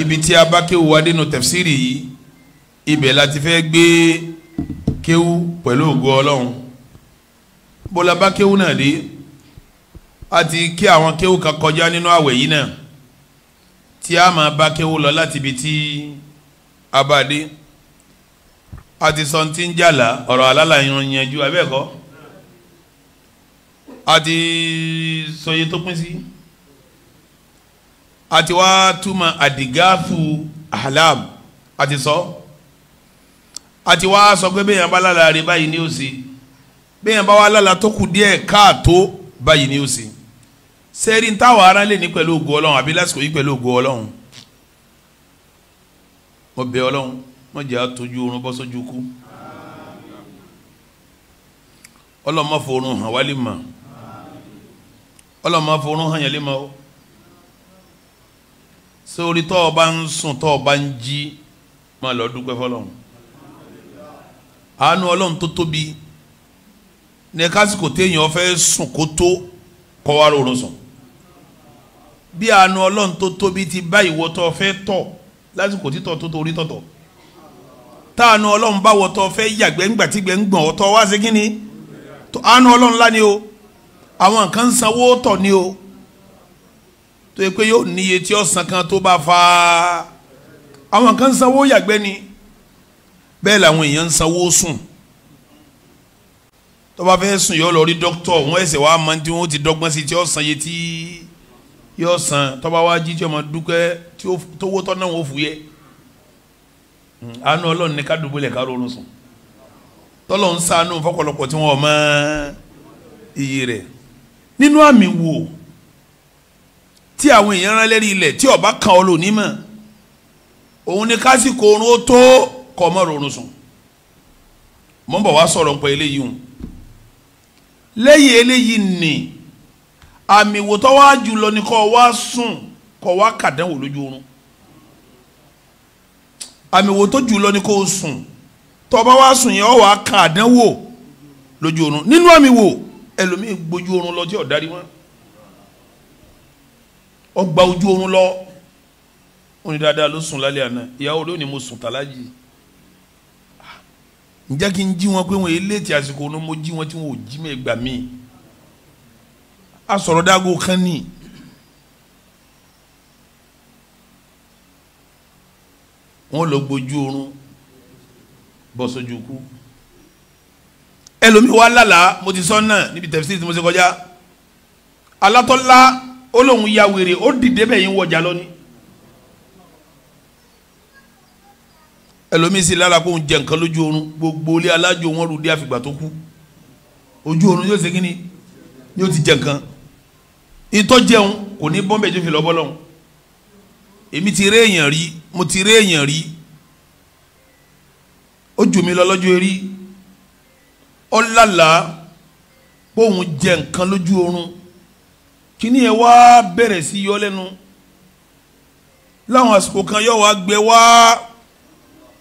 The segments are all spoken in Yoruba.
ibi tí a bá kéwu wa dénú tẹ̀fsíìrì yìí ibẹ̀ la ti fẹ́ gbé kéwu pẹ̀lú ògo ọlọ́run bọ́lá bá kéwu náà dé a ti kí àwọn kéwu kan kọjá nínú àwẹ̀ yìí náà tí a máa bá kéwu lọ láti ibi tí a bá dé a ti sọ ti ń jàlá ọ̀rọ̀ alálà yanjú abẹ́ẹ̀kọ́ a ti sọ iye tó pín sí. Si àti wá túmọ̀ àdìgáfù ahlam àti sọ àti wá sọ pé bẹ́ẹ̀ yẹn bá lálàá rí báyìí ní òsì bẹ́ẹ̀ yẹn bá wá lálàá tó kù díẹ̀ káàtó báyìí ní òsì sẹ́ẹ̀rì ń táwọn ará lè ní pẹ̀lú ògo ọlọ́run àbí lásìkò yìí pẹ̀lú ògo ọlọ́run mo bẹ̀ ọlọ́run mo jẹ́ àtọ́jú oorun bọ́ sójú kú ọlọ́run má forun hàn wálé mọ́ ọlọ́run má forun hàn yẹn lé mọ́ o sórí tọ́ ọ bá ń sùn tọ́ ọ bá ń jí máa lọ dúpẹ́ fọlọ́run àánú ọlọ́run tó tóbi ní kásìkò téèyàn fẹ́ sùn kó tó kọ́ wa rọrùn sùn bí àánú ọlọ́run tó tóbi ti bá ìwọ tó fẹ́ tọ̀ lásìkò títọ̀ tó torí tọ̀tọ̀ táànú ọlọ́run bá wọ tó fẹ́ yàgbẹ́ ńgbàtígbẹ́ ńgbọ̀n ọ̀tọ̀ wá sí kínni àánú ọlọ́run lá ni o àwọn kan ń sanwó tọ̀ ni o tó yẹ pé yóò níye tí ọ̀sán kan tó bá fa àwọn kan sanwó yàgbẹ́ ni bẹ́ẹ̀ làwọn èèyàn ń sanwó sùn tó bá fẹ́ sùn yọ lọ rí dókítọ̀ wọ́n ẹsẹ̀ wàá mọ tí wọ́n ti dọ́gbọ́n sí tí ọ̀sán yẹ tí yọ san tó bá wá jí tí ọmọ dúkẹ́ tó wó tọ́ náà wọ́n fúyẹ́ hmm, àánú ọlọ́run ní ká dùbúlẹ̀ ká ronú sùn tọ́lọ́run ṣàánú fọ́pọ̀lọpọ̀ tí wọ́n mọ iye rẹ̀ nínú àmì wo tí àwọn èèyàn rán lérí ilẹ̀ tí ọba kan ọ lónìí mọ̀ òun ni kásìkò oorun ó tó kọ́ ọmọ rọrùn sùn mọ́ bọ̀ wá sọ̀rọ̀ pé eléyìí hùn lẹ́yìn eléyìí nì àmì ìwòtọ́ wá jùlọ ni kọ́ wá sùn kọ́ wá kàdánwò lójú oorun àmì ìwòtọ́ jùlọ ni kò sùn tọba wá sùn yẹn ọ wàá kan lójú oorun nínú àmì wò ẹlòmíì gbójú oorun lọ tí ọ̀ darí wọn ọgbà ojú oorun lọ ó ní dáadáa ló sùn lálẹ́ àná ìyàwó ló ní mo sùn tàlájì ah, ǹjẹ́ kí n jí wọn pé wọn eléètì àsìkò ní mo jí wọn tí wọn ò jí mẹ́ gbà mí asọ̀rọ̀ dágo kan ní. wọ́n lọ gbójú oorun bọ́ sójú lálàá mo ti sọ náà níbi tẹ̀síìtì mo ṣe kọjá alátọ́lá ó ya wèrè ó dìde bẹ́ẹ̀ yín wọjà lónìí. ẹlòmíín sì lára kó ń jẹ nǹkan lójú oorun gbogbo ilé alájò wọn rú dé àfìgbà tó kú ojú oorun yóò ṣe ni yóò ti jẹ nǹkan ìtọ́ jẹun kò ní bọ́m̀bẹ̀ tó fi lọ́ bọ́lọ́hún èmi ti rí èèyàn rí mo ti rí èèyàn rí ó jù lọ lọ́jọ́ erí ó lálàá pé jẹ nǹkan lójú oorun kíní yẹn wá bẹ̀rẹ̀ sí yọ lẹ́nu láwọn àsìkò kan yóò wá gbẹ wá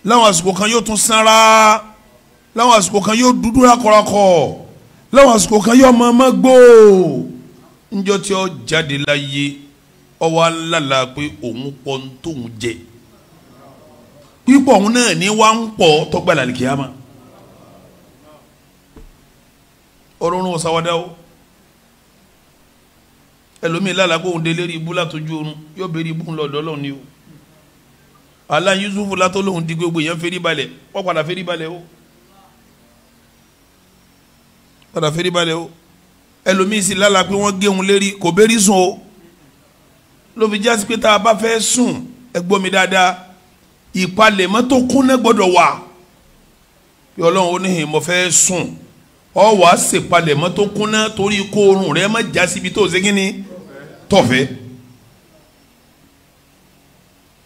láwọn àsìkò kan yóò tún sanra láwọn àsìkò kan yóò dúdú rákọrakọ láwọn àsìkò kan yóò máa má gbó ńjọ́ tí ọ jáde láyé ọwọ́ alála pé òun pọ̀ ń jẹ pípọ̀ òun náà ní wá ń pọ̀ tọ́gbà làlìkìyàmá ọ̀rọ̀ òun ò sáwádà o. ẹlòmíì lálàá kó òun délé rí ibú látọjú oorun yóò bẹ rí ibú lọ́dọ̀ Ọlọ́run ni o alá Yusufu látọ lóhun di gbogbo èèyàn fẹrí balẹ̀ wọn padà fẹrí balẹ̀ o padà fẹrí balẹ̀ o ẹlòmíì sì lálàá pé wọn gé òun lérí kò bẹrí sùn o ló fi jásí pé tá a bá fẹ́ sùn ẹ mi dáadáa ìpalẹ̀mọ́ tó kúnná gbọ́dọ̀ wà pé Ọlọ́run oníhìn mo fẹ́ sùn ọ wàá ṣèpalẹ̀mọ́ tó kúnná torí kó oorun rẹ má jásí ibi tó ṣe kí ni tọ̀fẹ́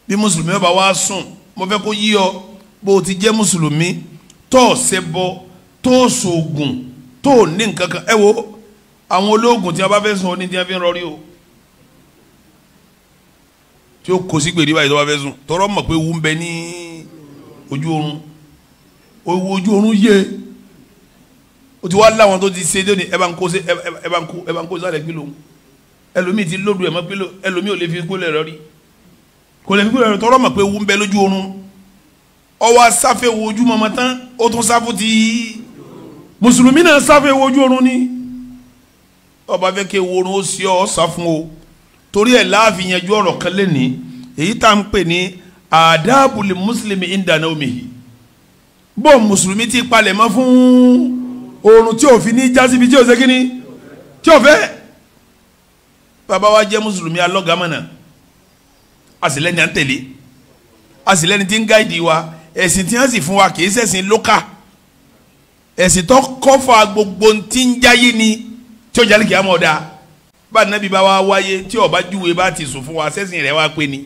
bí mùsùlùmí ọba wa sùn mo fẹ́ kó yí ọ bó o ti jẹ́ mùsùlùmí tó o ṣẹbọ tó o ṣoògùn tó o ní nǹkan kan ẹ wo àwọn olóògùn tí a bá fẹ́ sùn ó ní tí a fi ń rọrí o tí ó kó sígbèrè báyìí tó bá fẹ́ sùn tọrọ mọ̀ pé ewu ń bẹ ní ojú oorun owó ojú oorun yé o ti wá láwọn tó ti ṣe dé ní ẹ bá ń kó sálẹ̀ gbé lóhùn ẹlòmíì ti lóru ẹ̀ mọ́ pílò ẹlòmíì ò lè fi gbólẹ̀ rẹ̀ rí kò lè fi gbólẹ̀ rẹ̀ tọrọ mọ̀ pé ewu ń bẹ lójú oorun ọwọ́ asáfẹ́ wo ojú mọ́mọ́ tán ó tún sáfù ti mùsùlùmí náà sáfẹ́ wo ojú oorun ni ọba fẹ́ kí ewu oorun ó sí ọ sáfún o torí ẹ̀ láàfin yanjú ọ̀rọ̀ kan lẹ́ni èyí tá à ń pè ní àdáàbùlì mùsùlùmí ìdáná omi yìí bó mùsùlùmí ti palẹ̀ mọ́ fún oorun tí òfin ní jásíbi tí ò ṣe tí ò fẹ́ bàbá wa jẹ́ mùsùlùmí alọ́gàmọ̀nà àsìlẹ́ni à ń tẹ̀lé àsìlẹ́ni tí ń gáìdì wa ẹ̀sìn tí wọ́n sì fún wa kì í ṣẹ̀sìn lókà ẹ̀sìn tó kọ́fà gbogbo tí ń jáyé ni tí ó jálè kí á mọ̀ ọ́ bá nàbí bá wa wáyé tí ọba júwe bá ti sùn fún wa ṣẹ̀sìn rẹ̀ wá pé ni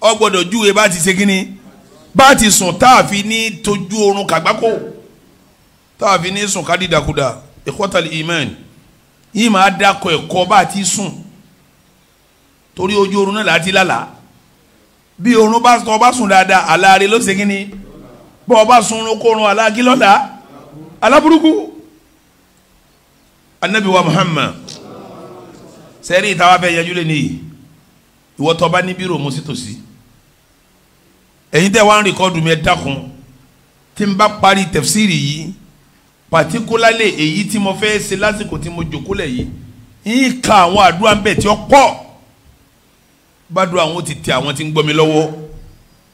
ọ gbọ́dọ̀ júwe bá ti ṣe kínní bá ti sùn táàfin ní tójú oorun kàgbákò táàfin ní sùn kádìdàkudà ìkọ́tàlì ìmánì yìí máa dakọ̀ ẹ̀kọ́ bá a ti sùn torí ojú oorun náà láti lálàá bí oorun bá tọ́ bá sùn dáadáa àlàáre ló ṣe kínní bọ́ ọ bá sun oorun aláàkí lọ́la aláburúkú anabi wa muhammad sẹ́rí ìtawá fẹ́ yanjú lé nìyí ìwọ tó bá ní bírò mú sí ẹ̀yin tẹ́ wá ń rìkọ́dù mi ẹ̀ dákun tí n bá parí tẹ̀fsíìrì yìí pàtíkúlálẹ̀ èyí tí mo fẹ́ ṣe lásìkò tí mo jòkólẹ̀ yìí yìí ka àwọn àdúrà ń bẹ̀ tí ó pọ̀ gbàdúrà àwọn ti tẹ àwọn tí ń gbọ́ mi lọ́wọ́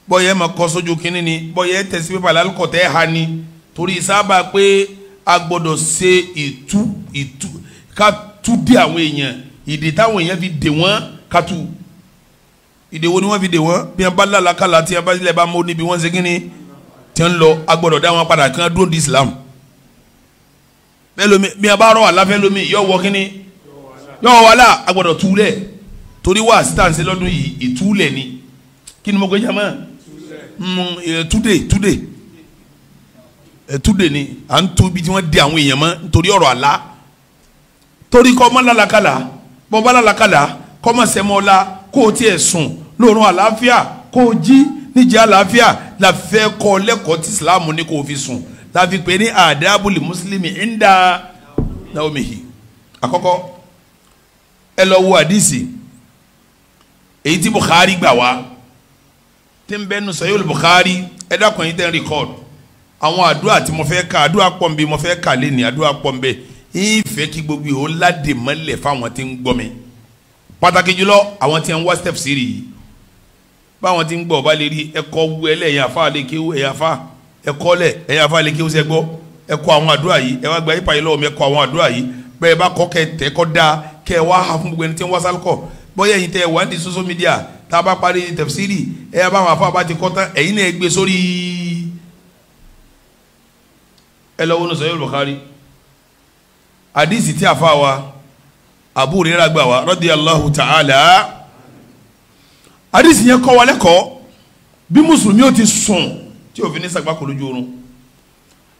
bọ́yẹ máa kọ́ sójú kínní ni bọ́yẹ tẹ̀sí pépà lálùkọ̀tẹ́ ha ni torí sábà pé a gbọ́dọ̀ ṣe ìtú ìtú ká tú dé àwọn èèyàn ìdè táwọn èèyàn fi dè wọ́n ká tú ìdè wo ni wọ́n fi dè wọ́n bí wọ́n bá lálàkàlà tí wọ́n bá sílẹ̀ bá mọ́ níbi wọ́n ṣe kínní tí wọ́n lọ a gbọ́dọ̀ dá wọn padà kí wọ́n dúró di Islam bẹ́ẹ̀ mi a bá rọ wà láfẹ́ lómi yọ wọ kínní yọ wọ wàhálà a gbọ́dọ̀ torí wà sítáǹsì lọ́dún yìí ìtúlẹ̀ ni kí ni mo gbé jama mm, eh, túdè túdè eh, túdè ni à ń tó ibi tí wọ́n di àwọn èèyàn mọ́ nítorí ọ̀rọ̀ àlá torí kọ́ ọmọ lálàkàlà bọ́ bá lálàkàlà kọ́ ọmọ sẹ́mọ́ la kó o tiẹ̀ sùn lóorun àlàáfíà kó o jí níjẹ́ àlàáfíà la fẹ́ kọ́ tí Islam ní kó fi sùn tàfi pé ní àdábùlì mùsùlùmí ńdá naomihi àkọ́kọ́ ẹ lọ wo àdìsí èyí tí Bukhari gbà wá tí ń bẹnu sọ yóò Bukhari ẹ dákun yìí tẹ́ ń rìkọ́ọ̀dù àwọn àdúrà tí mo fẹ́ ka àdúrà pọ̀ nbẹ mo fẹ́ kà lé ní àdúrà pọ̀ nbẹ yín fẹ́ kí gbogbo yìí ládè mọ́lẹ̀ fáwọn tí ń gbọ́ mi pàtàkì jùlọ àwọn tí ń wá step siri yìí báwọn tí ń gbọ́ ọba lè rí ẹ̀kọ́ wu ẹlẹ́yìn àfa lè ẹ̀yà àfa ẹ kọ́lẹ̀ ẹ̀yin afáàlẹ̀ kí ó ṣe gbọ́ ẹ kọ́ àwọn àdúrà yìí ẹ wá gba ipa yìí lọ́wọ́ mi ẹ kọ́ àwọn àdúrà yìí bẹ́ẹ̀ bá kọ́ kẹ́ tẹ́ kọ́ da kẹ́ wá ha fún gbogbo ẹni tí ń wá sálùkọ̀ bóyá ẹ̀yin tẹ́ ẹ ní social media tá a bá parí tẹ̀fsíìrì ẹ bá wọn afáà bá ti kọ́ tán ẹ̀yin náà ẹ gbé sórí ẹ lọ́wọ́ ní sọ́yìn Bukhari hadisi tí àfa wa Abu Huraira gbà wá radiyallahu ta'ala hadisi yẹn kọ́ wa lẹ́kọ̀ọ́ bí mùsùlùmí ò ti sùn tí òfin ní sàgbà kò lójú oorun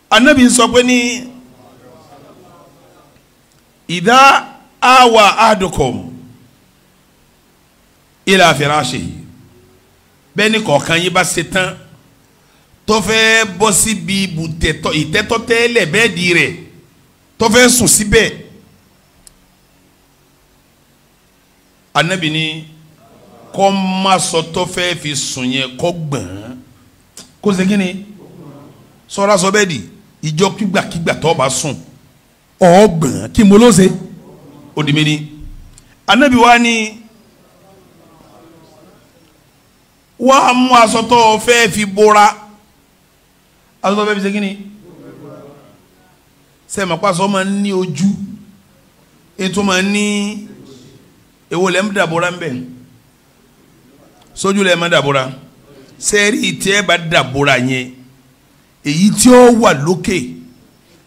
anabi sọ pé ní ìdá àwà àdùkọ̀m ilà àfẹ́ránṣẹ́ bẹ́ẹ̀ ni kọ̀ọ̀kan yín bá ṣe tán tó fẹ́ bọ́ síbi ibùtẹ̀tọ̀ ìtẹ́tọ́ tẹ́lẹ̀ bẹ́ẹ̀ di rẹ̀ tó fẹ́ sùn síbẹ̀ anabi ni kọ́ máa sọ tó fẹ́ fi sùn yẹn kọ́ gbọ̀n kó ṣe kíni sọ́ra sọ bẹ́ẹ̀ di ìjọ kígbàkígbà tó bá sùn ọ̀ọ́gbọ̀n kí mo ló ṣe odimini anabi wa ni wà á mú aṣọ tó o fẹ́ fi bora aṣọ tó fi ṣe kíni sẹ́mi àpasọ̀ máa ń ní ojú ètò máa ń ní èwo lẹ́mú dàbora ń bẹ̀ sójú lẹ́mú So, sẹ́ẹ̀rì tí ẹ bá dàbòrà yẹn èyí tí ó wà lókè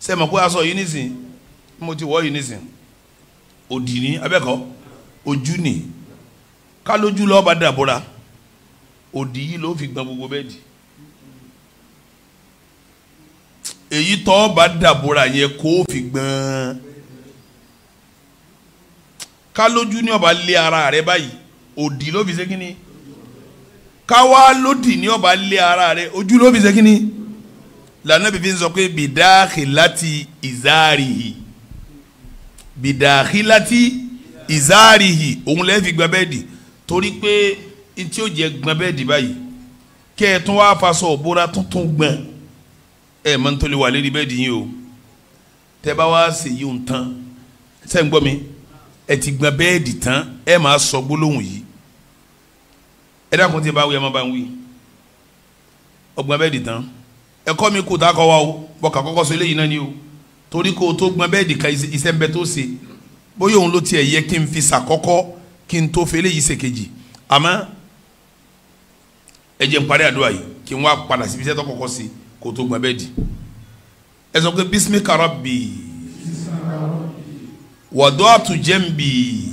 sẹ́ẹ̀mọ̀ pé aṣọ yìí nìsín mo ti wọ̀ yìí nìsín òdì ní abẹ́kọ̀ ojú ni kálójú lọ́ọ́ bá dàbòrà òdì yìí ló fi gbọn gbogbo bẹ́ẹ̀ dì èyí tọ́ bá dàbòrà yẹn kó fi gbọ́n kálójú ní ọba lé ara rẹ báyìí òdì ló fi ṣe kínní káwá lódì ní ọba lé ara rẹ ojú ló fi ṣe kínní lànà bíbí ń sọ pé bìdáàkì láti ìzáàrìhì bìdáàkì láti ìzáàrìhì òun lẹ́ẹ̀ fi gba bẹ́ẹ̀dì torí pé ntí ó jẹ gbọn bẹ́ẹ̀dì báyìí kẹ́ ẹ tún wáá faṣọ òbóra tuntun gbọn ẹ mọ nítorí wà lérí bẹ́ẹ̀dì yín o tẹ́ bá wá ṣèyí ń tán sẹ́ gbọ́ mi ẹ ti gbọn bẹ́ẹ̀dì tán ẹ máa sọ gbólóhùn yìí ẹ dákun tí ẹ bá wí ẹ má bá ń wí ọgbọ́n bẹ́ẹ̀ dì tán ẹ̀kọ́ mi kò tá a kọ́ wa o bọ́kà kọ́kọ́ sọ eléyìí náà ni o torí kó o tó gbọ́n bẹ́ẹ̀ dì ka iṣẹ́ ń bẹ tó ṣe bóyá òun ló tiẹ̀ yẹ kí n fi sàkọ́kọ́ kí n tó fi eléyìí ṣe kejì àmọ́ ẹ jẹ́ n parí àdúrà yìí kí n wá padà síbi iṣẹ́ tó kọ́kọ́ ṣe kó o tó gbọ́n bẹ́ẹ̀ dì ẹ sọ pé bísímíkà rabbi wàdó àtújẹ́ ń bì í.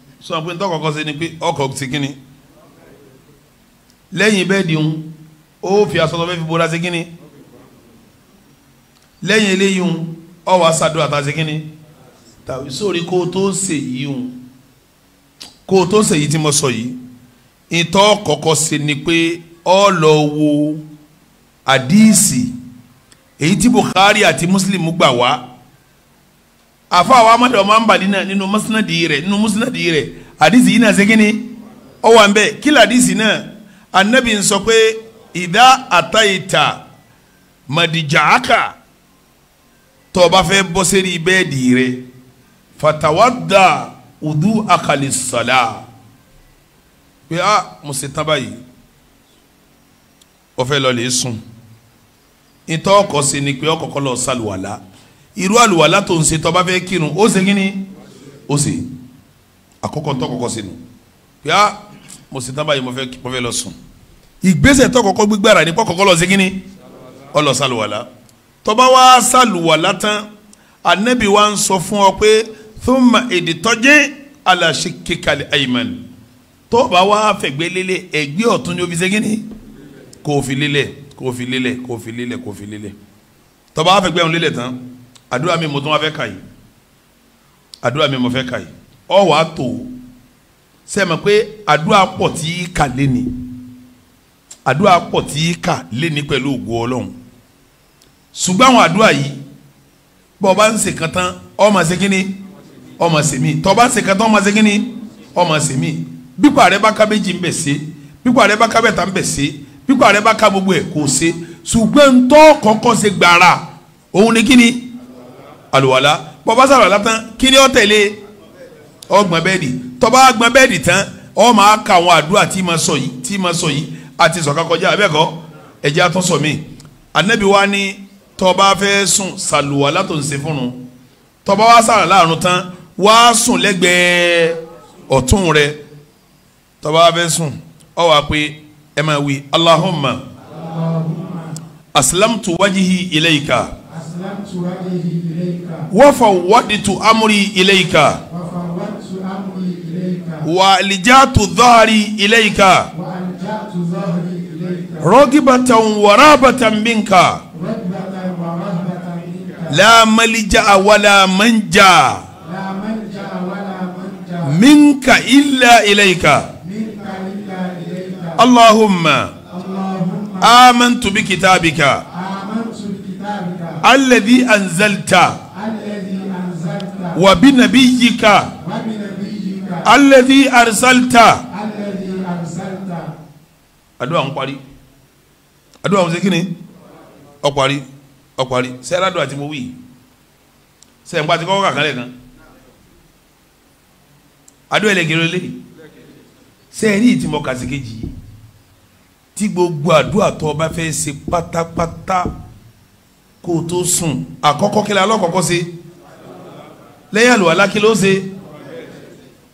sọ pé ntọ́kọ̀ kọ́ sí ni pé ọkọ̀ sí kínni lẹ́yìn bẹ́ẹ̀ di hun ó fi aṣọ tó fẹ́ fi bora sí kínni lẹ́yìn eléyìí hun ọ wàá ṣàdúrà tá a sí kínni tàbí sórí kó o tó ṣe yìí hun kó o tó ṣe yìí tí mo sọ yìí ìtọ́ kọ̀kọ́ sí ni pé ọ lọ wo àdíìsì èyí tí Bukhari àti Muslim gbà wá àfa àwọn amadu ọmọ anbali na nínú musnadi rẹ̀ nínú musnadi rẹ̀ àdìsí yìí náà segin ni ó wà ń bẹ na làdìsí náà anabi ń sọ pé ìdá àtàyètà màdìjàákà tó bá fẹ́ bọ́ sẹ́rí bẹ́ẹ̀dì rẹ̀ fatawadda udu akali sọlá pé a ah, mo ṣe tán báyìí ó fẹ́ lọ lè ni pé ọkọ̀ kọ́ lọ sálùwàlá irú àlùwàlá tó ń ṣe tó bá fẹ́ kírun ó ṣe kí ni ó ṣe àkọ́kọ́ tó kọ́kọ́ sínú yá mo ṣe tán báyìí mo fẹ́ mo fẹ́ lọ sùn ìgbésẹ̀ tó kọ́kọ́ gbígbára ní pọ́kọ́kọ́ lọ ṣe ni ó lọ ṣàlùwàlá tó bá wá ṣàlùwàlá tán anabi wa ń sọ fún ọ pé thumma idtaji ala shikkikal ayman tó bá wá fẹ̀gbẹ́ lélẹ̀ ẹ̀gbẹ́ ọ̀tún ni ó fi ṣe kí ni kò fi lélẹ̀ kò fi lélẹ̀ kò fi lélẹ̀ kò fi lélẹ̀ tó bá wá fẹ̀gbẹ́ ọ̀hún tán àdúrà mi mo tún wá fẹ́ kà yìí àdúrà mi mo fẹ́ kà yìí ọ wà á tó sẹ́mi pé àdúrà pọ̀ tí í kà léni àdúrà pọ̀ tí í kà léni pẹ̀lú ògo ọlọ́run ṣùgbọ́n àwọn àdúrà yìí bọ́ ọ bá ń ṣe kan tán ọ ṣe kínní ọ ṣe mí tọ́ bá ń ṣe kan tán ọ ṣe kínní ọ ṣe mí pípa rẹ bá ká ń bẹ̀ ṣe pípa rẹ bá ká ń bẹ̀ ṣe pípa rẹ bá ká gbogbo ẹ̀ kó ṣe ṣùgbọ́n ń tọ́ kọ́kọ́ ṣe gbàrà òun ni kínní àlùwàlá bọ́bá sàlùwàlá tán kí ni ó tẹ̀lé ọgbọ̀n bẹ́ẹ̀dì tọ́ba gbọ́n bẹ́ẹ̀dì tán ọ máa ka àwọn àdúrà tí ma sọ yìí tí ma sọ yìí àti sọ̀ka kọjá abẹ́kọ̀ ẹ̀jẹ̀ àtúnṣọ mi anabi wa ni tọ́ba fẹ́ sùn sàlùwàlá tó ń ṣe fún un tọ́ba wa sàrà láàrún tán wá sùn lẹ́gbẹ̀ẹ́ ọ̀tún rẹ̀ tọ́ba fẹ́ sùn ọ wà pé ẹ máa wí Allahumma aslamtu wajihi ilayka. وفوضت أمري إليك وألجأت ظهري إليك رغبة ورهبة منك لا ملجأ ولا منجا منك إلا إليك اللهم آمنت بكتابك alladhi anzalta wa bi nabiyyika alladhi arsalta àdúrà ń parí àdúrà ń ṣe kíni ó parí ó parí sẹ́yìn àdúrà tí mo wí sẹ́yìn pàtí kọ́kọ́ kàkálẹ̀ kan àdúrà ẹlẹ́gẹ̀rẹ́ lé sẹ́yìn ní ìtìmọ̀ kàṣíkejì tí gbogbo àdúrà tó o bá fẹ́ ṣe pátápátá kó o tó sùn àkọ́kọ́ kí la lọ́kọ̀ọ́kọ́ ṣe lẹ́yìn àlùwàlá kí ló ṣe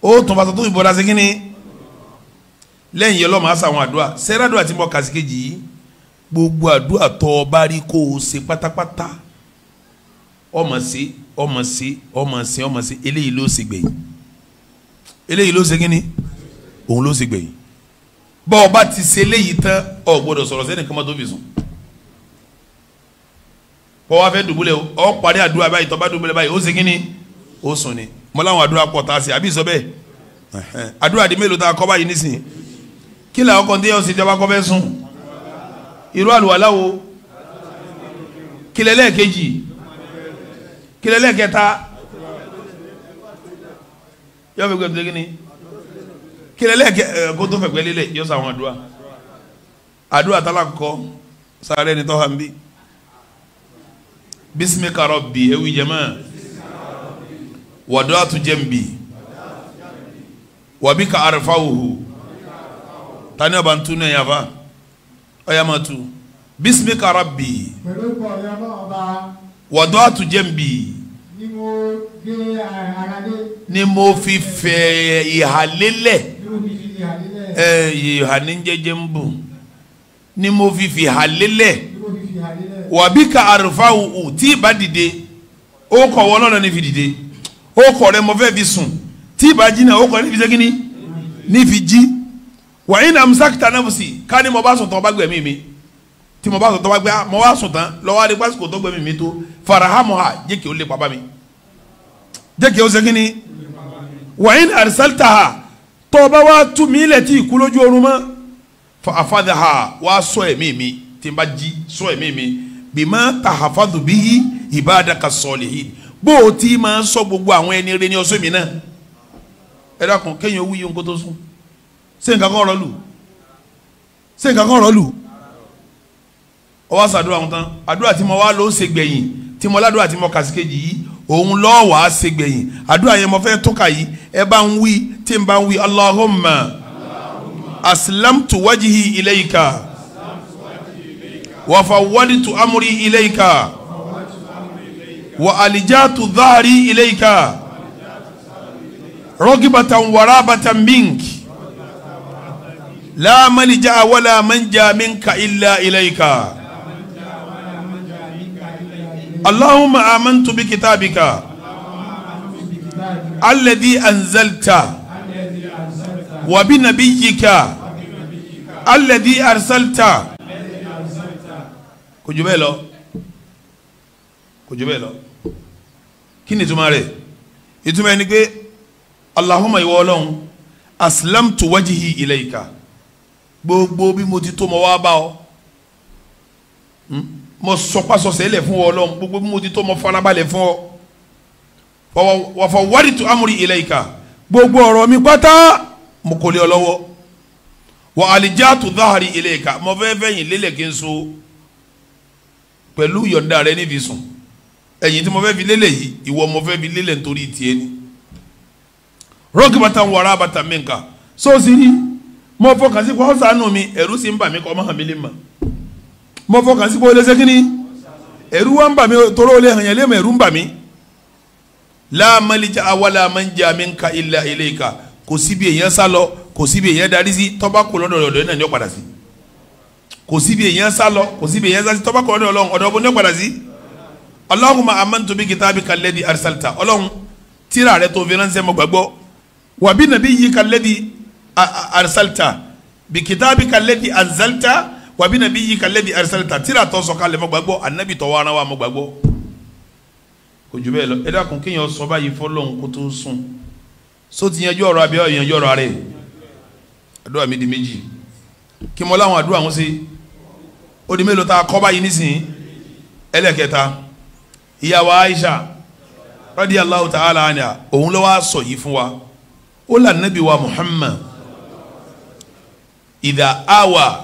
ó tún bàtà tó ìbọ̀dá ṣe kínní lẹ́yìn yẹn lọ́mọ àṣà àwọn àdúrà sẹ́ràdùn àti mọ́ kàṣíkejì yìí gbogbo àdúrà tó o bá rí kó o ṣe pátápátá ọmọ sí ọmọ sí ọmọ sí ọmọ sí eléyìí ló ṣe gbẹ̀yìn eléyìí ló ṣe kínní òun ló ṣe gbẹ̀yìn bọ́ọ̀ bá ti ṣe eléyìí tán ọ̀ gbọ́dọ̀ sọ̀rọ̀ sẹ́nìkan mọ́ tó fi sùn bọ́ wá fẹ́ dùbúlẹ̀ ọ parí àdúrà báyìí tọ́ba dùbúlẹ̀ báyìí o segin ni ó sùn ni mo láwọn àdúrà pọ̀ tá a sè àbí sọ bẹ́ẹ̀ àdúrà di mélòó tá a kọ́ báyìí nísìn kí làwọn kan tí yẹn sì jọba kọ́ fẹ́ sùn irú àlùwàlá wo kí lẹ́lẹ́kejì kí lẹ́lẹ́kẹta yọ fẹ́ gbẹ́dúrẹ́ kí ni kí lẹ́lẹ́kẹ ẹ kó tó fẹ́ gbẹ́lélẹ̀ yọ sọ àwọn àdúrà àdúrà tá a ni tọ́ hàn bíi bisimika rabbi ewu jama wadatu jambi wabika arfawuhu tani a bantu ne yafa ọyamatu bisimika rabbi wadatu jambi ni mo fi fẹ́ ihalelẹ ẹ eh, ihanijẹjẹ n bò ni mo fi fi halelẹ wàbí ka àrùfà wù tí ìbá dìde ó kọ̀ wọ́n lọ́nà ní fi dìde ó kọ̀ rẹ mọ́ fẹ́ fi sùn tí ìbá jí náà ó kọ̀ ní fi ṣe kíní ní fi jí wàyí nà musakita náà sì ká ní mo bá sùn tán ọba gbẹ̀mí mi tí mo bá sùn tán ọba gbẹ̀mí ah, mo bá sùn tán lọ́wọ́ adé pásítọ̀ tó gbẹ̀mí mi tó farahamu ha jẹ́ kí o lè bàbá mi jẹ́ kí o ṣe kíní wàyí nà àrísàlítà ha tọ́ba wa tú mi ilẹ̀ tí ìkú lójú mọ́ fa afáde ha wàá sọ ẹ̀mí mi tí n bá jí sọ ẹ̀mí mi bímá tàhàfàdù bíyí ìbádàkà sọ̀lìhìn bó o ti máa ń sọ gbogbo àwọn ẹni rẹ ní ọsùn mi náà ẹ dákun kéèyàn wúyi ohun kó tó sùn ṣé nǹkan kan rọ̀ lù ṣé nǹkan kan rọ̀ lù ọ sàdúrà wọn tán àdúrà tí mo wá ló ń ṣe gbẹ̀yìn tí mo ládùúrà tí mo kà sí kejì yìí òun lọ́ọ́ wàá ṣe gbẹ̀yìn àdúrà yẹn mo fẹ́ tọ́ka yìí ẹ bá ń wí tí n bá ń wí Allahumma aslamtu wajhi ilayka. وفولت أمري إليك وألجأت ظهري إليك رغبة ورابة منك لا ملجأ ولا منجا منك إلا إليك اللهم آمنت بكتابك الذي أنزلت وبنبيك الذي أرسلت kò jù bẹ́ẹ̀ lọ kò jù bẹ́ẹ̀ lọ kí ni ìtumọ̀ rẹ̀ ìtumọ̀ ẹni pé Allahumma ìwọ ọlọ́run aslamtu wajhi ilayka gbogbo bí mo ti tó mọ wá bá ọ hmm? mo sọpasọsẹ lẹ fún ọ ọlọ́run gbogbo bí mo ti tó mọ farabalẹ̀ fún ọ wàfọ waditu amri ilayka gbogbo ọ̀rọ̀ mi pátá mo kò lé ọ lọ́wọ́ wà alijatu dhahri ilayka mo fẹ́ fẹ́yìn lélẹ̀ kí n so pẹ̀lú yọ̀ǹda rẹ níbi sùn ẹ̀yìn tí mo fẹ́ fi lélẹ̀ yìí ìwọ mo fẹ́ fi lélẹ̀ nítorí tiẹ̀ ni rọ́ọ̀kì bàtà ń wọ̀ra bàtà mi nǹkan sóòsì rí mo fọkàn sí pé ṣàánú mi ẹ̀rú sì ń bà mí kọ́ ọmọ hàn mí lè mà mo fọkàn sí pé lé sẹ́kínní ẹ̀rú wa ń bà mí toró olè hàn yẹn lé mọ̀ ẹ̀rú ń bà mí láàmàlìjà awàlà àmàlìjà mi nǹkan ilà ìka kò síbi èèyàn sálọ kò síbi èèyàn darí sí tọ́ba kò lọ́dọ̀ ọ̀dọ̀ náà ni ó padà sí kò síbi èèyàn sá lọ kò síbi èèyàn sá sí tọ́ba kọ́ni ọlọ́run ọ̀dọ̀ ọ̀bùn ní ọ̀padà sí Allahumma amantu bi kitabika alladhi arsalta ọlọ́run tíra rẹ tó fi ránṣẹ́ mo gbàgbọ́ wa bi nabiyyika alladhi arsalta bi kitabika alladhi anzalta wa bi nabiyyika alladhi arsalta tíra tó sọ kalẹ̀ mo gbàgbọ́ anabi tó wá ara wa mo gbàgbọ́ kò jù bẹ́ẹ̀ lọ ẹ dákun kéèyàn sọ báyìí fọlọ́run kó tó sùn sótìyànjú ọ̀rọ̀ kí mo láwọn àdúrà wọn sí Odi di mélòó tá a kọ́ báyìí nísìnyí ẹlẹ́kẹta ìyàwó Aisha radiyallahu ta'ala anha òun ló wá sọ yìí fún wa ó là nàbí wa Muhammad ìdá awa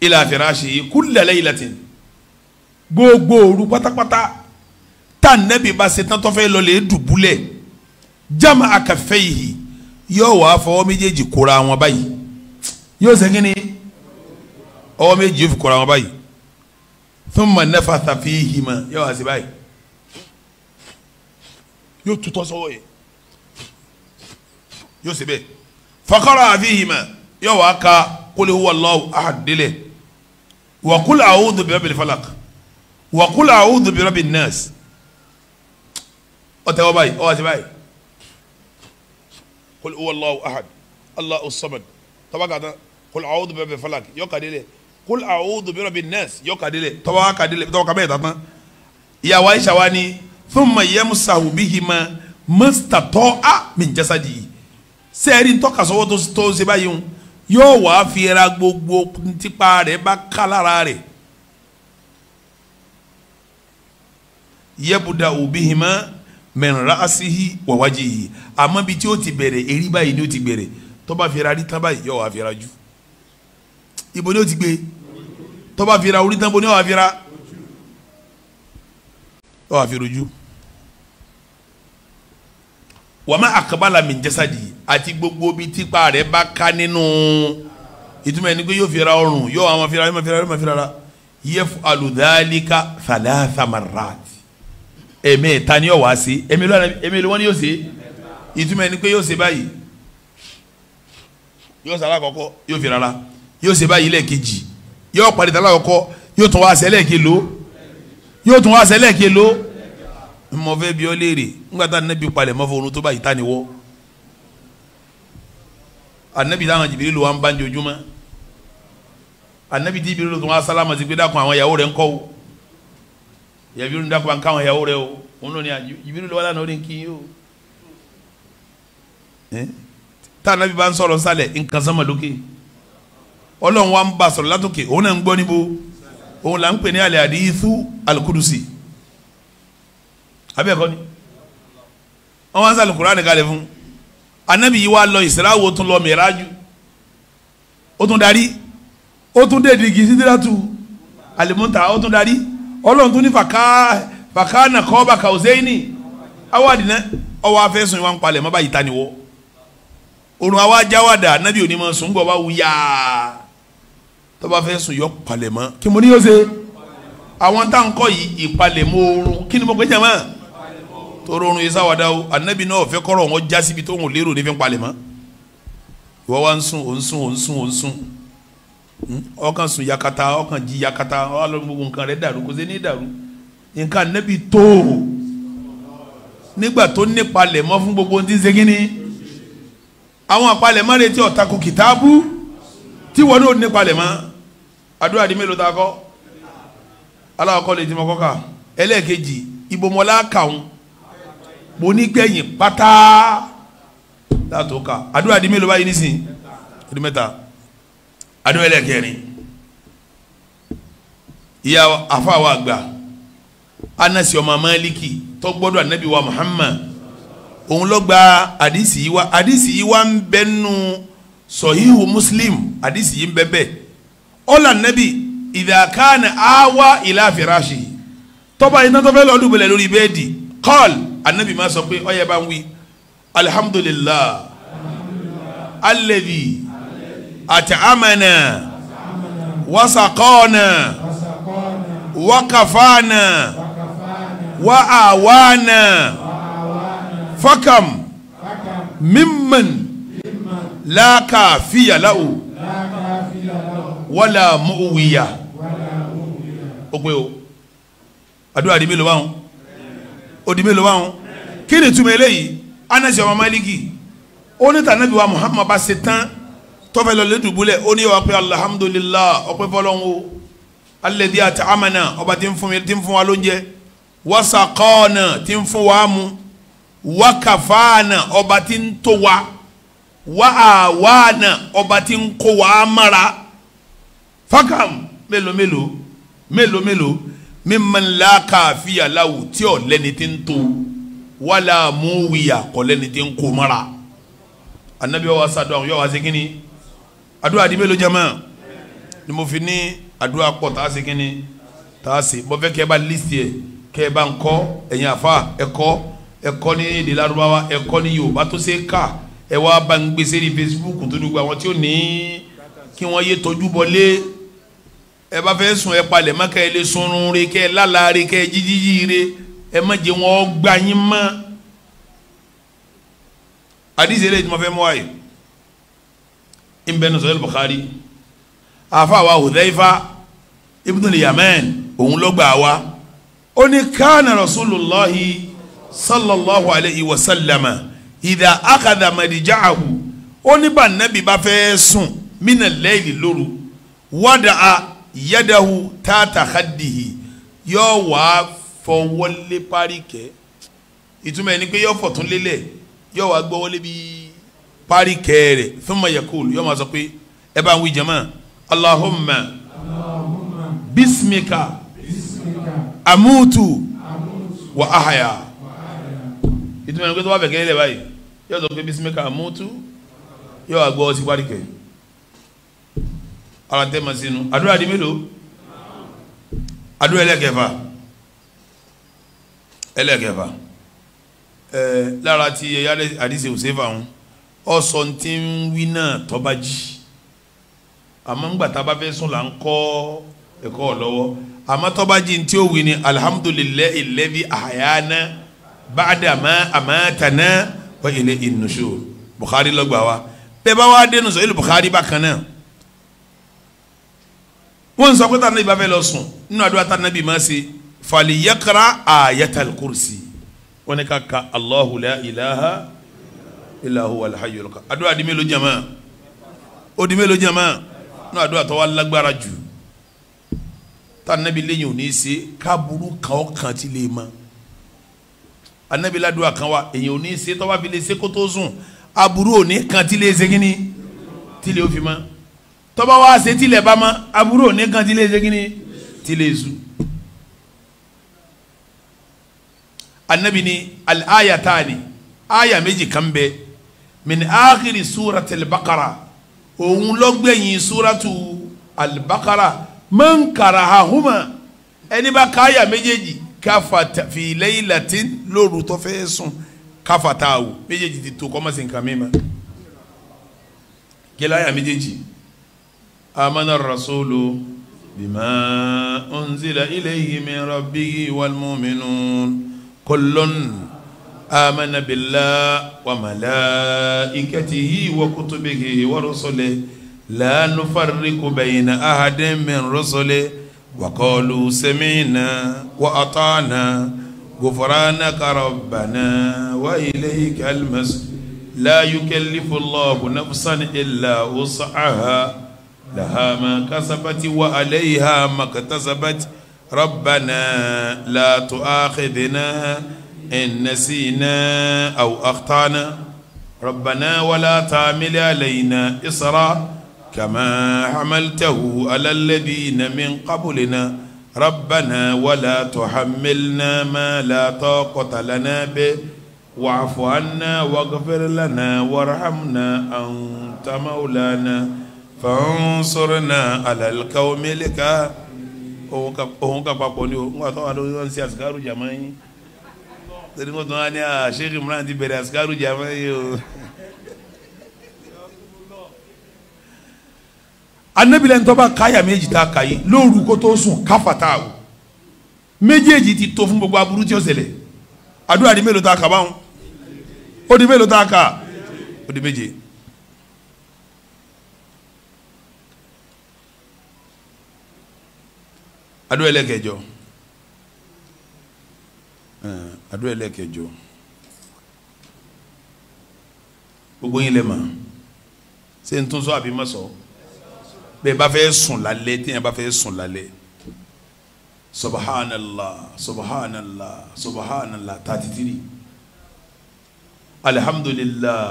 ilà fìràṣì kulla laylatin gbogbo òru pátápátá tá nàbí bá ṣetán tó fẹ́ lọ lè dùbúlẹ̀ jama akafẹ́yìí yóò wá fọwọ́ méjèèjì kóra wọn báyìí yóò sẹ́kìnnì ọwọ́ méjì yóò fi kọ́ra wọn báyìí thumma nafatha fihima yóò wá sí báyìí yóò tutọ́ sọ́wọ́ yẹ yóò sì bẹ́ẹ̀ faqara fihima yóò wá ka qul huwallahu ahad délẹ̀ wa qul a'udhu bi rabbil falaq wa qul a'udhu bi rabbin nas ó tẹ́wọ́ báyìí ó wá sí báyìí qul huwallahu ahad allahu samad tabakata qul a'udhu bi rabbil falaq yóò kà délẹ̀ kul a'udhu bi rabbin nas yọ kadilẹ tọwọ kadilẹ tọwọ kabẹ yẹtọ tán ìyàwó aisha wa ni thumma yamsahu bihima mastatọ a min jasadihi sẹẹri ntọkasọwọ tó tó ṣe báyìí o yóò wá fiẹra gbogbo ntipa rẹ̀ bá kálára rẹ̀ yẹbuda bihima min ra'sihi wa wajihi àmọ́ bí tí ó ti bẹ̀rẹ̀ èrí ni ó ti bẹ̀rẹ̀ tó bá fiẹra rí tán báyìí yóò wá fiẹra jù ibo ni ó ti gbé tọ́ba fira orí tán bo ni ó wà fira ó wà fira ojú wàmà àkàbàlà min jasadi àti gbogbo bíi tipa rẹ̀ bá ká nínú ìtumọ̀ ẹni pé yóò fira ọrùn yóò àwọn fira yóò máa fira yóò máa fira la yẹfu aludalika thalatha marrat ẹ̀mẹ́ ta ni yóò wá sí ẹ̀mẹ́ ló wọ́n ni yóò sí ìtumọ̀ ẹni pé yóò sí báyìí yóò sàlákọ̀ọ́kọ́ yóò fira la yóò ṣe báyìí lẹ́ẹ̀kejì yóò parí tala ọkọ yóò tún wá sẹ́lẹ̀ ké lo yóò tún wá sẹ́lẹ̀ ké lo mo fẹ́ bi ọ́ léèrè nígbà tá anabi palẹ̀ mọ́ fọ́ọ̀rùn tó báyìí tá ni wọ́ anabi táwọn jìbìrì lò wá ń bá ń jojúmọ́ anabi jìbìrì lò tún wá sálámà sí pé dákun àwọn ìyàwó rẹ̀ ń kọ́ o yàbírù dákun à ìyàwó rẹ̀ o òun ló jìbìrì lò wá lánàá ó ní kí o tá anabi bá ń sọ̀rọ̀ sálẹ̀ nǹkan sánmà lókè ọlọ́run wa ń bá sọ̀rọ̀ látòkè òun náà ń gbọ́ níbo òun là ń pè ní alẹ́ àdìyíṣú alukudusi abẹ́ ẹ̀kọ́ ni wọ́n wá ń sàlù kúránì kalẹ̀ fún anabi yìí wá lọ ìsirawo tún lọ mìíràjú ó tún darí ó tún dé digi sídíràtù alimuta ó tún darí ọlọ́run tún ní fàká fàká nàkọ́ bàkà òsèyìnì awádìí náà ọwọ́ afẹ́sùn ìwà ń palẹ̀ mọ́ báyìí ta ni wọ́ òrùn awájáwádà anabi òní mọ̀ sùn gbọ́ bá wù tó bá fẹ́ sùn yọ palẹ̀mọ́ kí mo ní yóò ṣe àwọn tá à ń kọ́ yìí ìpalẹ̀mọ́ oorun kí ni mo pè jẹ́mọ́ toro oorun yìí sáwádà o anabi náà fẹ́ kọ́rọ̀ wọn já síbi tó ń lérò ní fi ń ìwọ wa ń sùn ò ń sùn ò ń sùn ò ń sùn hmm? ọkàn sùn yakata ọkàn jí yakata ọlọ́run gbogbo nǹkan rẹ̀ dàrú kò sí ní dàrú nǹkan anabi tó nígbà tó ní palẹ̀mọ́ fún gbogbo ohun tí ń ṣe kí ni àwọn àpalẹ̀mọ́ retí ọ̀tako kìtàbù tí wọn náà ní palẹ̀mọ́ àdúrà di mélòó ta kọ́ aláwọ̀kọ́ lè ti mọ kọ́ka ẹlẹ́ẹ̀kejì ìbomọ́lá kàún mo ní gbẹ̀yìn pátá láàtó ká àdúrà di mélòó báyìí nísìnyí ó di mẹ́ta àdúrà ẹlẹ́ẹ̀kẹrin ìyá afa wa anasi ọmọ amaliki tó gbọ́dọ̀ anabi wa muhammad òun ló gba àdìsí yìí wá àdìsí yìí wá ń bẹ́nu sọ̀híhù muslim àdìsí yìí ń bẹ́ bẹ́ẹ̀ ọ̀là nẹ́bì ìdàkánì àwa ìlà fìràṣì tọ́ba iná tó fẹ́ lọ́ọ́ dùbẹ̀lẹ̀ lórí bẹ́ẹ̀dì kọ́ọ̀l anabi máa sọ pé ó yẹ bá ń wí alhamdulillah alladhi at'amana wasaqana wakafana wa'awana fakam mimman la kafiya wala muwiya ó pé o àdúrà di mélòó báwọn ó di mélòó báwọn kí ni túmọ̀ eléyìí anasi ọmọ maliki ó ní tànàbí wa muhammad bá ṣe tán tọ́fẹ́ lọ lẹ́dùbúlẹ̀ ó ní wàá pé alhamdulilah ọpẹ́ fọlọ́n o alẹ́dí àti amana ọba tí ń fún mi tí ń fún wa lóúnjẹ wasakọ́ọ̀nà tí ń fún wa mu wakafaana ọba tí ń tó wa wàhálà ọba tí ń kó wa mára fakam mélòó mélòó mélòó mélòó mímọ̀nlá káfíà láwù tí ò lẹ́ni tí ń tó wàlà múwìyà kọ́ lẹ́ni tí ń kó mọ́ra anabi wa sadu àwọn yóò wá segin ni àdúrà di mélòó jama ni mo fi ní àdúrà pọ̀ tá a segin ni tá a se bọ́fẹ́ kẹ́ ẹ bá lísì ẹ̀ kẹ́ bá ń kọ́ ẹ̀yin àfa ẹ̀kọ́ ẹ̀kọ́ ní èdè Lárúbáwá ẹ̀kọ́ ní tó ṣe ká ẹ̀ wá bá ń gbèsè ní Facebook tó dùgbò àwọn tí ó ní kí wọ́n yé tọ́jú bọ́lé ẹ bá fẹ́ sùn ẹ palẹ̀ mọ́ kẹ́ ẹ lè sunrun re kẹ́ ẹ lálàáre kẹ́ ẹ jíjíjí re ẹ má jẹ́ wọn gbà yín mọ́ àdìsí eléyìí tí mo fẹ́ mú wáyé ń bẹ́ẹ̀ nù sọ́yẹ́ Bukhari àfa òun ló gbà wá ó ní kánà Rasulullahi sallallahu alayhi wa sallama ìdá akadà madijahu ó ní bá nàbì bá fẹ́ sùn mí nà lẹ́yìn lóru wádàá yadahu tata khaddihi yóò wá fọwọ́lé parí kẹ́ ìtumọ̀ ẹni pé yóò fọ̀tún lélẹ̀ yóò wá gbọ́wọ́lé bí parí kẹ́ rẹ̀ thumma yakulu yóò máa sọ pé ẹ bá ń wí jama allahumma bismika amutu wa ahaya ìtumọ̀ ẹni pé tó bá fẹ̀ kẹ́ lẹ̀ báyìí yóò sọ pé bismika amutu yóò wá gbọ́wọ́ sí parí kẹ́ rẹ̀ ara tẹ́ ma sínú àdúrà di mélòó àdúrà ẹlẹ́kẹfà ẹlẹ́kẹfà ẹ lára ti ẹ̀yà àdìsí òsèfà ń ọ̀sọ̀ tí ń wí náà tọ́ba jì àmọ́ ńgbà tá a bá fẹ́ sùn là ń kọ́ ẹ̀kọ́ lọ́wọ́ àmọ́ tọ́ba jì tí ó wí ni alihamudulilayi ilẹ̀bi àyànà bàdàmà àmàtànà wọ́n ilé ìnusù Bukhari lọ́gbà wa bẹ́ẹ̀ bá wà á dénú sọ ilé Bukhari bá kan náà wọ́n sọ pé tani ibà fẹ́ lọ sùn nínú àdúrà tani bí ma ṣe faliyakara ayatal kursi wọ́n ní ká ka Allahu la ilaha illa huwa alhayyul qa àdúrà di mélòó jama ó di mélòó jama nínú àdúrà tó wà lágbára jù tani bí lẹ́yìn ò ní ṣe kan ó kan ti lè ma anabi ladua kan wa èyàn ò ní ṣe fi lè ṣe kó tó sùn aburú kan ti lè ṣe ni ti lè ó ma tọ́ba wa ṣe tilẹ̀ bá ma aburú òní kan tilé ṣe kíni tilé zu. anabi ni al-aya taani aya méjì kan bẹ min akhiri surati al òun lọ́gbẹ̀yìn suratu al-baqara man karaha huma ẹni bá ka aya méjèèjì káfa fi laylatin lóru tó fẹ́ sùn káfa ti tó kọ́ ma mi ma kí ló amana rasulu bima unzila ilayhi min rabbihi wal mu'minun kullun amana billahi wa malaikatihi wa kutubihi wa rusulihi la nufarriqu bayna ahadin min rusulihi wa qalu sami'na wa ata'na ghufranaka rabbana wa ilayka al-masir la yukallifu Allahu nafsan illa wus'aha لها ما كسبت وعليها ما اكتسبت ربنا لا تؤاخذنا إن نسينا أو أخطأنا ربنا ولا تعمل علينا إصرا كما حملته على الذين من قبلنا ربنا ولا تحملنا ما لا طاقة لنا به واعف عنا واغفر لنا وارحمنا أنت مولانا fansorna alalikawo meleka ohun kan papọ̀ ni o n kò tó wà lórí wọn si asikaru jama yin tẹni kò tó wà ní a ah, sheikh imran ti bẹ̀rẹ̀ asikaru jama yin o. anabilẹ̀ ntọ́ba káyà méjì tá a kà yìí lóru kó tó sùn káfàtà o méjèèjì ti tó fún gbogbo aburú tí o ṣẹlẹ̀ àdúrà di mélòó tá a kà báwọn ó di mélòó tá a o ó di méje. àdúrà ẹlẹ́kẹjọ àdúrà eh, ẹlẹ́kẹjọ gbogbo yín lè mọ̀ ṣé n tún sọ àbí má sọ bẹ́ẹ̀ bá fẹ́ sùn lálẹ́ tí yẹn bá fẹ́ sùn lálẹ́ subhanallah subhanallah subhanallah thirty three alhamdulillah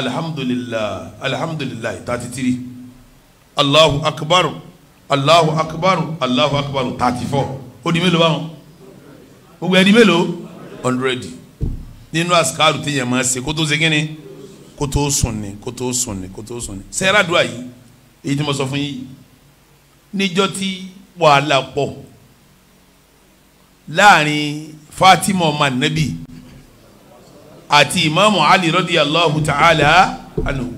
alhamdulillah alhamdulillah thirty allahu akbar. Allahu akbar Allahu akbar thirty four o di mélòó báwọn gbogbo ẹ̀ di mélòó hundred nínú asikaru tí yẹn máa ṣe kó tó ṣe kí ni kó tó sùn ni kó tó sùn ni kó tó sùn ni sẹ́yìn àdúrà yìí èyí tí mo sọ fún yìí níjọ́ tí wàhálà pọ̀ láàrin Fatima ọmọ anabi àti imaamu Ali radiyallahu ta'ala anhu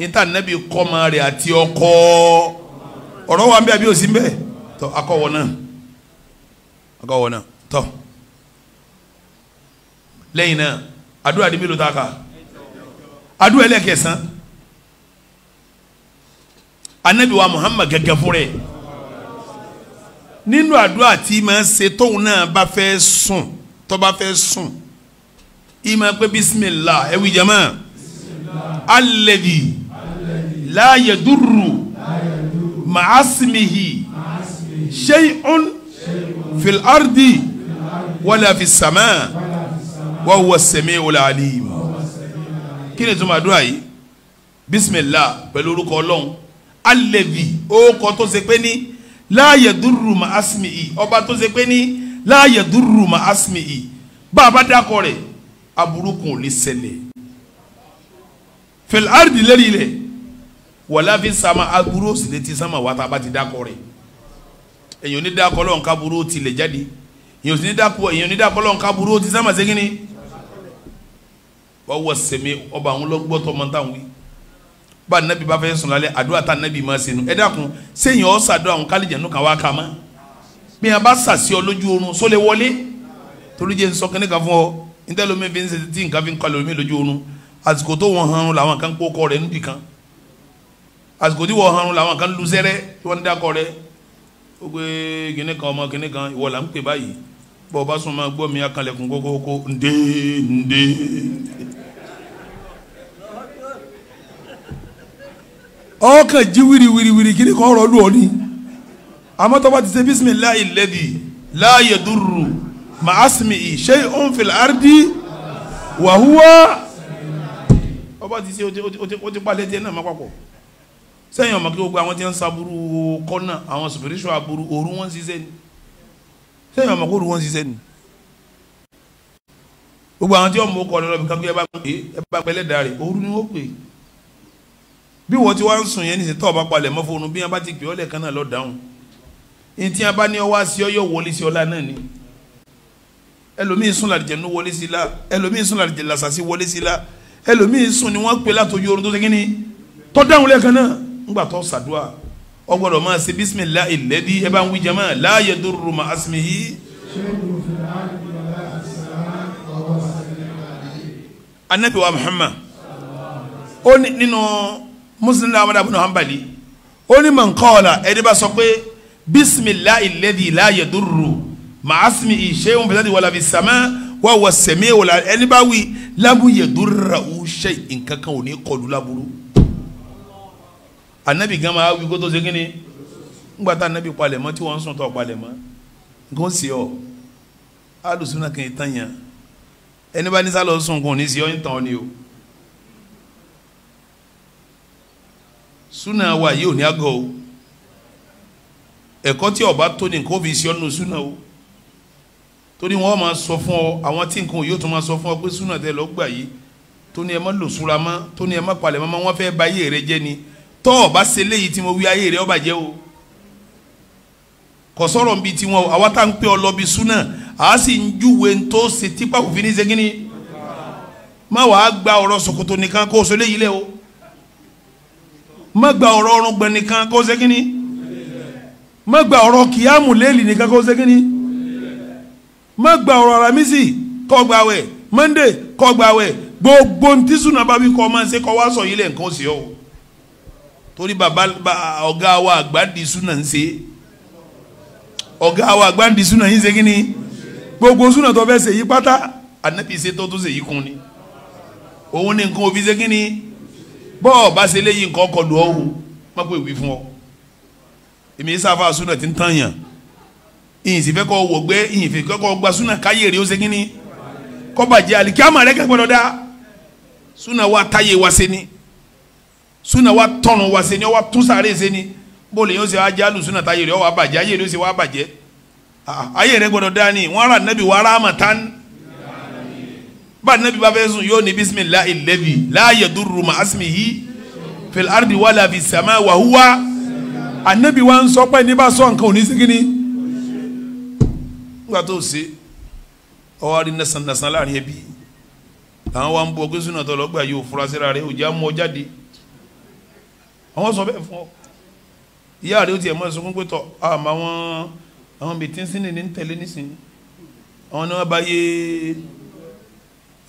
níta nẹ́bí kọ́mọ rẹ̀ àti ọkọ ọ̀rọ̀ wa ń bẹ àbí òsì ń bẹ tọ́ akọ̀wọ̀ náà akọ̀wọ̀ náà tọ́ lẹ́yìn náà àdúrà di mélòó ta kà àdúrà ẹlẹ́kẹsán anabi wa muhammad gẹ́gẹ́ fúnra ẹ̀ nínú àdúrà tí máa ń ṣe tóun náà bá fẹ́ sùn tó bá fẹ́ sùn ìmọ̀ pé bisimilah jama alladhi láàyè dúró màásìmìhì ṣéyún fìlárdi wàlà fìsàmà wà wà sẹmí wàlà àlìm kí ni tuma dùn àyè bisimilah pẹ̀lú orúkọ ọlọ́run alẹ́bi ó kọ́ tó ṣe pé ní láàyè dúró màásìmìhì ọba tó ṣe pé ní láàyè dúró màásìmìhì bá a bá dákọ̀ rẹ̀ aburú kò lè ṣẹlẹ̀ fìlárdi lẹ́rìí wọláfi sama aburú ó sì lè ti sama wàtá bá ti dákọ rẹ̀ èyàn ní dákọ lọ́n kaburú ó ti lè jáde èyàn ní dákọ èyàn ní dákọ lọ́n kaburú ó ti sama segin wọ́n wọ sẹ́mi ọba àwọn lọ́gbọ́tọ̀ mọ́tàwọn yìí bá nabi bá fẹ́ sùn lálẹ́ àdúrà tá nabi máa ṣe nu ẹ dákun sẹ́yìn ọ́ sàdúrà òun kálí jẹ̀nu kàwá kà má bí wọn bá sàṣì ọ lójú oorun sólè wọlé torí jẹ́ nsọ kẹ́ni kan fún ọ níta lómi fi ń ṣe tí nǹkan fi lójú oorun àsìkò tó wọn hàn làwọn kan kó kọ rẹ̀ nídìí kan àsìkò tí wọ́n la làwọn kan lu sẹ́rẹ́ tí wọ́n ń dákọ̀ rẹ ó pé kíní kan ọmọ kíní kan ìwọ là ń pè báyìí bọ́ọ̀ bá sún ma gbọ́ mi akalẹ̀kùn kókókó ndé ndé. ọkàn jí wiri wiri wiri kíní kan rọ̀ lù ni àmọ́ tó bá ti ṣe bisimilayi lẹ́dí láàyè dúró màá sinmi ìṣe òǹfìlà ardi wahuwa ọba ti ṣe o ti palẹ̀ tiẹ̀ náà má papọ̀ sẹ́yìn ọmọ kí gbogbo àwọn tí ń saburú kọ́nà àwọn spiritual aburú òru wọn ṣiṣẹ́ ni sẹ́yìn ọmọ kó òru wọn ṣiṣẹ́ ni gbogbo àwọn tí wọn mú kọ́ni lọ́bi kankan ẹ bá pè é bá pẹ́ lẹ́dàá rẹ̀ òru ni wọ́n pè é bí wọ́n ti wá ń sùn yẹn ní ìsìtọ́ ọba palẹ̀ mọ́ fóònù bí wọ́n bá ti pè ọ́ lẹ́ẹ̀kan náà lọ dáhùn ntí wọ́n bá ọwọ́ àṣìọ́ yóò wọlé sí ọlá náà ni ẹlòmíín sùn làdìjẹ̀nu wọlé sí la ẹlòmíín sùn làdìjẹ̀ làṣàṣì wọlé sí la ẹlòmíín sùn ni ńgbà tó sàdúà ó gbọ́dọ̀ máa ṣe bísímìlá ìlẹ́dí ẹ bá ń wí jama la yadurru ma asmihi. anabi wa muhammad ó ní nínú muslim ahmad abu hanbali ó ní man qala ẹni bá sọ pé bísímìlá ìlẹ́dí la yadurru ma asmihi shay'un fìlẹ́dí wala fi sàmá wà wà sẹ̀mí wala ẹni bá wí lábúyẹ̀ dúró ra ó ṣe nǹkan kan ò ní kọlu láburú anabi gan ma wí kó tó ṣe kíni ńgbà tá anabi palẹ̀ mọ́ tí wọ́n ń sùn tó palẹ̀ mọ́ nǹkan sì ọ́ alùsùn náà kì í tán yàn ẹni bá ní sùn kò ní sí ọ́ ń tàn ni o súnà wa yìí ò ní àgọ́ o ẹ̀kọ́ tí ọba tó ní nǹkan ó fi sí ọ́ nù súnà o torí wọn máa sọ fún ọ àwọn tí nǹkan yóò tún máa sọ fún ọ pé súnà tẹ lọ gbà yìí tó ẹ má lò súnra mọ́ tó ní ẹ má palẹ̀ wọn fẹ́ bà rẹ jẹ́ ni tọ́ ọ tí mo wí ayé rẹ ọba o kò sọ̀rọ̀ nbí tiwọn o àwa tá n pè ọ bí súnà a sì ń júwe tó ṣe tipa òfin ní gba ọ̀rọ̀ ṣòkòtò nìkan kó o sọ léyìí o má gba ọ̀rọ̀ ọrùngbẹ nìkan kó o gba ọ̀rọ̀ kìámù nìkan kó o gba ọ̀rọ̀ aramisi gba mọ́ndé gba gbogbo ntí súnà bá wí kọ́ máa ń ṣe kọ́ wá sọ yìí o. torí baba ọ̀gá wa àgbàdì súnà ń ṣe ọ̀gá wa àgbàdì súnà yín ṣe kíni gbogbo súnà tó fẹ́ ṣe yí pátá ànábì ṣe tó tó ṣe yí kún ni òun ni nǹkan òfin ṣe kíni bọ́ọ̀ bá ṣe léyìí nǹkan ọkọ̀ lù ọ́ o má pè wí fún ọ èmi sáfà súnà ti ń tàn yàn ìyìn sì fẹ́ kọ́ wọ̀ gbé ìyìn fẹ́ kọ́ gba súnà káyé rè ó ṣe kíni kọ́ bàjẹ́ àlìkí àmọ̀ rẹ̀ dá súnà wa táyé wa ṣe ni súnà wa tọ̀nù wa sẹ́ni wa tún sáré sẹ́ni bó lè yẹn ó ṣe ajá lu súnà táyé rẹ̀ ó wà bàjẹ́ ayé rẹ̀ ó ṣe wà bàjẹ́ ah, ayé rẹ̀ gbọ́dọ̀ dání wọ́n ra nẹ́bí wa rahmatan bá nẹ́bí bá fẹ́ sùn yóò ní bisimilahi lẹ́bi láàyè dúró ma asimihi fil ardi wàlà fi sàmà wà húwa anabi wa ń ní bá sọ nǹkan ò ní sí kíni tó ṣe ọwọ́ àrí nasan nasan láàrin ẹbí làwọn wa ń bọ̀ gbé súnà tó lọ́gbà yóò fura síra rẹ̀ òjá mọ́ jáde àwọn sọ bẹ́ẹ̀ fún ọ ìyá rẹ ó tiẹ̀ mọ́ ẹ̀sùn fún pétọ́ àmọ́ àwọn àwọn bìtín sínú ní tẹ̀lé nísìnyí àwọn ni wọ́n bá yé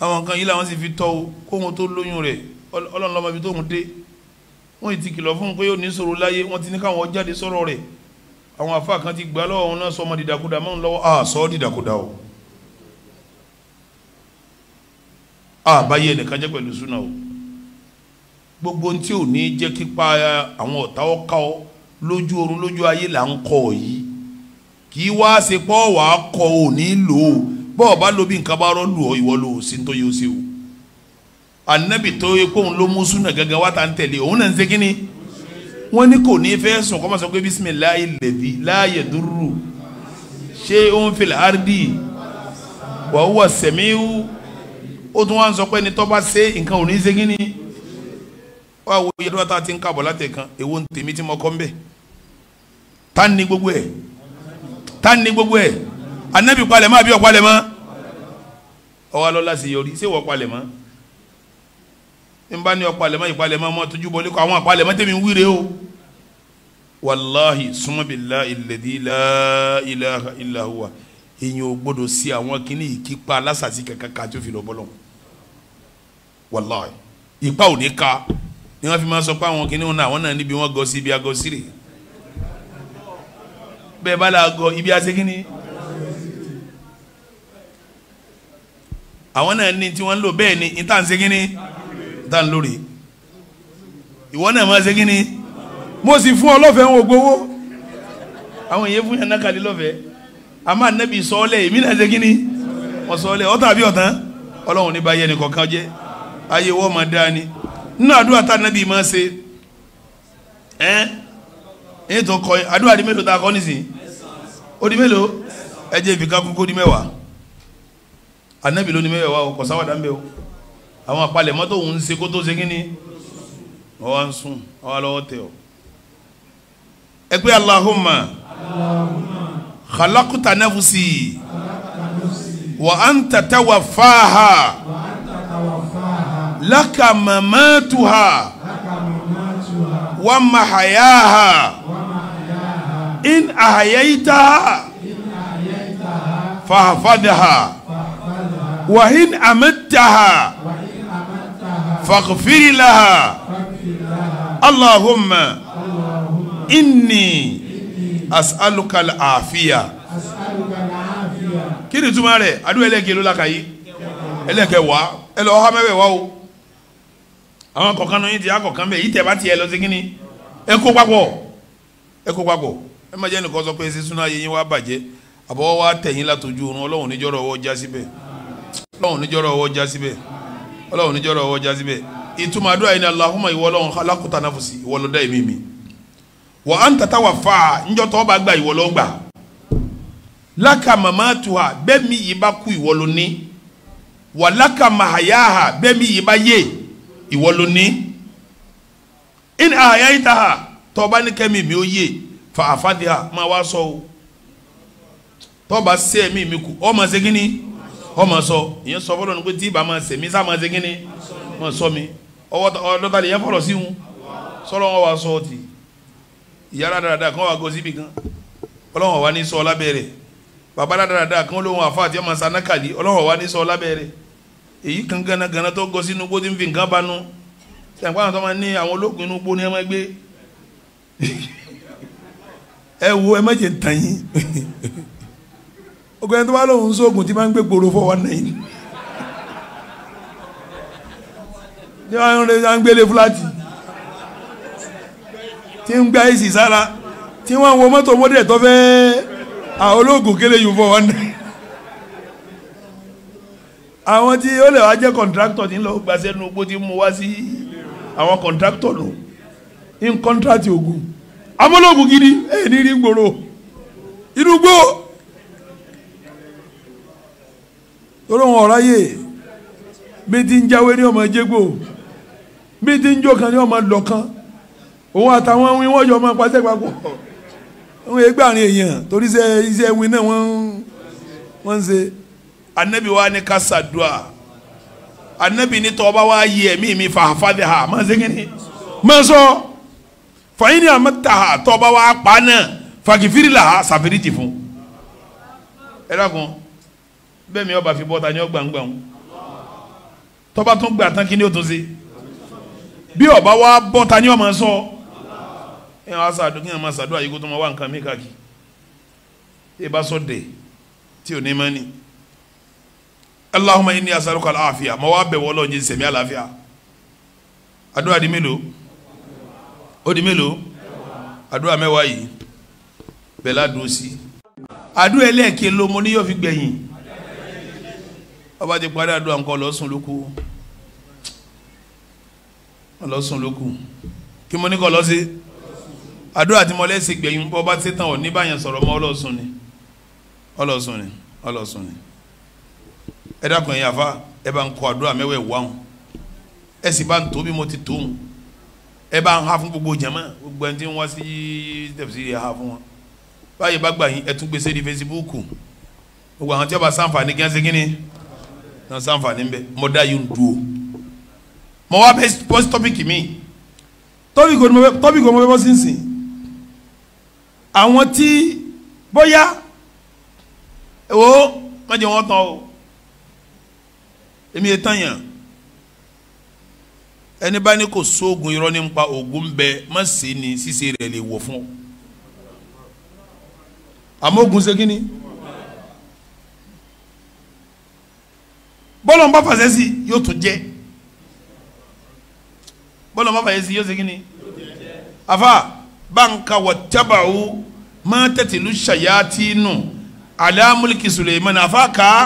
àwọn kan yìí làwọn sì fi tọ́ o kóhun tó lóyún rẹ̀ ọlọ́run lọ́mọ ibi tóhun dé wọ́n ti kìlọ̀ fún un pé yóò ní sọ̀rọ̀ láyé wọ́n ti ní káwọn jáde sọ̀rọ̀ rẹ̀ àwọn àfa kan ti gbà lọ́wọ́ náà sọ ọmọ dìdàkudà mọ́ ń lọ́wọ́ à sọ ọ́ dìdàkudà o à báyé ẹnìkan jẹ́ pẹ̀lú súnà o gbogbo ohun tí ò ní jẹ́ kípa eh, àwọn ọ̀tá ọ̀ka ọ lójú oorun lójú ayé là ń kọ yìí kì í wá ṣe pọ́ wà á kọ ò ní lò ó bọ́ ọ bá lo bí nǹkan bá rọ́ lù ọ ìwọ lò ó sí tó yẹ ó ṣe o anabi tó yẹ kó òun ló mú súnà gẹ́gẹ́ wá tá ń tẹ̀lé òun náà ń ṣe kínní wọ́n ní kò ní fẹ́ sùn kọ́ máa sọ pé bisimilayi lẹ́bi láàyè dúró ṣé ó ń fi làárìdì wà ó tún wá ń sọ pé ẹni tó bá ṣe nǹkan ò ní ṣe kínní wọ́n àwọn oyè dúró tá a ti ń kàbọ̀ látẹ̀kan èwo ń tèmi tí mo kọ́ ń bẹ̀ tá ní gbogbo ẹ̀ tá ní gbogbo ẹ̀ anabi palẹ̀ mọ́ àbí ọ̀palẹ̀ mọ́ ọwọ́ alọ́lá sì yọrí ṣé wọ́n palẹ̀ mọ́ n bá ní ọ̀palẹ̀ mọ́ ìpalẹ̀ mọ́ mọ́ tójú bọ́ lẹ́kọ̀ọ́ àwọn àpalẹ̀ mọ́ tẹ̀mí ń wíre o wàláhi sùnmọ́bìlá ìlẹ̀dí ilá ilaha illa huwa èyàn ò gbọdọ̀ sí àwọn kìíní ìkípa alásàsí kankan ká tó fi bọ́lọ̀ wàláhi ìpa ò ní ka ni wọ́n fi máa sọ pé àwọn kìnìún náà àwọn náà níbi wọ́n gọ sí ibi agọ sí rè bẹ́ẹ̀ bá la gọ ibi asekínì àwọn náà ní tí wọ́n ń lò bẹ́ẹ̀ ni ìta ń sekínì ìta ń lórí ìwọ náà máa sekínì mo sì fún ọ lọ́fẹ̀ẹ́ ń wò gbowó àwọn èèyàn fún yàn náà kàlí lọ́fẹ̀ẹ́ àmọ́ ànábì sọ́ọ́lẹ̀ èmi náà sekínì wọ́n sọ́ọ́lẹ̀ ọ̀tá àbí ọ̀tán ọlọ́run ní bá yẹ ẹnì kọ̀ọ̀kan jẹ́ ayé wọ́n máa dá ni nínú àdúrà tá nàbí máa ṣe ẹ ẹ tó kọ àdúrà di mélòó tá a kọ nísìnyí ó di mélòó ẹ jẹ́ ìfikà kúkú di mẹ́wàá anabi lóni mẹ́wàá o kò sáwàdà ń bẹ o àwọn àpalẹ̀ mọ́tò òun ṣe kó tó ṣe kí ni wọ́n ń sùn wọ́n lọ́wọ́ tẹ̀ ọ́ ẹ pé Allahumma khalaqta nafsi wa anta tawaffaha laka mamatuha wa mahayaha in ahayaitaha fahfadha wa in amattaha faghfir laha allahumma inni as'aluka al-afiya kí ni túmọ̀ rẹ̀ adúlẹ̀ ẹlẹ́gẹ̀ẹ́ ló lákàyè ẹlẹ́gẹ̀ẹ́ wá ẹ lọ́ọ́ hámẹ́wẹ̀ wá o. àwọn kọ̀ọ̀kan náà ti akọ̀kan bẹ́ẹ̀ yìí tẹ̀ bá tiẹ̀ lọ sí kínní ẹ kó papọ̀ ẹ kó papọ̀ ẹ má jẹ́ nìkan sọ pé ṣe súná yẹn wá bàjẹ́ àbọ̀wọ́ wá tẹ̀yìn látọjú oorun ọlọ́run níjọ́rọ̀ ọwọ́ já síbẹ̀ ọlọ́run níjọ́rọ̀ ọwọ́ já síbẹ̀ ọlọ́run níjọ́rọ̀ ọwọ́ já á ń wà fà á níjọ́ bá gba ìwọ màmá bẹ́ẹ̀ mi yìí bá kú ìwọ wà ha bẹ́ẹ̀ mi yìí bá ìwọ ló ní in àyà ìta ha tọba ní kẹmí mi ó yé fa àfàdé ha máa wá sọ o tọba sí ẹmí mi kù ọmọ segini ọmọ sọ ìyẹn sọ fọlọ ní pé tí ìbá máa sẹmí sá máa segini ọmọ sọ mi ọwọ́ ọdọta lè yẹn fọlọ sí wọn sọlọ wọn wá sọ ọ ti ìyára dáadáa kan wà gọ síbi kan ọlọ́wọ́n wà ní sọ ọ lábẹ́rẹ́ bàbá dáadáa kan ló wọn àfa àti ọmọ sanákàlí ọlọ́wọ́n wà ní sọ ọ lábẹ́rẹ́ èyí kan ganagana tó gọ sínú gbó tí ń fi nǹkan banu sàǹpá àwọn tó máa ní àwọn ológun inú gbó ni ẹ máa gbé ẹ wo ẹ má jẹ tàn yín ogun ẹni tó bá lóun sóògùn tí máa ń gbé gbòòrò fọ wọn náà yìí ní wọn ń gbélé fúláàtì tí ń gbá èsì sára tí wọn wo mọ́tò mọdẹ tó fẹ́ àwọn ológun kélé yìí fọ wọn náà. àwọn tí ó lè wá jẹ́ contractor tí ń lọ gbàṣẹ́ nu gbó tí mo wá sí àwọn contractor nù in contract ogun amọ́lọ́gùn gidi ẹ̀ ní rí gbòòrò inú gbó torí wọn ọ̀rá bí ti ń jáwé ní ọmọ jégbò bí ti ń jó kan ní ọmọ lọ́kan òun àtàwọn ọmọ papọ̀ wọn èèyàn anabi wa ni ká ṣàdúà anabi ni tó bá wá yí mi fa àfàdé ha máa ṣe kíni máa sọ fàyín ni àmọ́ ta ha tó bá wá pa náà fàkìfìrì là ha sàfìrì ti fún ẹ dákun bẹ́ẹ̀ mi ọba fi bọ́ta ni ọ gbàngbàn tó bá tún gbà tán kí ni ó tún ṣe bí wa bọ́ta ni ọ máa sọ ẹ wá ṣàdúà kí ẹ máa ṣàdúà yìí kó tó máa wá nǹkan mi káàkiri ẹ bá sọ dẹ tí ò ní máa ní. Allahumma inni asaluka alaafiya mo wá bẹ̀ wọlọ jẹ́ sẹmi àlàáfíà àdúrà di mélòó ó di mélòó àdúrà mẹ́wàá yìí bẹ́ẹ̀ la dúró sí àdúrà ẹlẹ́ẹ̀kẹ́ ló mo ní yóò fi gbẹ̀yìn ọba ti parí àdúrà ńkọ́ lọ́sùn lóko lọ́sùn lóko kí mo ní kọ́ lọ́sí àdúrà tí mo lẹ́sìn gbẹ̀yìn bọ́ bá ṣetán ọ̀ ní báyẹn sọ̀rọ̀ mọ́ ọlọ́sùn ni ọlọ́sùn ni ọlọ́sùn ni ẹ dákun yẹn àfa ẹ bá ń kọ àdúrà mẹ́wẹ̀ wá wọn ẹ sì bá ń tó bí mo ti tó wọn ẹ bá ń ha fún gbogbo jama gbogbo ẹni tí ń wá sí tẹ̀síìrì ha fún wọn báyìí bá gbà yín ẹ tún gbèsè di fesibúùkù gbogbo àwọn tí wọn bá sànfàní kí wọn ṣe kí ni bẹ mo dá yín du o mo wá bẹ pọ́sí tọ́pìkì mi tọ́pìkì omi tọ́pìkì omi bọ́ sínsìn àwọn tí bóyá wo má jẹ́ wọn tán o èmi yẹn tán yàn ẹni bá ní kò sóògùn irọ́ nípa ògùn bẹ má ṣe ni ṣíṣe rẹ̀ lè wọ̀ fún ọ àmọ́ ògùn ṣe kínni bọ́lọ̀ ń bá fàṣẹ sí yóò tún jẹ́ bọ́lọ̀ ń bá fàṣẹ sí yóò ṣe kínni àfa báńkà wọ̀ tábàáwò máa tẹ̀tẹ̀lú ṣàyà tìǹù alámúlìkì Suleiman àfa kàá.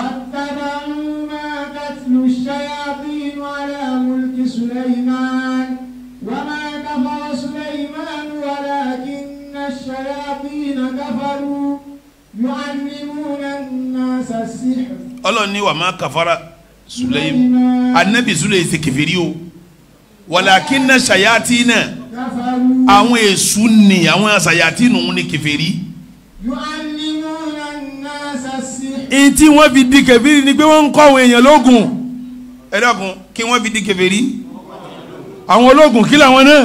kafaru yu'allimuna an kafara as-sihr. ọlọ́run ní wà má kàfàrà Sulaiman anabi Sulaiman ṣe kèfèrí o walakinna shayatina àwọn èṣù ni àwọn sayati nù ní kèfèrí. yu'allimuna an fi di kèfèrí ni pé wọ́n ń kọ́ àwọn èèyàn lógun ẹ dákun kí wọ́n fi di kèfèrí àwọn ológun kí làwọn náà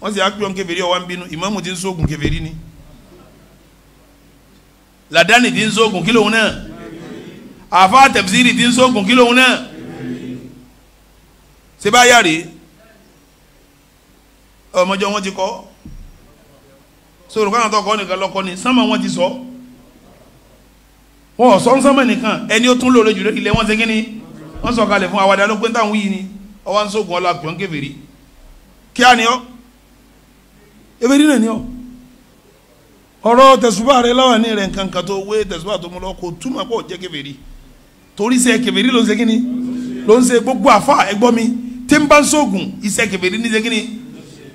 wọ́n sì á pé wọn kèfèrí ọwọ́ ń bínú ìmáàmù ti ń sóògùn kèfèrí ni làdáni ti ń sóògùn kí lòun náà àfa tẹ̀fisìrì ti ń sóògùn kilo lòun náà ṣe bá yàrá ọmọjọ wọn ti kọ́ sọ̀rọ̀ káwọn tó kọ́ nìkan lọ́kọ́ ni sánmà wọn ti sọ wọn ò sọ ń sánmà nìkan ẹni ó tún lóore jùlọ ilẹ̀ wọn ṣe kíni wọn sọ kalẹ̀ fún àwàdà ló pé táwọn yìí ni ọwọ́ ń sóògùn ọlọ́pàá ń kébèrè kíá ni ọ́ ebèrè náà ni ọ́ ọ̀rọ̀ tẹ̀sùbà rẹ láwàní rẹ nǹkan kan tó wé tẹ̀sùbà tó mú lọ kó túmọ̀ pọ̀ jẹ́ kèfèrí torí ṣe kèfèrí ló ń ṣe kí ni ló ń ṣe gbogbo àfa ẹgbọ́ mi tí n bá ń sóògùn iṣẹ́ kèfèrí ní ṣe kí ni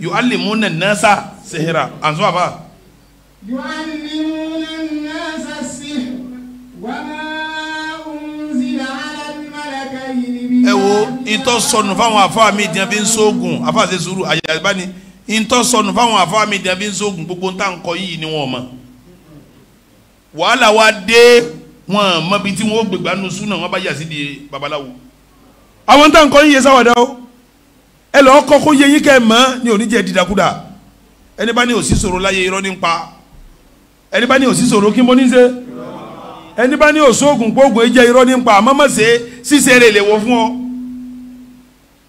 yóò alẹ́ mú nà nasa sehera àǹsọ́ àbá. yóò alẹ́ mú nà nasa sehera wàmà unzila ala al-malakayni. ẹ wo ìtọ́ sọnù fáwọn àfa mi ìdíyàn fi ń sóògùn àfa àti sùúrù àyàbá ni ntọ́sọnù fáwọn afáàmì dàbí nsógun gbogbo ntà nkọ yìí ni wọ́n mọ̀ wàhálà wa dé wọn mọbi tí wọn ó gbègbà nù súnà wọn bá yà sí di babaláwo àwọn ntà nkọ yìí yẹ sáwàdà o ẹ lọ kọ́ kó yẹ yín kẹ́ mọ́ ní oníjẹ dídakúdà ẹni bá ní òsì sọ̀rọ̀ láyé irọ́ ní pa ẹni bá ní òsì sọ̀rọ̀ kí mo ní ṣe ẹni bá ní òsóògùn gbóògùn ẹjẹ irọ́ ní pa àmọ́ mọ̀ ṣe ṣíṣe rẹ̀ lè wọ fún ọ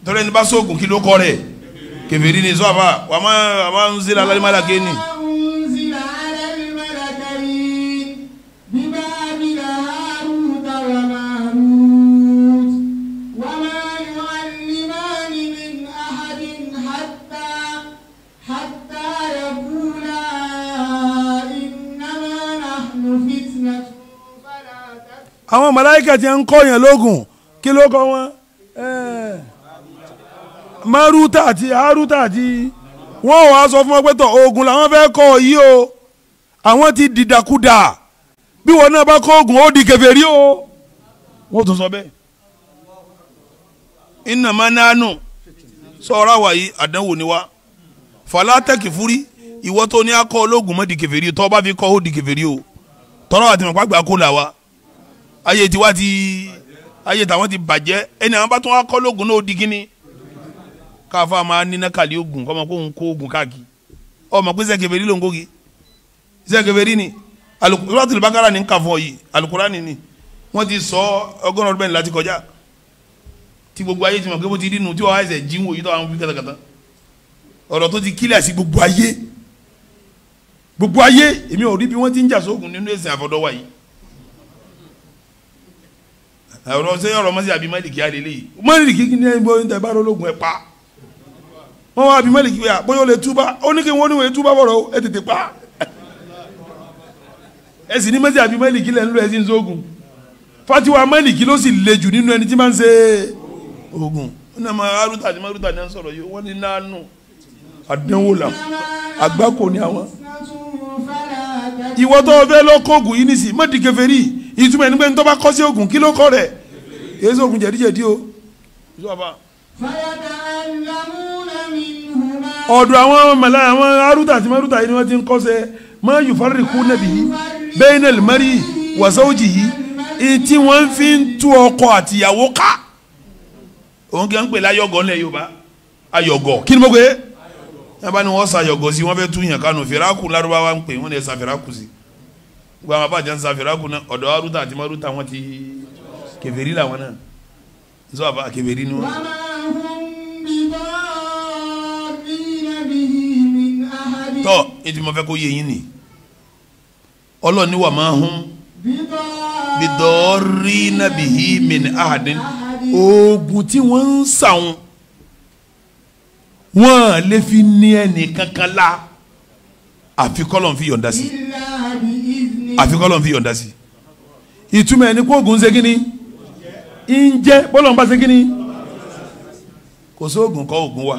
tọ́lá bá sóògùn kí ló kọ́ rẹ̀ kèfèrí ni sọ́fà wà má wà má ń zira alálẹ́ mọ́lá kéènì. àwọn màláíkà ti ń kọ́ yẹn lógun kí ló kọ́ wọn maruta àti haruta àti wọ́n wàá sọ fún ọ pé tọ̀ oògùn làwọn fẹ́ kọ́ ọ yìí o àwọn ti dìdàkudà bí wọn náà bá kọ́ oògùn ó di kèfèrí o wọ́n tún sọ bẹ́ẹ̀. iná máa ń nánú sọ̀rọ̀ àwà yìí àdánwò ni wá falatẹ́kì fúrí ìwọ tó ní akọ ológun mọ́ di kèfèrí tọ́ bá fi kọ́ ó di kèfèrí o tọ́lọ́ àti mọ̀pá gbà kó là wa ayé tiwa ti ayé tàwọn ti bàjẹ́ ẹni àwọn bá tún akọ ológun náà ó di kíní káfa máa níná kàlí oògùn kọ́mọ kó ń kó oògùn káàkiri ọmọ pé sẹ́kẹ̀bẹ̀rí ló ń kógi sẹ́kẹ̀bẹ̀rí ni alukuratul bakara ní kàfọ́ yìí alukurani ni wọ́n ti sọ ọgọ́rùn ọdún bẹ́ẹ̀ láti kọjá tí gbogbo ayé ti mọ̀ pé bó ti dínú tí wọ́n á ẹsẹ̀ jí wò yìí tó àwọn bí kàtàkàtà ọ̀rọ̀ tó ti kílẹ̀ sí gbogbo ayé gbogbo ayé èmi ò rí bí wọ́n ti ń jà sóògùn nínú ẹ̀sìn àfọ̀dọ́wà yìí ọ̀rọ̀ sẹ́yìn ọ̀rọ̀ mọ́sí àbí mọ́lìkì ni ẹ̀ ń bọ́ pa wọ́n wá abimẹ́lì kí wíyà bóyá ó lè túbá ó ní kí wọ́n níwèé túbá bọ̀rọ̀ ẹ tètè pa ẹ sì ní mẹ́sì abimẹ́lì kí lẹ̀ ń lo ẹ sì ń sóògùn fatiwa mẹ́lì kí ló sì le jù nínú ẹni tí máa ń ṣe oògùn ó ní àmọ́ arúta àti márúta ni wọ́n sọ̀rọ̀ yìí wọ́n ní nánú àdánwò làwọn àgbákò ni àwọn. ìwọ tó fẹ́ lọ́kọ́ oògùn yìí nìsí mọ́tì kèfèrí ìtumọ̀ ẹni pé ní tó bá kọ́ sí oògùn kí ló kọ́ rẹ̀ èyí sóògùn jẹ̀díjẹ̀dí o ọ̀dọ̀ àwọn mọ̀lá àwọn arúta àti mọ́rúta yìí ni wọ́n ti ń kọ́sẹ̀ ma yufarriquna bihi bayna al-mar'i wa zawjihi tí wọ́n fi ń tú ọkọ àtìyàwó ká òun kì í ń pè láyọ̀gọ̀ ńlẹ̀ Yorùbá ayọ̀gọ̀ kí ni mo pè é yàrá ni wọ́n sa ayọ̀gọ̀ sí wọ́n fẹ́ tú yàn kánú fìràkù lárúbáwá ń pè wọ́n lè sa fìràkù sí gbogbo àwọn abájá sa fìràkù náà ọ̀dọ̀ arúta àti mọ́rúta wọ́n ti kèfèrí làwọn náà kèfèrí ni wọ́n. tọ́ ètò ìmọ̀fẹ́ kó yé yín ni ọlọ́ọ̀ni wà máa hún bidọ́ọ̀rí nàbìhí min ahadin oògùn tí wọ́n ń sàwọn wọ́n lè fi ní ẹnì kankan la àfi kọ́lọ́n fi yọ̀ǹda sí àfi kọ́lọ́n fi yọ̀ǹda sí ìtumọ̀ ẹni kó oògùn ń ṣe kínní ń jẹ́ bọ́lọ̀ ń bá ṣe kínní kò sí oògùn kọ́ oògùn wa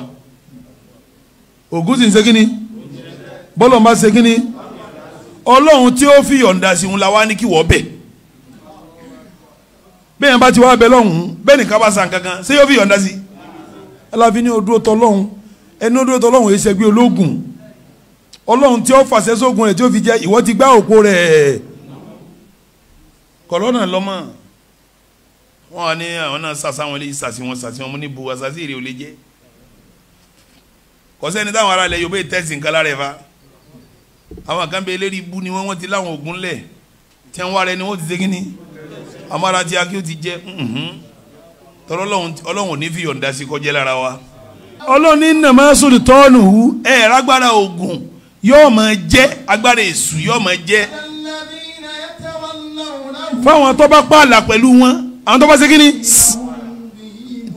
oògùn sì ń ṣe kínní bọ́lọ̀ máa ṣe kínní ọlọ́run tí ó fi yọ̀ǹda sí òun la wá ní kí wọ́n bẹ̀ bẹ́ẹ̀ yẹn bá ti wá bẹ lọ́hùn bẹ́ẹ̀ nìkan bá san kankan ṣé yóò fi yọ̀ǹda sí aláfi ní odúró tọ́ lọ́hùn ẹni odúró tọ́ lọ́hùn èsè gbé ológun ọlọ́run tí ó fàṣẹ sógun rẹ̀ tí ó fi jẹ́ ìwọ ti gbá òpó rẹ̀ kọ̀lọ́nà lọ́mọ́ wọn ní àwọn náà sàṣà wọn lè sàṣì wọn sàṣì wọn níbo àṣàṣì rè ó lè jẹ́ kọ́sẹ́ni táwọn ará ilẹ̀ Yorùbá tẹ̀sí nǹkan lára ẹ̀ fa àwọn kan bẹ eléri ibu ni wọn wọn ti láwọn ògùn lẹ tí wọn wá rẹ ni wọn ti segin ni amára tí akíó ti jẹ mm-hmm. tọrọ ọlọ́run ò ní fi yọ̀ǹda sí kọjá lára wa. ọlọ́run ní nàmásùn tọ́ọ̀nù hù ẹ̀ rágbára ògùn yóò máa jẹ́ agbára èṣù yóò máa jẹ́ fáwọn tó bá pààlà pẹ̀lú wọn àwọn tó bá segin ni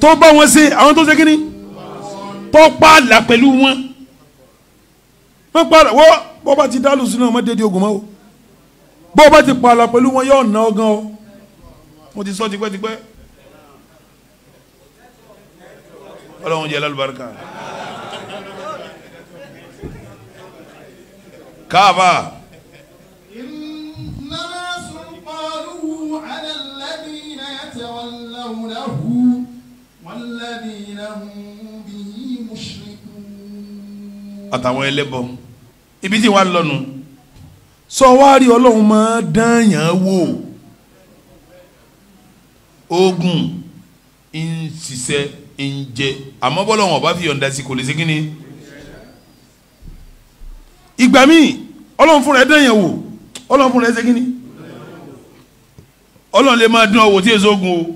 tó bá wọn ṣe àwọn tó segin ni tó pààlà pẹ̀lú wọn wọ́n bó bá ti dálù sínú ọmọ dédé ogun mọ́ o bó bá ti pààlà pẹ̀lú wọn yóò ná ọ o mo ti sọ tipẹ́tipẹ́ ọlọ́run jẹ́ lálùbáríkà káàbà. إنما سلطانه على الذين àtàwọn ẹlẹ́bọ ibi tí wàá lọ́nu sọ wá rí ọlọ́run máa dányàn wò oògùn ń ṣiṣẹ́ ń jẹ àmọ́ bọ́lọ́run ọba fi yọ̀ǹda sí kò lè ṣe kí ni ìgbà míì ọlọ́run fúnra ẹ̀ dányàn wò ọlọ́run fúnra ẹ̀ ṣe kí ni ọlọ́run lè máa dún ọwọ́ tí èso ogun o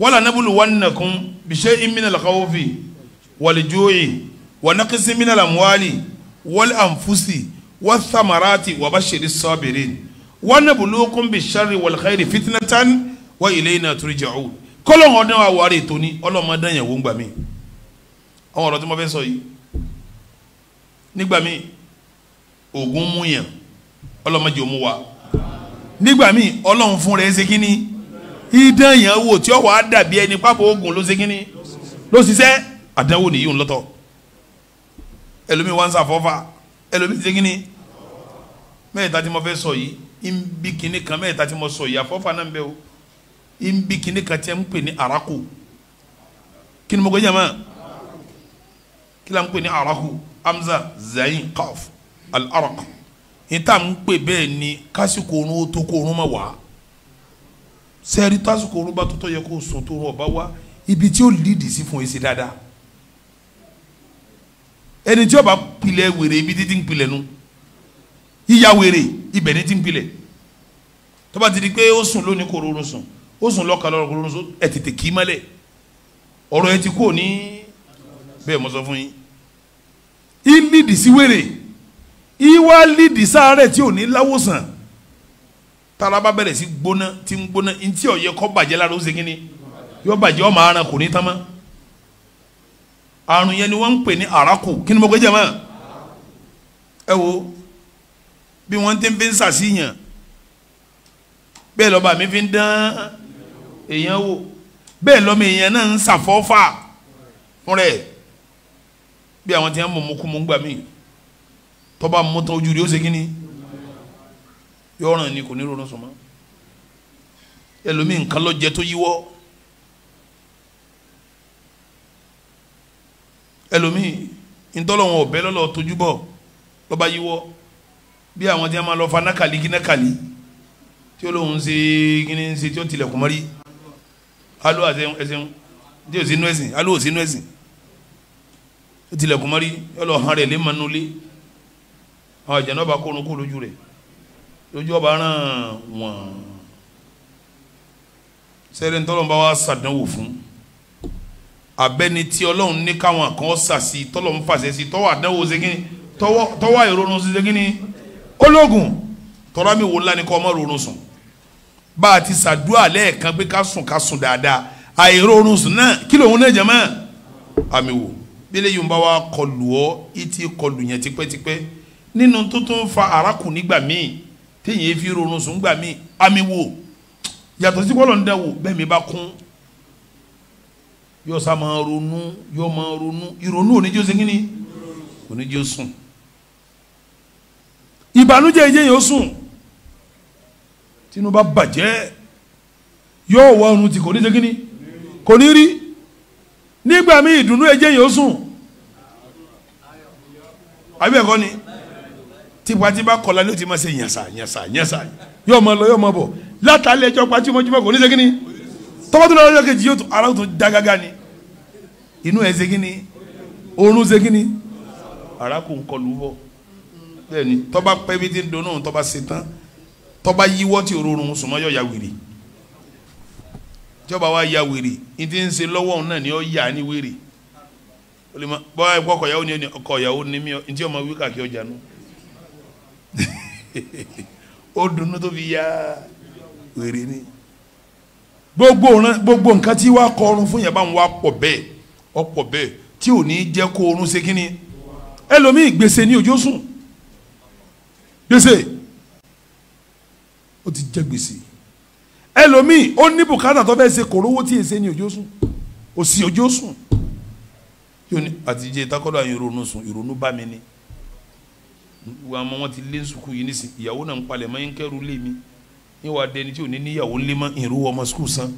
wala nabulu wannakum bi shay'in minal khawfi wal ju'i wa naqsin minal amwali wal anfusi wa thamarati wa bashiri sabirin wa nabulukum bi sharri wal khairi fitnatan wa ilayna turja'un kọlọ́hún ọdún wa wàrí tóní ọlọ́mọdé yẹn wò ń gbà mí àwọn ọ̀rọ̀ tí mo fẹ́ sọ yìí nígbà mí ogun mú yàn ọlọ́mọdé òmu wa nígbà mí ọlọ́run fún rẹ̀ ṣe kínní idán yẹn wò tí ó wàá dàbí ẹni pápá ogun ló ṣe kínní ló ṣiṣẹ́ àdánwò nìyí ń lọ́tọ̀ ẹlòmíì wá ń sàfọ́fà ẹlòmíì ti kíni mẹ́ẹ̀ta tí mo fẹ́ sọ yìí ń bí kíní kan mẹ́ẹ̀ta tí mo sọ yìí àfọ́fà náà ń bẹ o ń bí kíní kan tí ń pè ní araku kí ni mo gbé jàmá kí la ń pè ní araku amza zayin kaf al-arak yìí tá à ń pè bẹ́ẹ̀ ni kásìkò orun ó tó kó orun má wà sẹ́ẹ̀rí tásìkò orun bá tó tó yẹ kó sùn tó rọ̀ bá wá ibi tí ó lìdì sí fún èsì dáadáa ẹni tí ó bá pilẹ̀ wèrè ibi títí ń pilẹ̀ nu yíya wèrè ibẹ̀ ní ti ń pilẹ̀ tó bá ti di pé ó sùn lónìí kò rọrùn sùn ó sùn lọ́ka lọ́rùn kò rọrùn sùn ẹ̀ tètè kì í mọ́lẹ̀ ọ̀rọ̀ ẹ ti kú òní bẹ́ẹ̀ mo sọ fún yín í lídì sí wèrè í wá lídì sáárẹ̀ tí ò ní láwòsàn tára bá bẹ̀rẹ̀ sí gbóná tí ń gbóná ntí ó yẹ bàjẹ́ lára ó segin ni yóò bàjẹ́ ó máa kò ní tán mọ́ àrùn yẹn ni wọ́n ń pè ní àràkù kí ni mo gbé jẹ mọ́ ẹ wo bí wọ́n ti fi ń sàṣìyàn bẹ́ẹ̀ lọ́ba mi fi ń dán èèyàn wò bẹ́ẹ̀ lọ́mọ èèyàn náà ń ṣàfọ́fà fún rẹ̀ bí àwọn tí wọ́n mọ̀ mọ́kú mọ́ gbà mí tọ́ba mọ́tò ojú rí ó ṣe kínní yọ̀ọ̀ràn ni kò ní ronú sọ̀mọ́ ẹlòmíì nǹkan lọ́jẹ tó yíwọ́. ẹlòmíì ntọ́lọ́wọ̀n ọ̀bẹ lọ́lọ́ tójú bọ̀ lọ́ba yíwọ́ bí àwọn tí a máa lọ fa nákàlí kí nákàlí tí ó lóun ṣe kí ni ṣe tí ó tilẹ̀kùn mọ́rí alo ẹsẹ̀hún ẹsẹ̀hún tí ó sínú ẹ̀sìn alo ó sínú ẹ̀sìn ó tilẹ̀kùn mọ́rí ọlọ́ hàn rẹ̀ lé manú lé àwọn ìjànà ọba kó onukó lójú rẹ̀ lójú ọba ràn wọ́n sẹ́rẹ̀ ntọ́lọ́wọ́n bá wa ṣàdánwò fún un abẹ́ni tí ọlọ́run ní káwọn kan sàsì tọ́lọ́run fàṣẹ sí tọ́wọ́ àdánwò ṣégin tọ́wọ́ ìrònú ṣégin ni ológun tọ́lá mi wò ńlá ni kọ́ ọmọ ìrònú sùn bá a ti ṣàdúrà lẹ́ẹ̀kan pé ká sùn ká sùn dáadáa àìrònú sùn náà kí lòun náà jẹ mọ́ àmì wò bílẹ̀ yìí ń bá wa kọlù ọ́ ìtì kọlù yẹn tipẹ́tipẹ́ nínú tó tó ń fa arákùn nígbà míì téèyàn fi ronú sùn gbà míì àmì wò yàtọ̀ sí bọ́lọ̀ ń dẹ́wò bẹ́ẹ̀ mi bá kún yóò sá máa ronú yóò máa ronú ìrònú oníjó ṣe kíni oníjó sùn ìbànújẹ́ ìjẹ́ yóò sùn tinubu bàjẹ́ yóò wọ ọrùn tí kò ní ṣe kíni kò ní rí nígbà mí ìdùnnú ẹ̀jẹ̀ yóò sùn àbí ẹ̀kọ́ ni tipatipa kọ̀la ló ti ma ṣe yànsà yànsà yànsà yóò máa lọ yóò máa bọ̀ látàlẹ́ ẹjọ́ pàtí mọ́júmọ́ kò ní ṣe kíni tọ́wọ́ tó lọ́wọ́ lọ́kẹ́ jí yóò tó ara tó dágágá ni inú ẹ ṣe ni oorun ṣe kí ni ara kò ń kọlu bọ hmm. bẹ́ẹ̀ni tọba pẹbi ti ń donú tọba ṣetán tọba yíwọ ti òrorun sùnmọ ya wèrè jọba wa ya wèrè ní ti ń ṣe lọ́wọ́ òun náà ni ọ yà ni wèrè bọ́wá ẹ̀kọ́ ọkọ̀yàwó ni ọkọ̀ ìyàwó ni mí ntí ọmọ wí kàkí ọjà nù ó dunu tó ya wèrè ni gbogbo nǹkan tí wàá kọrun fún yàrá wọn wàá pọ̀ bẹ́ẹ̀ ọ̀pọ̀ bẹ́ẹ̀ tí ò ní jẹ́ kó oorun ṣe kínní ẹlòmíì gbèsè ní ọjọ́ sùn gbèsè ó ti jẹ gbèsè ẹlòmíì ó ní bùkátà tó fẹ́ ṣe kòrówó tí èsè ní ọjọ́ sùn òsì ọjọ́ sùn yóò ní àtijọ́ ìtakọ́dọ̀ àyìn ìrònú sùn ìrònú bá mi ni wa mọ wọn ti lé sukuu yìí nísìn ìyàwó náà ń palẹ̀ mọ́ ẹ̀ńkẹ́rù lé mi ní wàá tí ò ní níyàwó ńlé mọ́ ìrú ọmọ sukuu san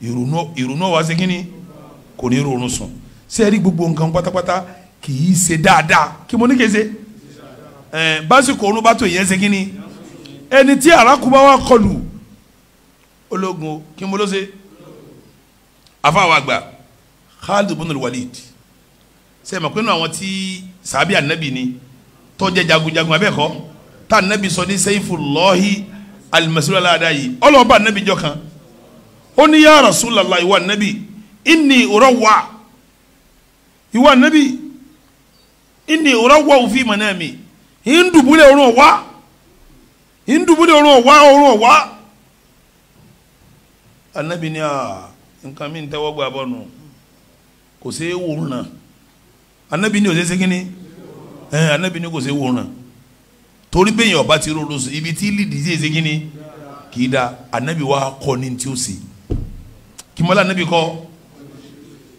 ìrònú ọ̀wá ṣe kínní kò ní rọrùn sùn sẹ́ẹ̀rí gbogbo nǹkan pátápátá kì í ṣe dáadáa kí mo ní kí n ṣe ẹ básìkò ọ̀run bá tó ìyẹn ṣe kí ni ẹni tí arákùnbá wa kọlù ológun o kí n bolo ṣe afáwọn àgbà Khalid ibn al-Walid sẹ́ẹ̀ mọ̀ pé nínú àwọn tí sàbí ànábì ni tó jẹ́ jagunjagun abẹ́kọ́ tá ànábì sọ ní Sayfullahi al-Maslul aláàdá yìí ọlọ́ọ̀bá ànábì jọ kan ó ní ya Rasulullah ìwà ànábì inni urawwa ìwọ anabi inni urawwa òfin manami ìndùbúlẹ̀ ọ̀run ọ̀wá ìndùbúlẹ̀ ọ̀run ọ̀wá ọ̀run ọ̀wá anabi ni aa nǹkan mi ń tẹ́wọ́ gba bọ́ nù kò sí wòrán náà anabi ni ò sí sẹ́kínní ẹ anabi ni kò sí wòrán torí bẹ́ẹ̀ yẹn ọba ti rò lóṣù ibi tí lídìí sí sẹ́kínní kì í da wa kọ́ ni tí ó sì kí mọ́lá anabi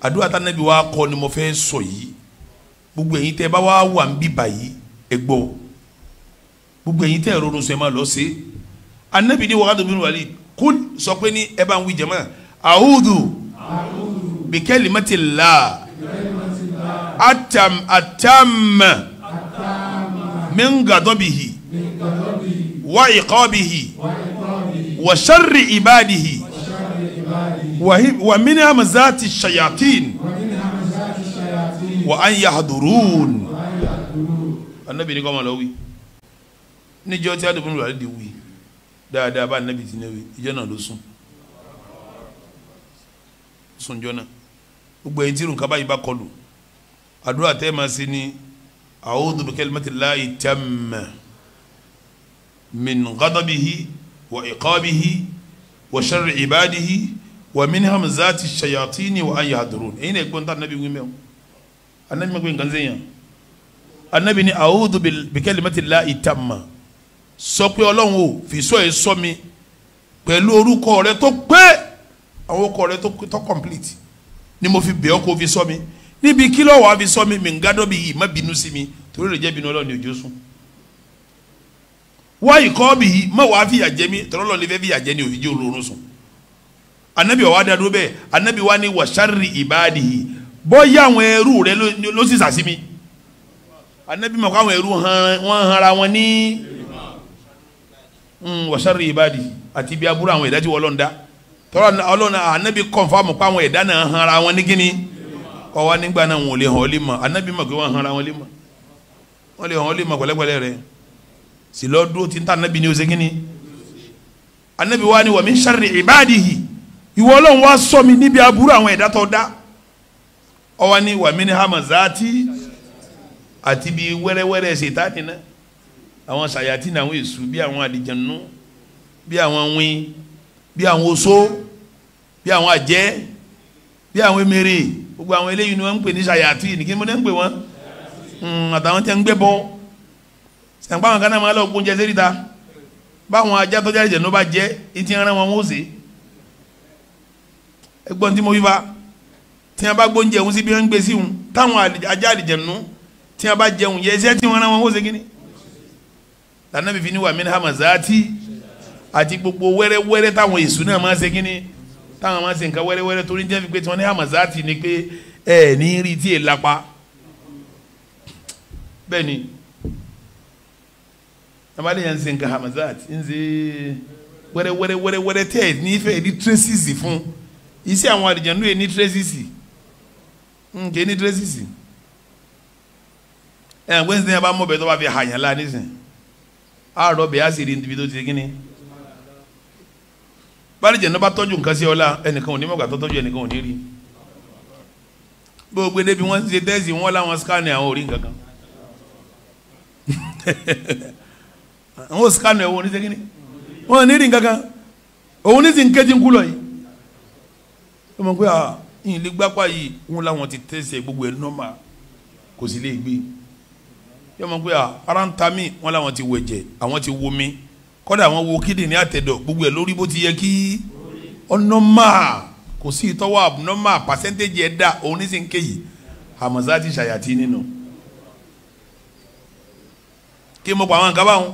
àdúrà tá nàbí wa kọ ni mo fẹ́ sọ yìí gbogbo ẹ̀yin tẹ́ bá wà wà ń bíbà yìí ẹ gbọ́ gbogbo ẹ̀yin tẹ́ ronú sọ ẹ máa lọ sí anabi ni wàhálà bínú wàlí kú sọ pé ní ẹ bá ń wí jama àhúdù bìkẹ́lì mẹ́tìlá atam atam mingadọ́bìhì wa ìkọ́bìhì wa sharri ìbádìhì. ومن همزات الشياطين وأن يحضرون النبي ní kọ́ máa lọ wí níjọ́ tí adùnfún rẹ̀ di wí dáadáa bá anabi ti náwí ìjọ náà ló sùn sùn jọ náà gbogbo ẹ̀yin tí irun kaba yìí bá kọlù àdúrà tẹ́ ẹ máa ṣe ni a'udhu bi kalimatillahi tamma min ghadabihi wa iqabihi wa sharri ibadihi wa min hamzati shayatini wa an yahdurun ẹ̀yin náà gbọ́n tá anabi wí mẹ́wọ́ anabi mẹ́wọ́ nǹkan sẹ́yìn anabi ni a'udhu bi kalimati llahi tamma sọ pé ọlọ́run o fi sọ yìí sọ mi pẹ̀lú orúkọ rẹ tó pé àwọn orúkọ rẹ complete ni mo fi bẹ̀ ọ́ kó fi sọ mi níbi kí ló fi sọ mi mi ń gádọ́ bí yìí má bínú sí mi torí lè jẹ́ bínú ọlọ́run ní ojú sùn wáyìí kọ́ bí yìí má wàá fìyà jẹ mi torí ọlọ́run lè fẹ́ fìyà jẹ ní òfìjì olórun sùn anabi wa da dúró bẹ́ẹ̀ anabi wa ni wa sari ibadihi bọ́yá àwọn ẹrú rẹ ló sì sàsí mi anabi mọ̀ kó àwọn ẹrú wọn hanra wọn ní hmm, wa sari ibadihi àti ibi aburú àwọn ẹ̀dá tí wọ́n lọ́nda tọ́lá ọlọ́run anabi kọ́nfàmù pé àwọn ẹ̀dá náà hanra wọn ní kíni ọwọ́ nígbà náà wọn ò lè hàn ọ́ lé mọ̀ anabi mọ̀ pé wọ́n hanra wọn lé mọ̀ wọ́n lè hàn ọ́ lé mọ̀ pẹ̀lẹ́pẹ̀lẹ́ rẹ̀ sì lọ́ọ́ dúró tí ń tà anabi ní o kíni anabi wa ni wa min sari ibadihi ìwọ ọlọ́run wá sọ mi níbi aburú àwọn ẹ̀dá tó dá ọwọ́ ni wàmíní hamazati àti bíi wẹ́rẹ́wẹ́rẹ́ ṣètánì náà àwọn sàyàtì náà àwọn èṣù bí àwọn àdìjẹ̀nú bí àwọn wín bí àwọn oṣó bí àwọn àjẹ́ bí àwọn emèrè gbogbo àwọn eléyìí ni wọ́n ń pè ní sàyàtì nìkí ni wọ́n ń pè wọ́n hmm, àtàwọn tí wọ́n ń gbé bọ́ sàǹpá àwọn kan náà máa lọ gbóúnjẹ sẹ́ríta báwọn ajá tọ́jà ìjẹ̀nú bá jẹ́ etí ara wọn wọ́n ó sèé ẹgbọ́n tí mo wí fa tí wọ́n bá gbóúnjẹ òun sí bí wọ́n ń gbé sí òun táwọn ajá àlìjẹ̀nu tí wọ́n bá jẹun yẹ ẹsẹ̀ tí wọ́n rán wọn ó ṣe kíni. lànà bìbí ni wà mí ní hamazati àti gbogbo wẹ́rẹ́wẹ́rẹ́ táwọn èṣù náà máa ṣe kíni táwọn máa ṣe nǹkan wẹ́rẹ́wẹ́rẹ́ torí jẹ́ fi pé tí wọ́n ní hamazati ni pé ẹ ní rí tí è lápá bẹ́ẹ̀ ni abalẹ̀ yẹn ń ṣe nǹkan hamazati ń ṣe wẹ́rẹ́wẹ́rẹ́wẹ́rẹ́ tẹ́ ẹ̀ nífẹ̀ẹ́ ní traces fún un iṣẹ́ àwọn àdìjẹ́nu yẹn ní tírẹ́sìsì hmm, nkè ní tírẹ́sìsì ẹ̀ ẹ̀ gbẹ́sìn yẹn bá mọ̀ bẹ́ẹ̀ tó bá fi hà yẹn lá nísìn àárọ̀ bẹ́ẹ̀ á sì rí níbi tó ti kíni bàdìjẹ́nu bá tọ́jú nǹkan sí ọlá ẹnìkan ò ní mọ̀gbà tó tọ́jú ẹnìkan ò ní rí gbogbo débi wọ́n ṣe tẹ́sì wọ́n láwọn skáàni àwọn orí nǹkan kan àwọn skáàni ẹ̀ wọ́n ní sẹ́kínì wọ́n ní rí nǹkan kan òun ní sì ń kéjì ń kú lọ yìí ẹ mọ̀ pé à ah, yìnyín lè gbápá yìí wọn làwọn ti tẹ̀sẹ̀ gbogbo ẹ̀ nọ́mà kò sì lè gbé ẹ mọ̀ pé à ah, ara ń ta mí wọn làwọn ti wẹ̀jẹ̀ àwọn ti wo mi kọ́dà àwọn wo kídìní àtẹ̀dọ̀ gbogbo ẹ̀ lórí bó ti yẹ kí ọ̀nọ́mà kò sí ìtọ́wọ́ abnormal percentage ẹ̀ dá òun ní sì ń ké yìí hamaza ti ṣàyàtì nínú kí mo pa àwọn nǹkan báwọn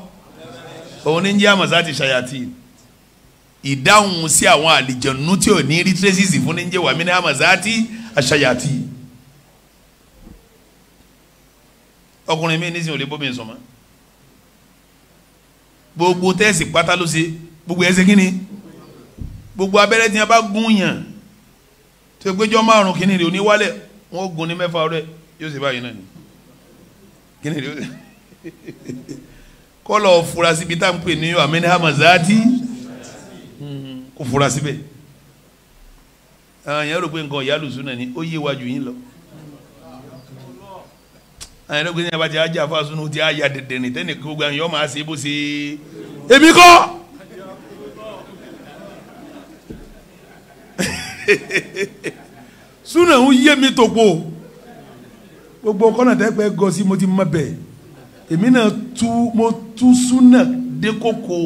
òun ní jẹ́ hamaza ti ṣàyàtì ìdáhùn sí àwọn àlìjọ̀nù tí ò ní rí traces fún ní jẹ́ wàmí ní amazati aṣayati. ọkùnrin mi nísìnyí ò lè bómi sọmọ gbogbo tẹ́sì pátá ló ṣe gbogbo ẹsẹ̀ kínni gbogbo abẹ́rẹ́ tí wọ́n bá gún yàn tó gbẹjọ́ márùn kínni rẹ̀ oníwálẹ̀ wọ́n gún ní mẹ́fà rẹ̀ yóò ṣe báyìí náà ni kínni rẹ̀ kọ́ lọ́ọ́ fura síbi tá ní amẹ́ni amazati kò fura síbẹ̀ àwọn èèyàn rò pé nǹkan ìyá lùsùn náà ni ó yé wájú yín lọ àwọn èèyàn rò pé ní abájá ajá fásun ó ti àyà dẹ̀dẹ̀ ní tẹ́nì kó gbà yọ́ máa ṣe bó ṣe èmi kọ́ súnà ń yé mi tó po gbogbo kọ́nà tẹ́pẹ́ gọ sí mo ti mọ bẹ́ẹ̀ èmi náà tú mo tú súnà dé kókó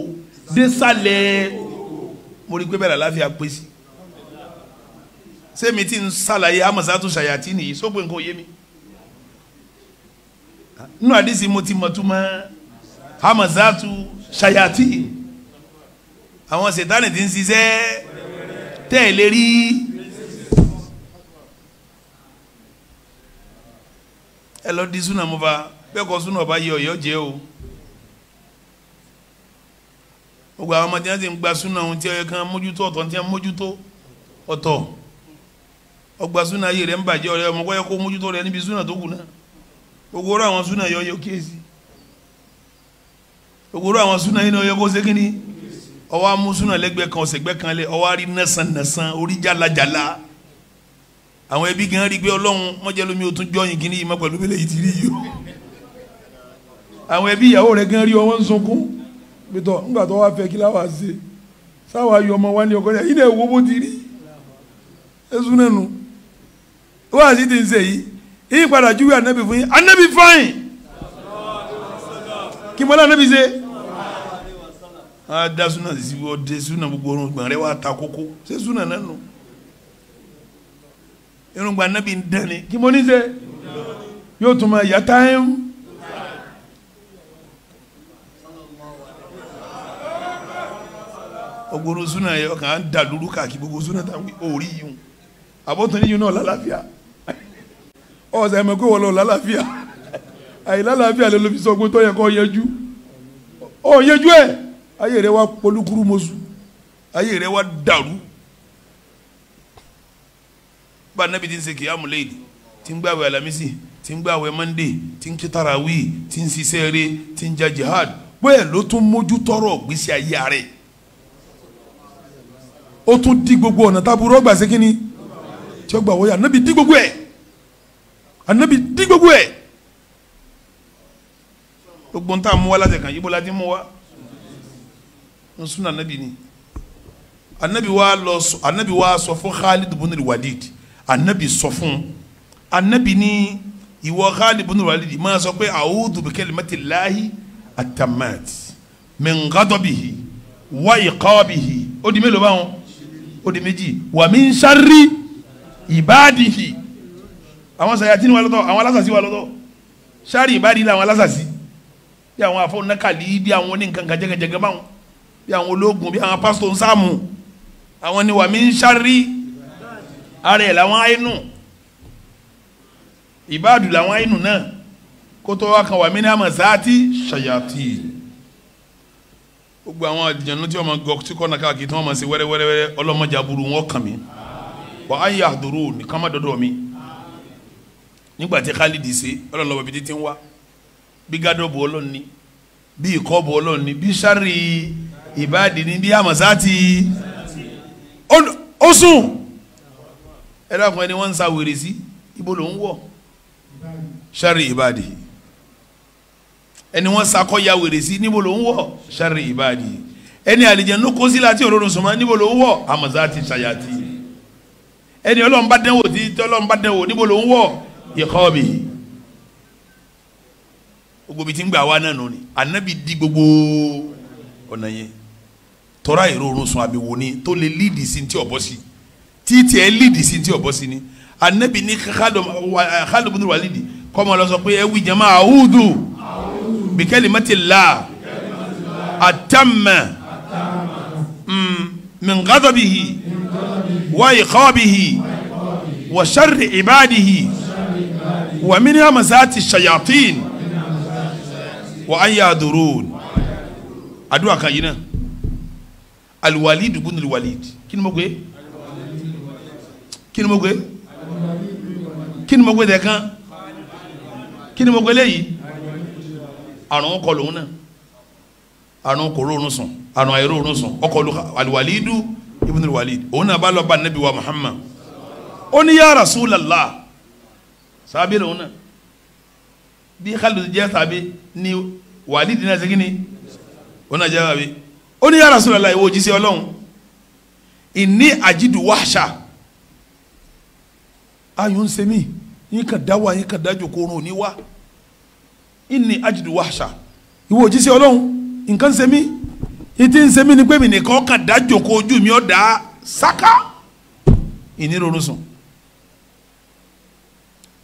dé sálẹ̀ mo rí i pé bẹ́ẹ̀ làlàáfíà pé sí sẹ́mi tí ń sàlàyé amọ̀sátù ṣàyàtì nìyí sópin kò yé mi nínú àdìsí mo ti mọ̀túmọ̀ amọ̀sátù ṣàyàtì àwọn sètánì tí ń ṣiṣẹ́ tẹ̀lé rí ẹ lọ di súnà mo fa bẹ́ẹ̀ kọ́ súnà ọba yẹ ọ̀yọ́ jẹ́ o gbogbo àwọn ọmọdé ti ń gba súnà ohun tí ó yẹ kán mójútó ọ̀tọ̀ tí wọ́n mójútó ọ̀tọ̀ ọgbà súnà ayé rẹ̀ ń bàjẹ́ ọ̀rẹ́ ọmọ wáyé kó mójútó rẹ̀ níbi súnà tó kù náà gbogbo ọ̀rọ̀ àwọn súnà yọ yọ kíyèsí gbogbo ọ̀rọ̀ àwọn súnà yìí náà yọ kó ṣe kí ni ọwọ́ amú súnà lẹ́gbẹ̀ẹ́ kan ọ̀sẹ̀gbẹ́ kan lẹ̀ ọwọ́ arí nàṣàn nàṣàn orí jàlàjàlà àwọn ẹbí gan rí pé ọlọ́run mọ́jẹ́ lómi ó tún jọyìn kí ni ìmọ̀ pẹ̀lú bí lè yìí ti rí yìí o àwọn ẹbí ìyàwó rẹ̀ gan rí ọwọ́ ń sunkún gbẹtọ ńgbà tó wá kila kí láwa ṣe sáwa yọ ọmọ wa ní ọkọ rẹ ilé ìwọ bó ti rí ẹsùn nẹnu wọn àti ti ń ṣe yìí yìí padà júwe ànábì fún yín ànábì fáìn kí mọ́lá ànábì ṣe a da súnà sí ọdẹ gbogbo ọrùn gbọ̀n rẹ wà ta kókó ṣé súnà nẹnu irun gba ànábì ń dẹni kí mọ́ ní ṣe yóò tún ma yàtá ẹ̀ ọgbọ́n súnà yẹ ọkàn án dà lóru káàkiri gbogbo súnà tá orí yìí àbọ̀tán yìí náà lálàáfíà ọ̀sẹ̀ ẹ̀mọ́ pé wọ́n lọ lálàáfíà àyè lálàáfíà lè ló fi sọ pé tó yẹ kó yẹjú ó yẹjú ẹ̀ ayé rẹ wá polúkúrú mọ́sù ayé rẹ wá dàrú bá anabi ti ń ṣe kìyàmù ti ń gbàwé alamisi ti ń gbàwé mande ti ń kitarawi ti ń sisẹ́ ti ń ja jihad bẹ́ẹ̀ ló tún mójú tọrọ gbèsè ayé rẹ̀ ó tún di gbogbo ọ̀nà táburú ọgbà sí kínní tí ó gbà wọ́yà ànábì di gbogbo ẹ̀ ànábì di gbogbo ẹ̀ gbogbo ń tà mú wa láti kàn yíbo láti mú wa ń sún ànábì ni anabi wa lọ sọ ànábì wa sọ fún Khalid bunil Walid anabi sọ fún ànábì ni ìwọ Khalid bunil Walid máa sọ pé a'udhu bi kalimatillahi at-tammati min ghadabihi wa iqabihi ó di mélòó báwọn ó di méjì wa min sharri ìbáàdìhì àwọn sàyàtìní wà lọ́tọ̀ àwọn alásàsí wà lọ́tọ̀ sharri ìbáàdìhì làwọn alásàsí bí àwọn afọ nàkàlì bí àwọn oníkan kan jẹgẹjẹgẹ báwọn bí àwọn ológun bí àwọn pásítọ̀ nsáàmù àwọn ni wa min sharri ara ẹ̀ làwọn àyínú ìbáàdù làwọn àyínú náà kótó wa kan wa min àmọ̀ sáà ti ṣàyàtì gbogbo àwọn àjànú tí wọ́n máa gọ tí kọ́nà káàkiri tí wọ́n máa ṣe wẹ́rẹ́wẹ́rẹ́ ọlọ́mọdé aburú wọn kàn mí wà á yà àdúró ní má dọ́dọ̀ mi nígbà tí khalidi ṣe ọlọ́run lọ́wọ́ bíi ń wá bí gádọ́bù ọlọ́run ni bí ìkọ́bù ọlọ́run ni bí sáré ìbáàdì ni bí àmọ̀sáàtì ó sùn ẹ̀rọ àkùnrin ni wọ́n ń sa wèrè sí ibo ló ń wọ̀ sáré ìbáàdì yìí ẹni wọ́n sakọ ya wèrè sí níbo ló ń wọ̀ sari ibadi ẹni àlìjẹnu kó sí láti òróró sùnmọ́ níbo ló ń wọ̀ amazati sayati ẹni ọlọ́mba dẹ́wò tí tọ́lọ́mba dẹ́wò níbo ló ń wọ̀ ìkọ́bi gbogbo ti ń gbà wá náà nù ni anabi di gbogbo ọ̀nà yẹn tọ́ra ìrorun sùn àbíwò ni tó lè líìdì sí ti ọ̀bọ sí títí ẹ líìdì sí ti ọ̀bọ sí ni anabi ní Khalid bin Walid kọ́mọ lọ sọ pé ẹ wí jama a'udhu. بكلمة الله التامة من غضبه وعقابه وشر عباده ومن همزات الشياطين وأن يهدرون أدوى كاينة الوليد بن الوليد كين مغوي كين مغوي كين مغوي ده كان كن مغوي ليه àrùn kọlù òun náà àrùn kòró òun sùn àrùn àìró òun sùn ọkọlù aliwalidu ibn alwalid òun náà bá lọ bá nabi wa muhammad ó ní ya rasulallah sábẹ́ rẹ̀ òun náà bí khalid jẹ́ sábẹ́ ni walid náà segin ni òun náà jẹ́ sábẹ́ ó ní ya rasulallah ìwọ òjíṣẹ́ ọlọ́run ìní àjídù wáṣà ayò ń ṣe mí yín kà dá wà yín kà dá jòkó òun ò inni ajidu wahsha ìwọ òjíṣẹ́ ọlọ́run nǹkan ṣe mí ìtì ni pé mi nìkan kàn dá jòkó ojú mi ọ̀ dá sáká ìníròrò sùn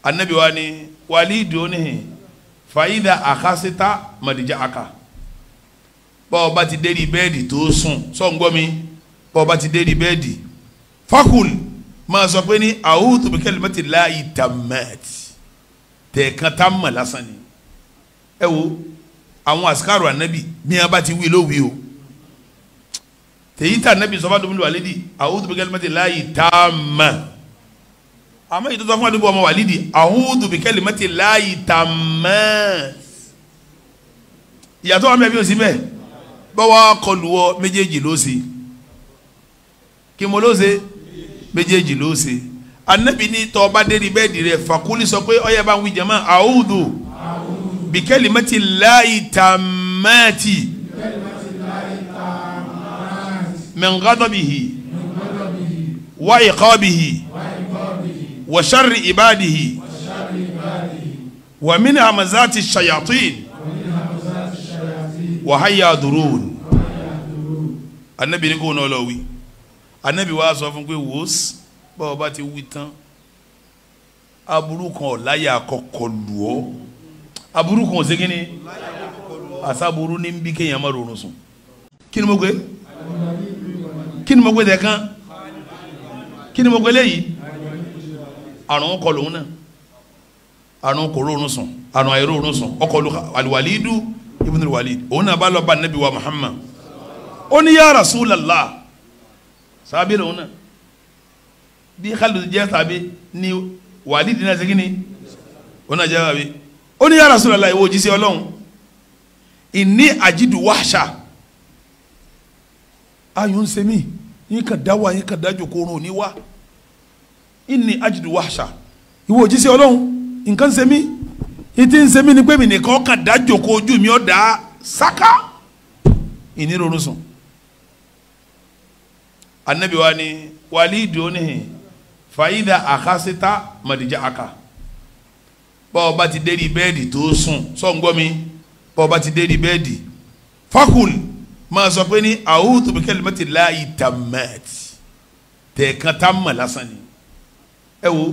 anabi wa ni wàlí ìdóni fàyídà àkásítà màdìjà àká bọ́ọ̀ bá ti dérí bẹ́ẹ̀dì tó sùn sọ́ǹgbọ́ mi bọ́ọ̀ bá ti dérí bẹ́ẹ̀dì fakul máa sọ pé ní a'udhu bi kalimati llahi tammati tẹ̀ẹ̀kan tá ni ẹ wo àwọn asikaru anabi bí wọn bá ti wí lówìí o tèyí tá anabi sọfà domini wàlídì àwùjọ bíkẹ́lẹ́ mẹ́tẹ̀ láàyè tààmà àmọ́ yìí tó sọ fún àdúgbò ọmọ wàlídì àwùjọ bíkẹ́lẹ́ mẹ́tẹ̀ láàyè tààmà ìyàtọ̀ wọn bẹ bí o sí bẹ́ẹ̀ bọ́wọ́ kọlù wọ méjèèjì ló ṣe kí mo ló ṣe méjèèjì ló ṣe anabi ní tọ́ ọba dérí bẹ́ẹ̀ dì rẹ̀ fàkúlì sọ pé ọyẹ bá ń wí jẹ́ mọ́ àwùjọ bikalimati layi tamati min ghadabihi wa iqabihi wa sharri ibadihi wa min hamazati shayatin wa hayya durun anabi ni kò náà lọ wí anabi wa sọ fún pé wòs báwo bá ti wí tán aburú kan ọ̀láyà kọkọ lù ọ́. Aburu kan ò ni asaburu ni bí kéèyàn má ronú sùn kí ni mo gbé kí ni mo gbé tẹ̀ kán kí ni mo gbé léyìí àrùn kọlù ń náà àrùn kò aliwalidu ibùdó walid òun náà bá lọ bá nabi wa muhammad oni ya rasulallah sábẹ́ lòun náà bí khalid jẹ́ sábẹ́ ni walid náà segin ni òun náà jẹ́ ó ní ya Rasulullah ìwọ òjíṣẹ́ Ọlọ́run ìní àjídù wáṣà ayò ń ṣe mí yín kàn dá wà yín kàn dá jòkó oorun òní wá ìní àjídù wáṣà ìwọ òjíṣẹ́ Ọlọ́run nǹkan ṣe mí ìtì ń ṣe mí ni pé mi nìkan kàn dá jòkó ojú mi ọ̀ dá sáká ìníròrò sùn anabi ni wàlídìí oníhìn fàyídà àkásítà màdìjà àká bọ́ ọ bá ti dérí bẹ́ẹ̀dì tó sùn sọ́ǹgbọ́ mi bọ́ ọ bá ti dérí bẹ́ẹ̀dì fakul máa sọ pé ní a'udhu bi kalimati llahi tammati tẹ̀ẹ̀kan tá mọ̀ lásán ni ẹ wo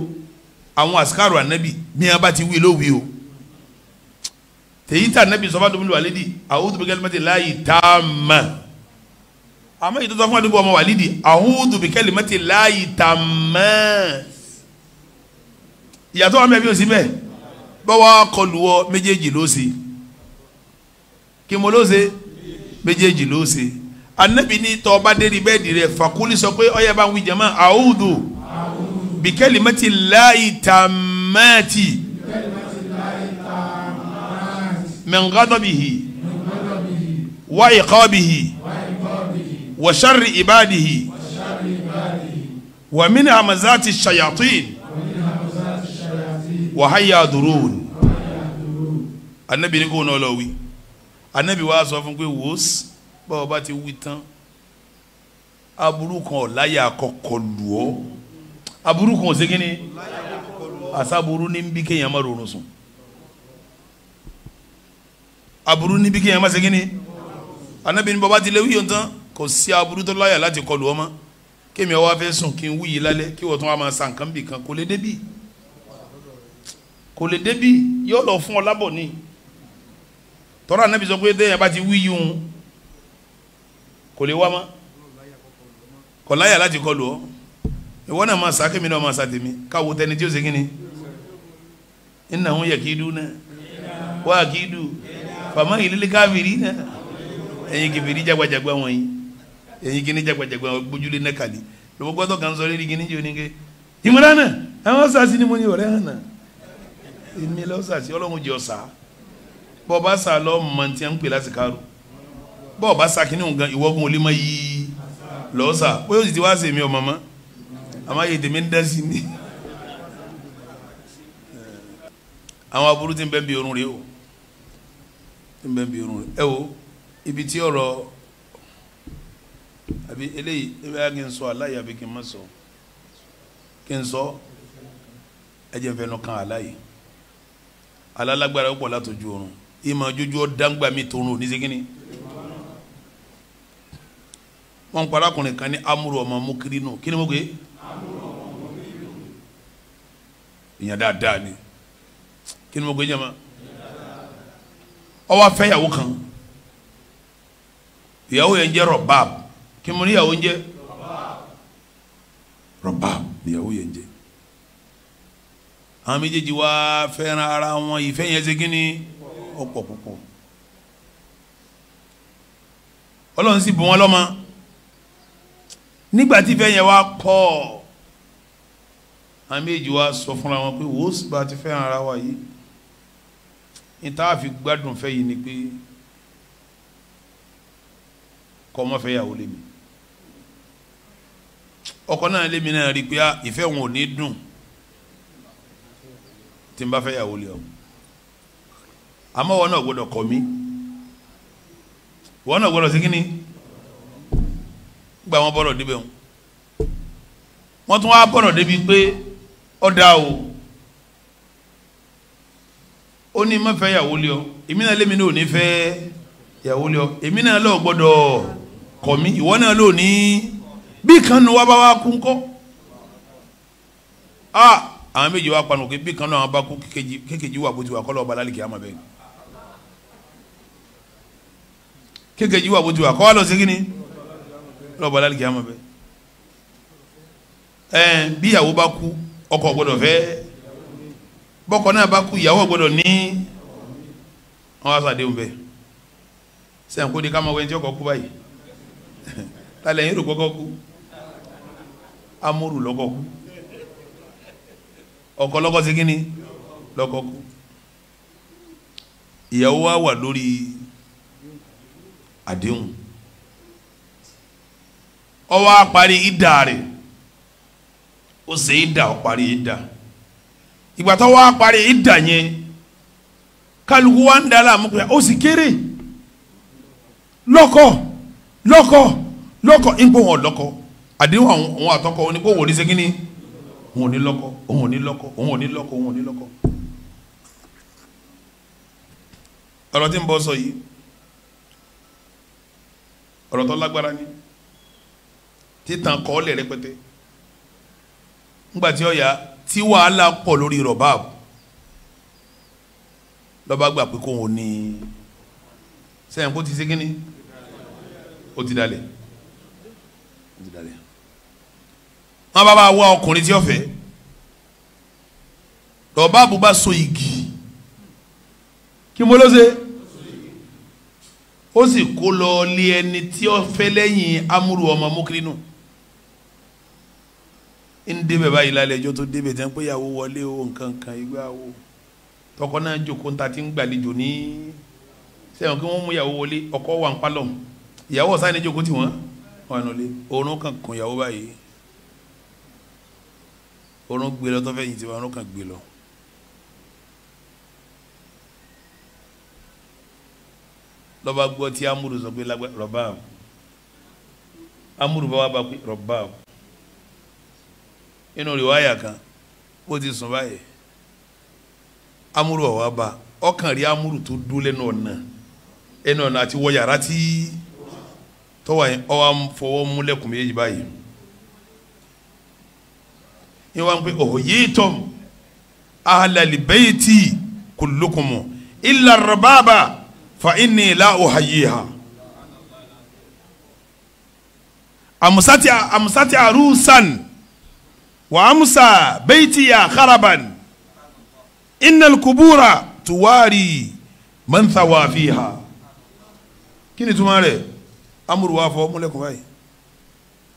àwọn àsìkárò ànábì mìíràn bá ti wí ló wí o tèyí tá ànábì sọfà tó ń lu àlédì a'udhu bi kalimati àmọ́ èyí tó sọ ọmọ wàlídì a'udhu bi kalimati llahi tammati ìyàtọ̀ àmì ẹ̀bí ò bẹ́ẹ̀ bọ́wọ́ kọlù ọ méjèèjì ló ṣe kí mo ló ṣe méjèèjì ló ṣe anabi ní tọ́ ọba dérí bẹ́ẹ̀dì rẹ̀ fakuli sọ pé ọyẹ bá ń wí jama a'udhu bikẹ́lì mẹ́tì láì tàmẹ́tì min ghadabihi wa iqabihi wa sharri ibadihi wa min hamazati shayatin wàháyà dùrún anabi ní kò náà lọ wí anabi wa sọ fún pé wòs báwo bá ti wí tán aburú kan ọ̀láyà kọkọ lù ọ́ aburú kan ò segin ni asaburu ní bí kéèyàn má ronú sùn aburú ní bí kéèyàn má segin ni anabi ní bàbá ti lé wíyọ̀ tán kò sí aburú tó láyà láti kọlù ọ́ mọ́ kémi ọ wá fẹ́ sùn kí n wúyi lálẹ́ kí wọ́n tún wá máa sa nǹkan bì kan kò lè débì kò lè débi yóò lọ fún ọ lábọ̀ ni tọ́lá anábì sọ pé déyàn bá ti wí yún kò lè wá mọ́ kò láyà láti kọlù ọ ìwọ náà máa sá kémi náà máa sá tèmi káwo tẹni tí ó ṣe ni iná ń yẹ kí dú náà wá kí dú fàmá ìlílí káfíìrì náà ẹ̀yin kìfìrí jagbajagba wọn yìí ẹ̀yin kìíní jagbajagba wọn gbójúlé náà kàlí lọ́wọ́ gbọ́dọ̀ kan sọ lórí kìíní jẹ́ oníke ìmúra náà àwọn sàásì ni mo ní ọ̀rẹ́ hàn náà èmi lọ́sà sí ọlọ́run jẹ́ ọ̀sà bọ́ ọba sà lọ mọ̀ tí a ń pè láti kárò bọ́ ọba sà kí ni òun gan ìwọ́gun olè mọ́ yí lọ́sà bóyá o sì ti wá sèmi ọmọ mọ́ àmọ́ ayé tèmi ń dá sí ni àwọn aburú ti ń bẹ́ bí orun rèé o ti ń bẹ́ bí orun rèé ẹ wo ibi tí ọ̀rọ̀ àbí eléyìí ebe a kì í sọ aláyé àbí kì í má sọ kì í sọ ẹ jẹ́ fẹ́ nu kan aláyé alalagbara ó pọ̀ látọjú oorun ìmọ̀ jójú ọ dáńgbà mi tó oorun oníṣẹ́gínní. wọ́n ń pa arákùnrin kan ní amúrò ọmọ mokirinu kí ni mo gbé. ìyẹn dáadáa ni kí ni mo gbé jẹ́ma. ó wá fẹ́ ìyàwó kan ìyàwó yẹn jẹ́ rọ̀báàbù kí mo ní ìyàwó ń jẹ́ rọ̀báàbù ìyàwó yẹn jẹ́ àwọn méjèèjì wá fẹ́ràn ara wọn ìfẹ́ yẹn ṣe kínní ọ̀pọ̀ púpọ̀ ọlọ́run sì bù wọ́n lọ́mọ nígbà tí ìfẹ́ yẹn wá pọ̀ àwọn méjèèjì wá sọ fúnra wọn pé wò ó sì bá ti fẹ́ràn ara wa yìí ní fi gbádùn fẹ́ yìí ni pé kọ́ ọmọ yàwó lémi ọkọ náà lémi náà rí pé ah, ìfẹ́ wọn ò ní dùn tí n bá fẹ́ yàwó lé ọ àmọ́ wọn náà gbọ́dọ̀ kọ̀ mí wọn náà gbọ́dọ̀ sí kínní gba wọn bọ́rọ̀ débẹ̀ wọn wọ́n tún wá bọ́rọ̀ débi pé ọ̀dà o ó ní má fẹ́ yàwó lé ọ èmi náà lémi náà ò ní fẹ́ yàwó lé ọ èmi náà lọ́ọ̀ gbọ́dọ̀ kọ̀ mí ìwọ náà lò ní bí kan nu wá bá wá kú ńkọ́ ah àwọn méjì wá panu kò bí kan náà bá kú kékejì wà bótiwà kọ́ lọ́ọ́ balali kìá ma bẹ́ẹ̀ kékejì wà bótiwà kọ́ wà lọ́ọ́ segin ni lọ́ọ́ balali kìá ma bẹ́ẹ̀ ẹ̀ẹ́n bí ìyàwó bá kú ọkọ gbọ́dọ̀ fẹ́ bọ́kọ náà bá kú ìyàwó gbọ́dọ̀ ní wọn wá sàdéhùn bẹ́ẹ̀ sẹ́yìn kó di ká máa wẹ́n tí ọkọ kú báyìí tálẹ̀ yín rò kọ́kọ́ kú amúrù lọ́kọ́ kú ọkọ lọkọ ṣe kí ni lọkọ kú ìyàwó wa wà lórí àdéhùn ó wá parí ìdá rẹ̀ ó ṣe ìdá ó parí ìdá ìgbà tó wá parí ìdá yẹn kálukú wa ń dá láàmú pé ó sì kéré lọkọ lọkọ lọkọ ń pò wọn lọkọ àdéhùn àwọn àtọkọ wọn ni kò wọlé ṣe kí ni òun ò ní lọ́kọ òun ò ní lọ́kọ òun ò ní lọ́kọ òun ò ní lọ́kọ. ọ̀rọ̀ tí ń bọ́ sọ yìí ọ̀rọ̀ tó lágbára ni títàn kọ́ lẹ̀ rẹpẹtẹ ńgbà tí tí wàhálà pọ̀ lórí rọ̀báàbù lọ́ba gbà pé kóun ò ní sẹ́yìn kó ti ṣe kínní ó ti dalẹ̀ ó ti dalẹ̀ wọn bá bá wá ọkùnrin tí ó fẹ́ lọ́ba àbúbá so igi kí mo ló ṣe ó sì kó lọ lé ẹni tí ó fẹ́ lẹ́yìn amúru ọmọ mukirinu ń débẹ̀ báyìí lálẹ́ ẹjọ́ tó débẹ̀ tẹ́ ń pé ìyàwó wọlé o nǹkan kan ìgbéyàwó tọkọ náà jókòó ń ta ti ń gbàlejò ní sẹ́wọ̀n kí wọ́n mú ìyàwó wọlé ọkọ wà ń palọ̀ ìyàwó ọ̀sán ni jókòó tiwọn wọn nù lé oorun kan kùn ìyàwó báyìí orun gbé lọ tó fẹ́ yìí ti wá orun kan gbé lọ. lọ́ba gbọ́ tí amúrù sọ pé lágbẹ́ rọ̀bá amúrù bá wà bá pé rọ̀bá inú rìwáyà kan bó ti sùn báyìí amúrù ọ̀wá bá ọkàn rí amúrù tó dúró lẹ́nu ọ̀nà ẹnu ọ̀nà àti wọ yàrá tí tọ́wà yẹn ọwọ́ fọwọ́ mú méjì báyìí ni wọn pe ohoyitom ahlali bẹyiti kulukumu illa rababa fa inni la ohayiha amusati amusati arusan wa amusa bẹyiti ya kharaban innal kubura tuwari man thawafiha kí ni túmọ̀ rẹ̀ amúru wa fọ ọmọlẹ́kùn báyìí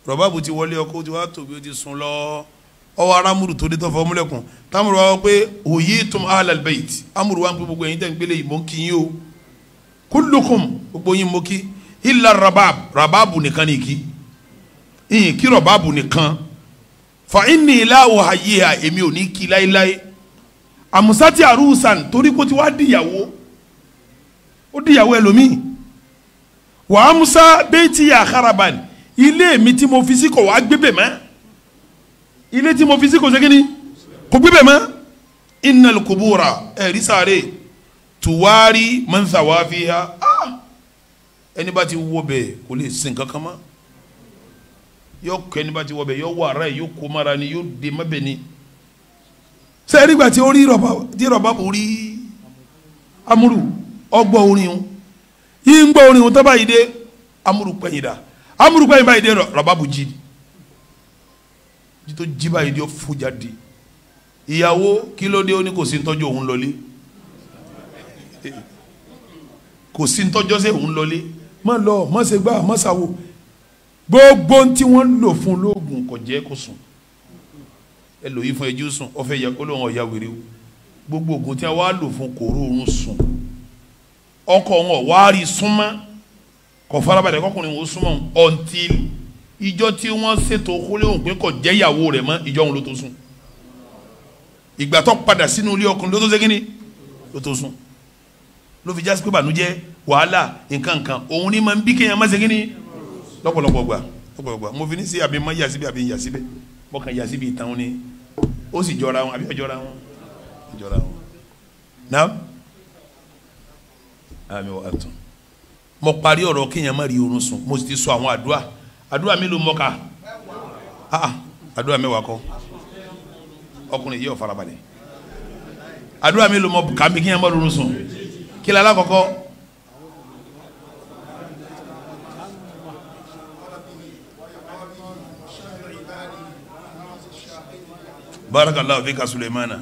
rọ̀bá bu ti wọlé ọkọ tí wàá tóbi ó ti sùn lọ́ọ́ ọwọ́ aramuru tó dé tó fọ́ múlẹ̀kùn tamuru wa pé òye tum alal bayit amuru wa ń pè gbogbo ẹ̀yin tẹ̀ ń gbélé yìí mọ́ kí yín o kullukum gbogbo yín mọ́ kí illa rabab rababu nìkan ni kí ìyìn kí rababu nìkan fa inni ìlàwọ̀ ayé a èmi ò ní kí láéláé àmùsátì àrùsàn torí kó ti wá dìyàwó ó dìyàwó ẹlòmíì wàá musa bẹ́ẹ̀ ti yà àkàràbàn ilé mi tí mo fi sí kọ̀ wá gbébè mọ́ ilé tí mo fi sí kò ṣe kíni kò gbé bẹ̀ mọ́ innal kubura ẹ̀rí sáré tuwari man thawafiha ah! ẹni bá ti wọ bẹ̀ kò lè sin kankan mọ́ yóò kọ ẹni bá ti wọ bẹ̀ yóò wà ara yóò kó mara ni yóò dè má bẹ̀ ni. sẹ́ẹ̀rì gbà tí ó rí rọ̀bà tí rọ̀bà bò rí orin o yìí ń orin o tó báyìí dé amúrù pẹ̀yìn dà amúrù pẹ̀yìn dé rọ̀bà bò jí ni tó jí báyìí ni ó fò jáde ìyàwó kí ló dé ó ní kò sí ntọ́jú òun lọlé kò sí ntọ́jọ́ sí òun lọlé má lọ má ṣe gbá má ṣàwò gbogbo tí wọ́n lò fún lóògùn kò jẹ́ kó sùn ẹ lò yí fún ẹjú sùn ọfẹ ya olóhùn ọ̀ya wèrè o gbogbo oògùn tí a lò fún kòró òun sùn ọkọ wọn wá rí súnmọ́ kò kọkùnrin wọn súnmọ́ until ìjọ tí wọ́n ṣètò kólóhùn pé kò jẹ́ ìyàwó rẹ̀ mọ́ ìjọ òun ló tó sùn ìgbà tó padà sínú ilé ọkùnrin ló tó ṣe kíni ló tó sùn ló fi jásí pé bànújẹ́ wàhálà nǹkan nǹkan òun ni máa ń bí kéèyàn má ṣe kíni lọ́pọ̀lọpọ̀ gbà lọ́pọ̀lọpọ̀ gbà mo fi ní sí àbí má yà síbi àbí yà síbẹ̀ mọ̀kàn yà síbi ìtàn ni ó sì jọra wọn àbí ọjọ́ra wọn ọjọ́ra wọn náà àmì wàá tún mo parí ọ̀rọ̀ kéèyàn má rí oorun sùn mo sì ti sọ àwọn àdúrà àdúrà mélòó mọ́ ká ah, ah, àdúrà mẹ́wàá kọ́ ọkùnrin yìí ò farabalẹ̀ àdúrà mélòó mọ́ ká mi kí n yẹn mọ́ lóorun sùn kí la lákọ̀ọ́kọ́. barakallahu fi ka sulemana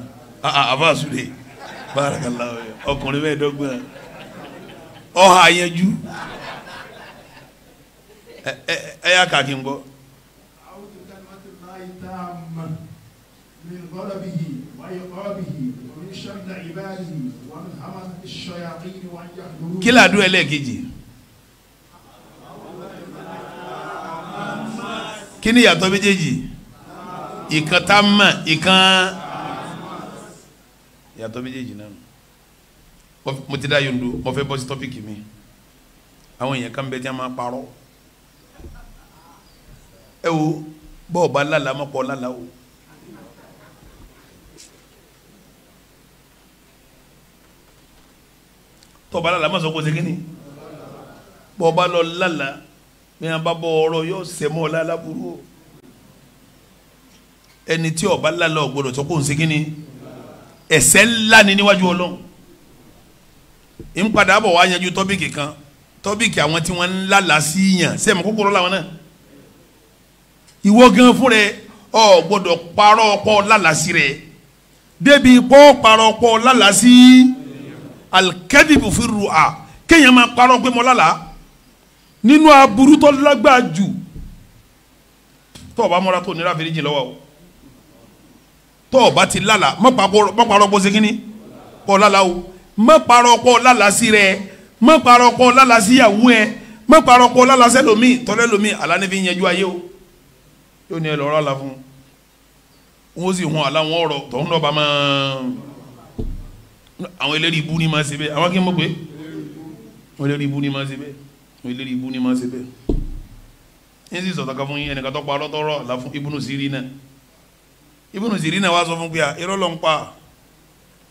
aa ah, a fa sule barakallahu ọkùnrin bẹ dọgba ọha yẹn ju ẹ yà kàkí ń gbọ́. من غضبه وعقابه ومن شر عباده ومن همزة الشياطين وأن يحضرون kí la dú ẹlẹ́ẹ̀kejì kí ni yàtọ̀ méjèèjì ìkan tá a mọ̀ ìkan yàtọ̀ méjèèjì náà mo ti dá yòndó mo fẹ́ bọ́ sí tọ́pìkì mi àwọn èèyàn kan bẹ tí a máa parọ́ ẹ wo bọ́ọ̀ bá lálàá mọ́pọ̀ lálàá o. tọba lala ma sọ kó segin ni bọba lọ lala mi a ba bọ ọ̀rọ̀ yọ sẹmọ lala buru o ẹni tí ọba lala ó gbọ́dọ̀ sọ kó segin ni ẹ̀ṣẹ̀ ńlá ni níwájú Ọlọ́run n padà bọ̀ wá yanjú tọ́bíkì kan tọ́bíkì àwọn tí wọ́n ń lala sí yàn sẹ́mi kókóró làwọn náà ìwọ gan fún rẹ ọ gbọ́dọ̀ parọ́ ọpọ lálàsí rẹ débi pọ parọ́ ọpọ lálàsí alikẹdìbò fi ru a kéèyàn máa parọ́ pé mo lálàá nínú aburú tó lágbàá jù tó o bá múra tó nira fèrèjì lọ́wọ́ o tó ti lálàá má parọ́ pọ̀ segin ni pọ̀ lálàá o má parọ́ pọ̀ lálàá sí rẹ má parọ́ pọ̀ lálàá sí ìyàwó ẹ má parọ́ pọ̀ lálàá sẹ́lómi tọ́lẹ́lómi alánẹ́fẹ́ yẹn ju ayé o yóò ní ẹ lọ́ọ́ rálá fún wọn ó sì hun àlá wọn ọ̀rọ̀ tọ̀hún náà bá máa àwọn eléri ibú ni máa ṣe bẹ́ẹ̀ àwọn kí pé wọn eléri ibú ni máa ṣe bẹ́ẹ̀ wọn eléri ibú ni máa ṣe bẹ́ẹ̀ ní sì sọ̀tọ̀ kan fún yín ẹnìkan tó pa ọlọ́tọ́rọ̀ là fún ibùnú sírí náà ibùnú sírí náà wá sọ fún pé irọ́ ló ń pa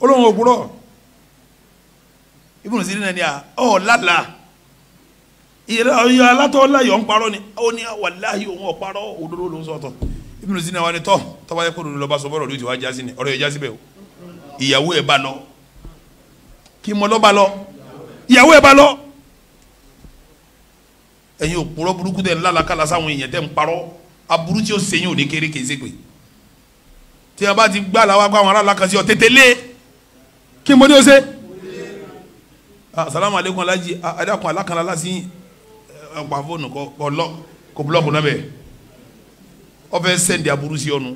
olóhùn òpùrọ̀ ibùnú sírí náà ni à ọ̀ lálàá ìyá alátọ́lá yọ̀ ń parọ́ ni ó ní wàláhì òun ọ̀parọ́ òdodo ló ń sọ̀tọ̀ Ibn Sina wa ni tọ́ tọ́ba yẹ kó lóun lọ́ba sọ bọ́ọ̀rọ̀ lójú ti wá jásí ni ọ̀rọ̀ yẹ jásí bẹ́ẹ̀ o ìyàwó ẹ̀ bá lọ kí mọ lọ́ba lọ ìyàwó ẹ̀ bá lọ ẹ̀yin òpùrọ́ burúkú tẹ̀ ńlá lakala sáwọn èèyàn tẹ̀ ń parọ́ aburú tí ó sẹ́yìn ò ní kéré kése pé tí a bá ti gbá làwọn akọ àwọn ará lakasi ọ tètè alaji adakun alakana lasin ọgbà fóònù kọ lọ kó búlọ́ọ̀kù náà bẹ̀ ọ fẹ́ sẹ́ndì aburú sí ọnu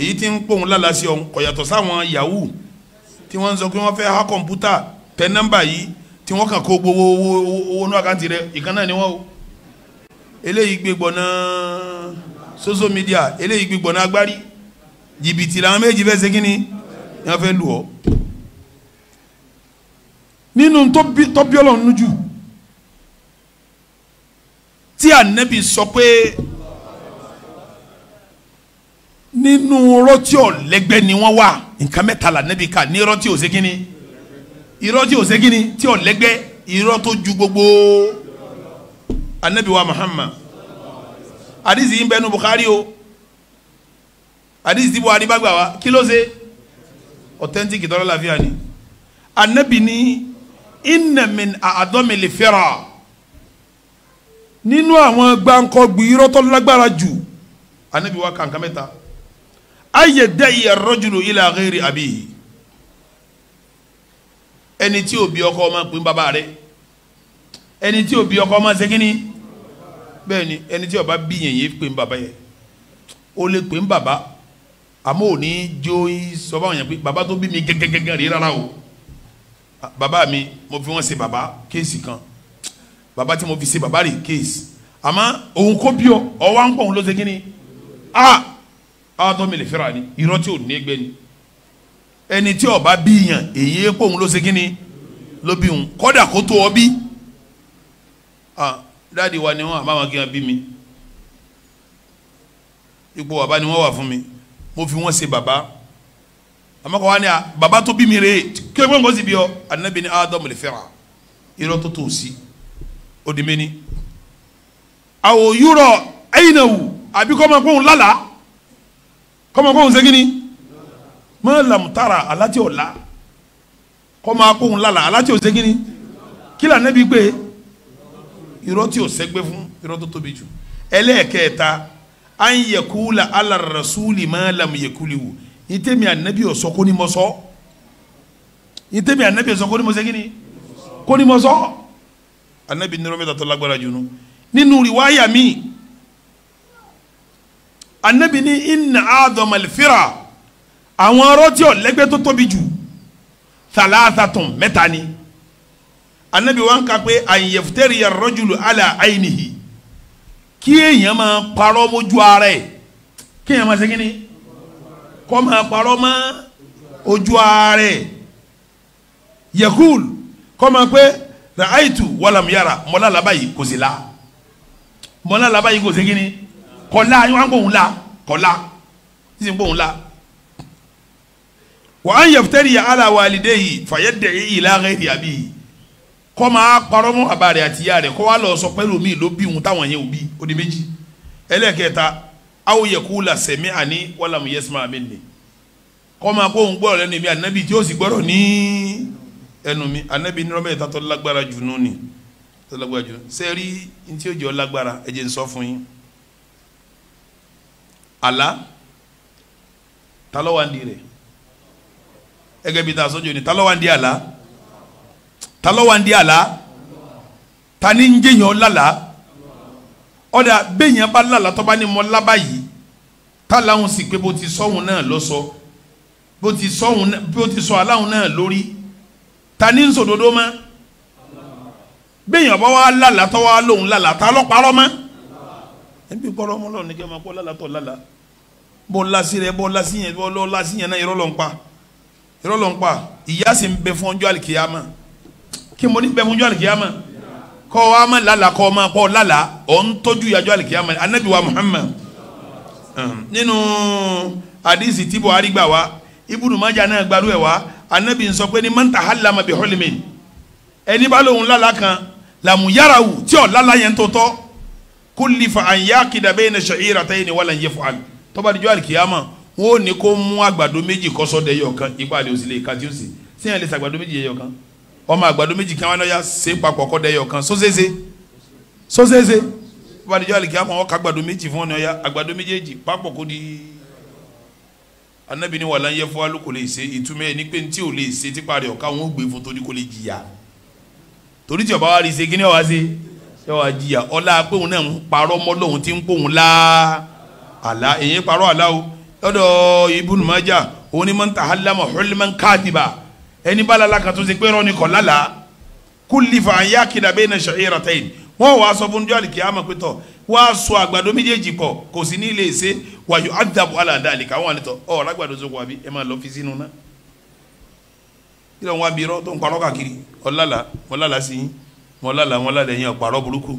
èyí tí ń pòun lálàá sí ọ̀hún kọ̀yàtọ̀ sáwọn yahoo tí wọ́n ń sọ pé wọ́n fẹ́ ha kọ̀ǹpútà tẹ nọ́mbà yìí tí wọ́n kàn kó gbowó owó owó inú àkáǹtì rẹ ìkan náà ni wọ́n o eléyìí gbé gbọ̀nà social media eléyìí gbé gbọ̀nà agbárí jìbìtì làwọn méjì fẹ́ ṣe kí ni wọ́n fẹ́ lù ọ́ nínú tọ́bí tí ànábì sọ pé nínú rọ́tí ọ̀lẹ́gbẹ́ ni wọ́n wà nǹkan mẹ́ta lànàbì kà ní rọ́tí òsèkínní irọ́tí òsèkínní tí ọ̀lẹ́gbẹ́ irọ́ tó ju gbogbo ànábì wa Muhammad àdìsí yìí ń bẹnu Bukhari o àdìsí tí Buhari bá gbà wá kí ló ṣe authentic dọ́là láfíà ni ànábì ní inna min àádọ́mi lè fẹ́ràn nínú àwọn gbàǹkọ̀gbì irọ́ tó lágbára jù anabi wa kàǹkà mẹ́ta ayé dẹ́ ìyá rọ́jùlù ilà àgẹ́rì àbí ẹni tí òbí ọkọ ọmọ pín bàbá rẹ ẹni tí òbí ọkọ ọmọ ṣẹ́gínní bẹ́ẹ̀ ni ẹni tí ọba bí yẹn yẹn pín bàbá yẹn ó lè pín bàbá àmọ́ ò ní jó sọ fún yẹn pé bàbá tó bí mi gẹ́gẹ́gẹ́gẹ́ rí rárá o bàbá mi mo fi wọ́n ṣe bàbá kéèsì kan baba tí mo fi ṣe baba rè kéésì àmọ́ òun kó bí ọ ọwọ́ à ń pọ̀ òun ló ṣe kíni a àtọ́ mi lè fẹ́ra ni irọ́ tí ò ní gbẹ ni ẹni tí ọba bí yàn èyí pọ̀ òun ló ṣe kíni ló bí òun kọ́dà kó tó ọ bí dáàdi wa ni wọn àmọ́ àwọn akíyan bí mi ipò bàbá ni wọn wà fún mi mo fi wọn ṣe bàbá àmọ́ kọ́ wa ni bàbá tó bí mi rè é kí ló bí ọ anabi ni àtọ́ mi lè fẹ́ra irọ́ tó tó o sí. Si òdìmẹ́ni àwò yúrọ̀ ẹ̀yìnàwù àbí kọ́mọkóhùn lálà kọ́mọkóhùn segini mọ́ làmùtara aláti ọ̀la kọ́mọkóhùn lálà aláti òsegini kí là nẹ́bi gbé irọ́ tí ò sẹ́gbẹ́ fún irọ́ tó tóbi jù ẹlẹ́ẹ̀kẹta an yẹkula ala rasuli ma lam yẹkuliwu itemi anabi ọsọ kónímọsọ itemi anabi ọsọ kónímọsọ kini kónímọsọ anabi nírọ́ mẹ́ta tó lágbára jù nù nínú riwaya mi anabi ní inna adhamal àwọn ọ̀rọ̀ tí tó tóbi jù thalathatun mẹ́ta ni anabi wa ń ka pé àyẹ̀futẹ́rì yà rọ́jùlù àlà àyìnìhì kí èèyàn máa parọ́ mójú ara ẹ̀ kí èèyàn máa ṣe kínní kọ́ máa parọ́ mọ́ ojú ara ẹ̀ yẹ̀kúl kọ́ máa pé na ayitu wala miyara mọla laban yìí kò sí la mọla laban yìí kò sí kini kọla an kò ń la kọla sísìn kò wa an yaftari ya ala walide yìí fàyẹ dẹ̀ẹ́ ìlà ghayri abi kó máa parọ́ mọ́ bàbá rẹ̀ àti ìyá rẹ̀ kó wá lọ sọ pẹ̀lú mi ló bí òun táwọn yẹn ò bí ó di méjì ẹlẹ́kẹta aw yakula sami'ani wala yasma minni kó máa kó ń gbọ́rọ̀ lẹ́nu mi ànábì tí ó sì gbọ́rọ̀ ní ẹnu mi anabi nírọ̀ mẹ́ta tó lágbára jù nù ni tó lágbára jù sẹ́rí ntí ó jẹ́ ọ lágbára ẹ jẹ́ n sọ fún yín àlá ta ló wà ń di rẹ̀ ẹgẹ́ bíi ta sọ́jọ́ ni ta ló wà ń di àlá ta ló wà ń di àlá ta ni ń jẹ́yàn lálá ọ̀dà bẹ́ẹ̀yàn bá yìí tá láwọn pé bó ti sọ́hun náà lọ sọ bó ti sọ́hun bó ti sọ aláhùn náà lórí ta ní nsòdodo mọ́ bẹ́ẹ̀yàn bá wà lálàá tó wà lóhùn lálàá ta lọ́ parọ́ mọ́ ẹbí kọ́rọ́ mọ́ lọ́nà kí ẹ máa kọ́ lálàá tó lálàá bọ́ lásì rẹ bọ́ lásì yẹn bọ́ lọ́ lásì yẹn náà irọ́ ló ń pa irọ́ ló ń pa ìyà sì ń bẹ fún ọjọ́ àlìkìyàmọ́ kí mo ní bẹ fún ọjọ́ àlìkìyàmọ́ kọ́ wa ma lálàá kọ́ ma kọ́ lálàá ọ̀ ń tọ́jú ìyàjọ́ àlìkìyàmọ́ Ànábì wa Muhammad nínú hadisi tí Buhari gbà wá náà gbarú ẹ̀ wá anabi ń sọ pé ní mọ́ntà hàlámà bí hólímì ẹni bá lóun lálá kan làmúyàràwù tí ò lálá yẹn tó tọ́ kó lè fa àyà kìdàbẹ́ ní sọ̀yìnrà tẹ́yìn ní wàlẹ̀ ń yẹ fún àlù tọ́ba díjọ́ àlìkìyàmà wọn ò ní kó mú àgbàdo méjì kọ́sọ́ dẹ yọ kan ipa àlè òsìlè ìka tí ó sè sí yẹn lè sa àgbàdo méjì yọ kan ọmọ àgbàdo méjì kí wọn yà sé papọ̀ kọ́ dẹ yọ kan sósése sósése tọ́ba díjọ́ àlìkìyàmà wọn kà àgbàdo méjì fún ọ anabi ni wàlá ń yẹ fún alukó lè ṣe ìtumọ̀ ẹni pé ntí ò lè ṣe tipa rẹ̀ ọ̀ka wọn ò gbé fún torí kò lè jìyà torí tí ọba wa rí ṣe kí ni ọba ṣe ṣe wàá jìyà ọlá pé òun náà ń parọ́ mọ́ lóun ti ń pòun lá àlá èyí parọ́ àlá o lọ́dọ̀ Ibn Majah òun ni man tahallama hulman kadiba ẹni bá lálá kan tó ṣe pé rọ́ọ̀nì kọ̀ lálá kullifa an yakida bayna sha'iratayn wọ́n wàá sọ fún jọ́ọ̀lì kí á mọ̀ pé tọ̀ wàá sọ àgbàdo méjèèjì pọ̀ kò sí ní ilé ìṣe wàyò àdàbò alàdàlì káwọn àlè tọ̀ ọ̀ lágbàdo sóko àbí ẹ máa lọ fi sínú náà kí lóun wá bí irọ́ tó ń parọ́ káàkiri ọ̀làlà mọ̀làlà sí yín mọ̀làlà mọ̀làlà yín ọ̀pàrọ̀ burúkú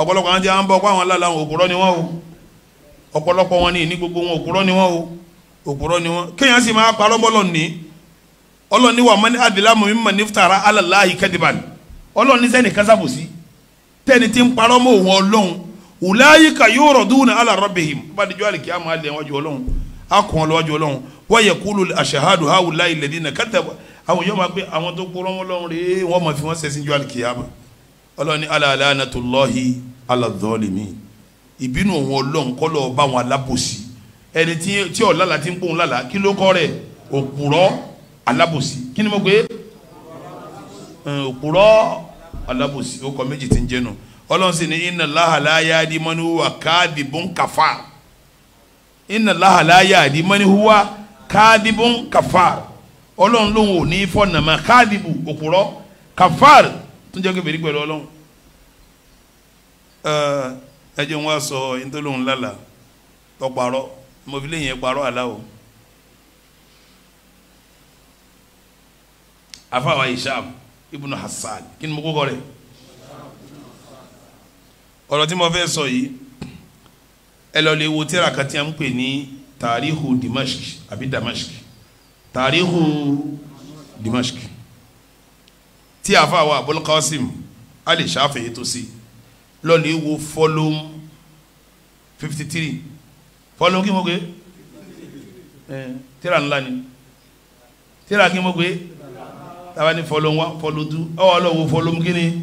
ọ̀pọ̀lọpọ̀ àwọn tí a ń bọ̀ pàwọn làlà wọn òpùrọ̀ ni wọn o ọ̀pọ̀lọpọ̀ wọn ní ní gbogbo wọn òpùrọ̀ ni wọn o òpùrọ̀ ni wọn kéèyàn sì máa parọ́ bọ́ lọ́ọ̀ni ọlọ́ọ̀ni wà mọ́ni adìlámù mímọ́ nífutara alàlá yìí kẹ́dìbàn ọlọ́ọ̀ni kásábòsí tẹ́ni tí ń parọ́ mọ́ òun ọlọ́run ulaika yuraduna ala rabbihim bá dijọ́ àlìkí àmọ́ alẹ́ wájú ọlọ́run akùn ọlọ́wájú ọlọ́run wa yaqulu al-ashhadu haula'i alladhina katabu àwọn yóò máa gbé àwọn tó kúrọ́ wọn lọ́run rèé wọ́n máa fi wọ́n sẹ́sìn jọ́ àlìkí àmọ́ ọlọ́ni ala lanatullahi ala dhalimin ìbínú òun ọlọ́run kọ́ lọ́ọ́ bá alábòsí kí ni mo gbé òpùrọ́ alábòsí o kọ méjì tí ń jẹnu ọlọ́run sì ní inna Allaha la yahdi man huwa kadhibun kafar inna Allaha la yahdi man huwa kadhibun kafar ọlọ́run lòun ò ní fọ́nàmà kadhibu òpùrọ́ kafar tó jẹ́ kébèrè pẹ̀lú ọlọ́run ẹ jẹ́ wọn sọ ìtọ́lóhùn lálàá tọparọ́ mo fi léyìn parọ́ aláwọ̀ afáwa ìṣáàmù ibùnú Hassan kí ni mo kókọ rẹ̀ ọ̀rọ̀ tí mo fẹ́ sọ yìí ẹ lọ lè wo tíra kan tí a ń pè ní tàríhù dimashq àbí damashq tàríhù dimashq tí a fa wa Abul Qasim Ali Shafi'i tó sí lọ lè wo fọlọ́m fifty three fọlọ́m kí mo gbé tíra ńlá ni tíra kí mo gbé tàbá ní follow one follow two ọwọ́ ọlọ́wọ́ follow kíni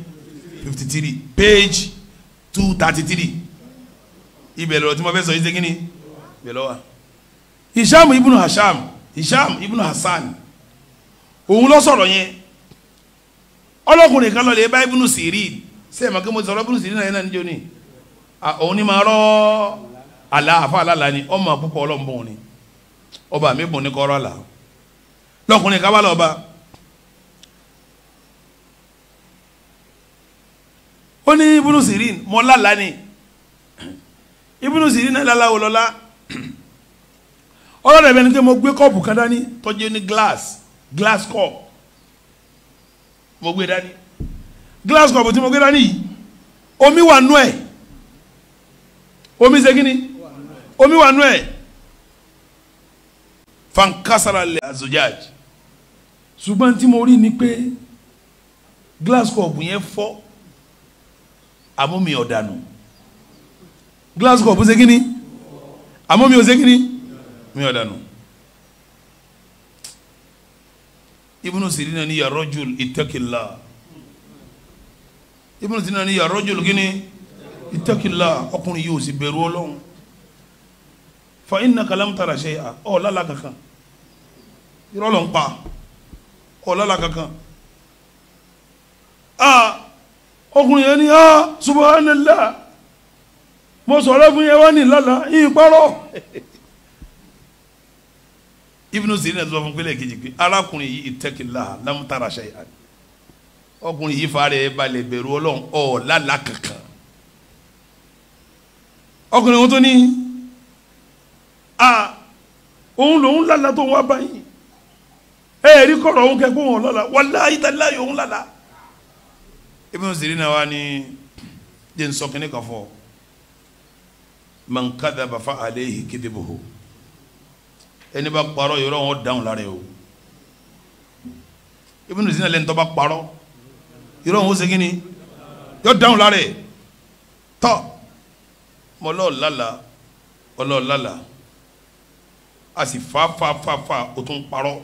fifty three page two thirty three ibẹ̀ lọ́rọ̀ tí mo fẹ́ sọ yìí ṣe kíni ibẹ̀ lọ́wọ́ ibnu Hasham Isham ibnu Hasan òun lọ sọ̀rọ̀ yẹn ọlọ́kùnrin kan lọ lè bá ibnu Sirin sẹ́yìn mọ̀ kí mo sọ̀rọ̀ ibnu Sirin náà yẹn náà níjó ni òun ni máa rọ́ àlà àfa àlàlà ni ọmọ púpọ̀ ọlọ́mbọ̀n ni ọba mi bùn ní kọ́rọ́ àlà lọ́kùnrin kan bá lọ́ọ́ bá. ó ní ibùnú sirin mọ́ lálàá ni ibùnú sirin náà lálàá òlọ́lá ọlọ́dọ̀ ẹ̀bẹ̀ ni pé mo gbé kọ́ọ̀pù kan dání tọ́jú ní glass glass cup mo gbé dání glass cup tí mo gbé dání yìí omi wà nú ẹ̀ omi ṣe kí omi wà nú ẹ̀ fankasara lè azojaj ṣùgbọ́n tí mo rí ni pé glass cup yẹn fọ́ amómi ọ̀dànù glass cup ṣe kíni amómi ò ṣe kíni mi ọ̀dànù. ibùnú sirina ni ya rajul ìtẹ́kìlá ibùnú sirina ni ya rojul kíni ìtẹ́kìlá ọkùnrin yóò sì bẹ̀rù ọlọ́run fa innaka lam tara shay'a ọ̀ lálá kankan irọ́ ló ń pa ọ̀ lálá kankan. Ah! ọkùnrin yẹn ni ah subhanallah mo sọ̀rọ̀ fún yẹn wá ní lọ́la yín parọ́ ibùdó sí ní ẹ̀dùnmọ́ fún pélé kejì pé arákùnrin yìí ìtẹ́kìlá lámútàrà ṣayà ọkùnrin yìí fa rẹ̀ balẹ̀ bẹ̀rù ọlọ́run ọ̀ lálá kankan ọkùnrin wọn tó ní a ah, òun lòun lálá tó wá báyìí ẹ̀ẹ́dì kọ̀rọ̀ òun kẹ́kọ̀ọ́ wọn lọ́la wàláyé tàláyé òun lálá ibùdó sèré náà wà ní jẹ́nsọ́kínní kan fọ́ man kadhaba fa alayhi kidhibuhu ẹni bá parọ́ yọrọ wọn dáhùn lára yẹ o ibùdó sèré náà lẹ́nu tó bá parọ́ yọrọ wọn segin ni yọ dáhùn lára yẹ tọ́ mọ́lọ́ọ̀lá ọlọ́ọ̀lá la a sì fa fa fa fa o tún parọ́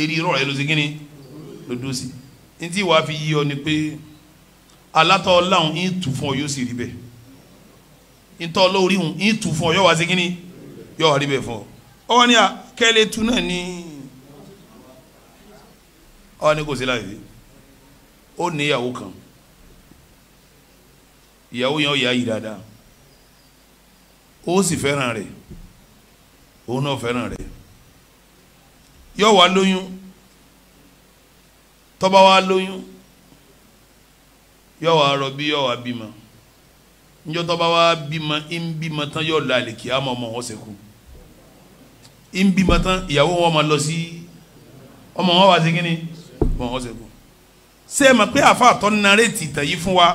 eré irọ́ rẹ ló segin ni lọ́dọ̀ sí i fi yí ọ ni Pe alátọ ọláhùn ń tù fún ọ yóò sì rí bẹ́ẹ̀ ntọ́ lórí hùn ń tù fún ọ yóò wá sí kínní yóò wá rí bẹ́ẹ̀ fún ọ ni kẹ́lẹ́ tu náà ní ọwọ́ ni kò sí láyé ó ní ìyàwó kan ìyàwó yẹn ó yà yìí dáadáa ó sì fẹ́ràn rẹ̀ òun náà fẹ́ràn rẹ̀ yóò wá lóyún tó bá lóyún yọ wá rọbí yọ wá bímọ níjọ́ tó wa wá bímọ ń bímọ tán yọ la àlè kí á mọ ọmọ wọn sẹkù ń bímọ tán ìyàwó wọn máa lọ sí ọmọ wọn wá sí kínní ọmọ wọn sẹkù ṣé ẹ pé àfa àtọ́ narẹ́tì tàn yìí fún wa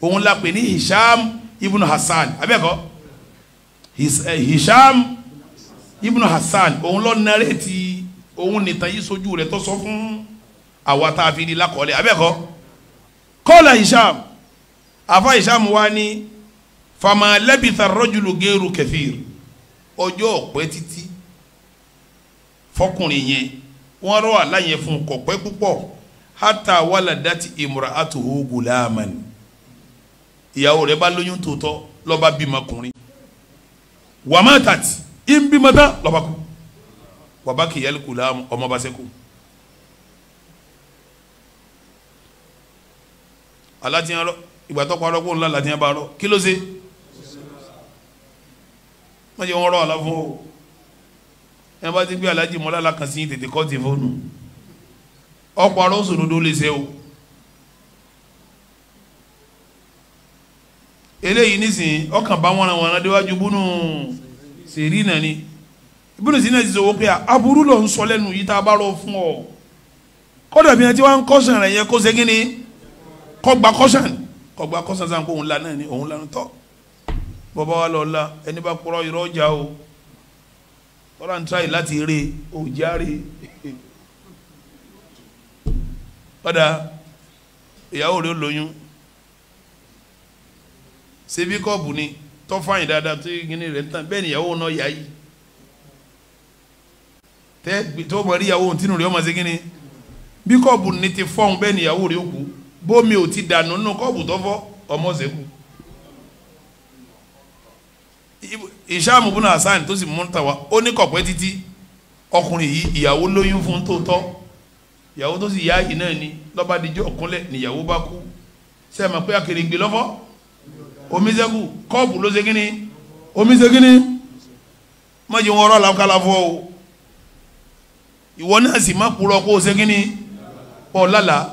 òun la pè ní Hisham ibn Hasan abẹ́kọ̀ eh, Hisham ibn Hasan òun lọ narẹ́tì òun nìtàn yìí sojú rẹ̀ tó sọ fún àwa tá ní lakọ̀ọ́lẹ̀ abẹ́kọ̀ọ́ kọ́lá hisham afa hisham wa ni fama labitha rọ́júlù géèrú kẹfìr ọjọ́ ọ̀pẹ́ títí fọkùnrin yẹn wọ́n rọ́ àlàyé fún kọ̀pẹ́ púpọ̀ hata wàlà dati imura atuhu gulamani ìyàwó rẹ̀ bá lóyún tòótọ́ lọ́ba bímọ kùnrin wàmátàtì ìbímọ tán lọ́ba kú wàbá kìyàlì kùlà ọmọ bá sẹ́kù. alátìyàn rọ ìgbà tó parọ́ kó ńlá látìyàn bá rọ kí ló ṣe wọ́n jẹ́ wọ́n rọ àlá fún ọ ẹ bá ti gbé alájì mọ́lá la kàn sí tètè kọ́ ti fóònù ọ̀pọ̀ àrọ́ sòdodo lè ṣe o eléyìí nísìnyí ọkàn bá wọn àwọn adéwájú búnú sèrí náà ni ìbúnú sí náà ti sọ wọ́n pé aburú ló ń sọ lẹ́nu yìí tá a bá rọ fún ọ kọ́dà bí wọ́n ti wá ń kọ́ sọ̀rọ̀ yẹn kó ṣe ni kọgbà kọsàn kọgbà kọsàn sàn kó òun lànà ni òun lànà tọ bọba wa lọ la ẹni bá kúrọ yọrọ ọjà o tọ́lá ń tíráyì láti rí òjá rí padà ìyàwó rẹ̀ lóyún ṣebí kọ́ọ̀bù ni tọ́fàyìn dáadáa tó yìí rẹ̀ ń tàn ni ìyàwó náà yá yìí tẹ́ tó mọ̀ rí ìyàwó tínú rẹ̀ ọmọ ṣe ni bí kọ́ọ̀bù ni ti fọ́ọ̀hún bẹ́ẹ̀ ni ìyàwó rẹ̀ kú bómi ò ti dànù nù kọ́ọ̀bù tó fọ́ ọmọ ṣẹ́kù ìṣàmù bùnà hasan tó sì mú tàwa ó ní kọ̀pẹ́ títí ọkùnrin yìí ìyàwó lóyún fún tòótọ́ ìyàwó tó sì yá yìí náà ni lọ́ba díjọ́ ọ̀kúnlẹ̀ níyàwó bá kú sẹ́mi pé akèrègbè lọ́fọ́ omi ṣẹ́kù kọ́ọ̀bù ló ṣe ni omi ṣe kí ni mọ̀jì wọn rọ̀ làkàlà fọ́ o ìwọ náà sì má kúrọ̀ kó o ṣe ni ọ̀ lálàá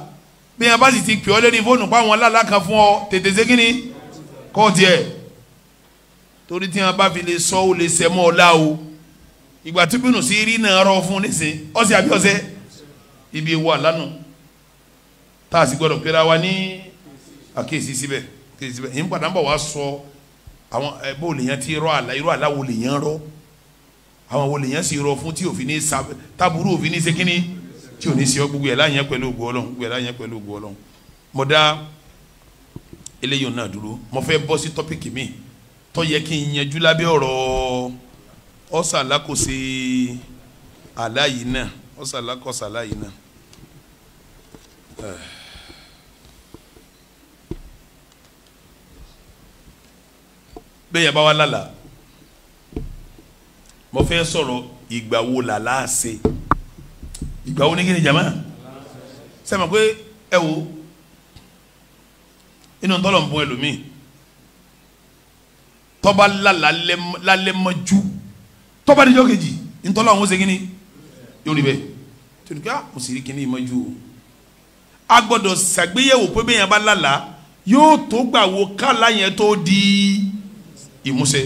bí wọn bá sì ti pè ọ́ lórí fóònù páwọn lálá kan fún ọ tètè ṣe kínní kọ́ tiẹ̀ torí tí wọn bá fi lè sọ ó lè sẹ mọ́ o ìgbà tó bínú sí rí náà rọ fún nísìn ọ̀sẹ̀ àbí ọ̀sẹ̀ ibi wà lánàá tá a sì gbọ́dọ̀ pera wa ní àkíyèsí síbẹ̀ àkíyèsí síbẹ̀ yìí ń padà ń bọ̀ wá sọ àwọn ẹ bó lèèyàn ti rọ àlà irú àlà wo lèèyàn rọ àwọn wo lèèyàn sì rọ fún tí òfin ní sábẹ tábúrú òfin ní sekínì tí ò ní sí ọ gbogbo ẹ̀ láyẹn pẹ̀lú ògùn ọlọ́run gbogbo ẹ̀ láyẹn pẹ̀lú ògùn ọlọ́run mo dá eléyìí náà dúró mo fẹ́ bọ́ sí tọ́pìkì mi tó yẹ kí n yanjú lábẹ́ ọ̀rọ̀ ọ̀sà alákòóse aláyìí náà ọ̀sà alákòóse aláyìí náà. bẹ́ẹ̀ yẹn bá wà lálàá mo fẹ́ sọ̀rọ̀ ìgbà wo làlá ṣe ìgbà wo ni kí ni jama sẹ́mi pé ẹ wo inú tọ́lọ̀ ń bọ́ ẹlòmíì tọ́ba lálẹ́ mọ́jú tọ́ba níjọ́ kejì ntọ́lọ̀ àwọn segin ni yóò rí bẹ́ẹ̀ torí ká kò ah, sì rí kíní mọ́jú o a gbọ́dọ̀ pé bẹ́ẹ̀ yẹn bá lálàá yóò tó gbà wo kálá yẹn tó di ìmúṣẹ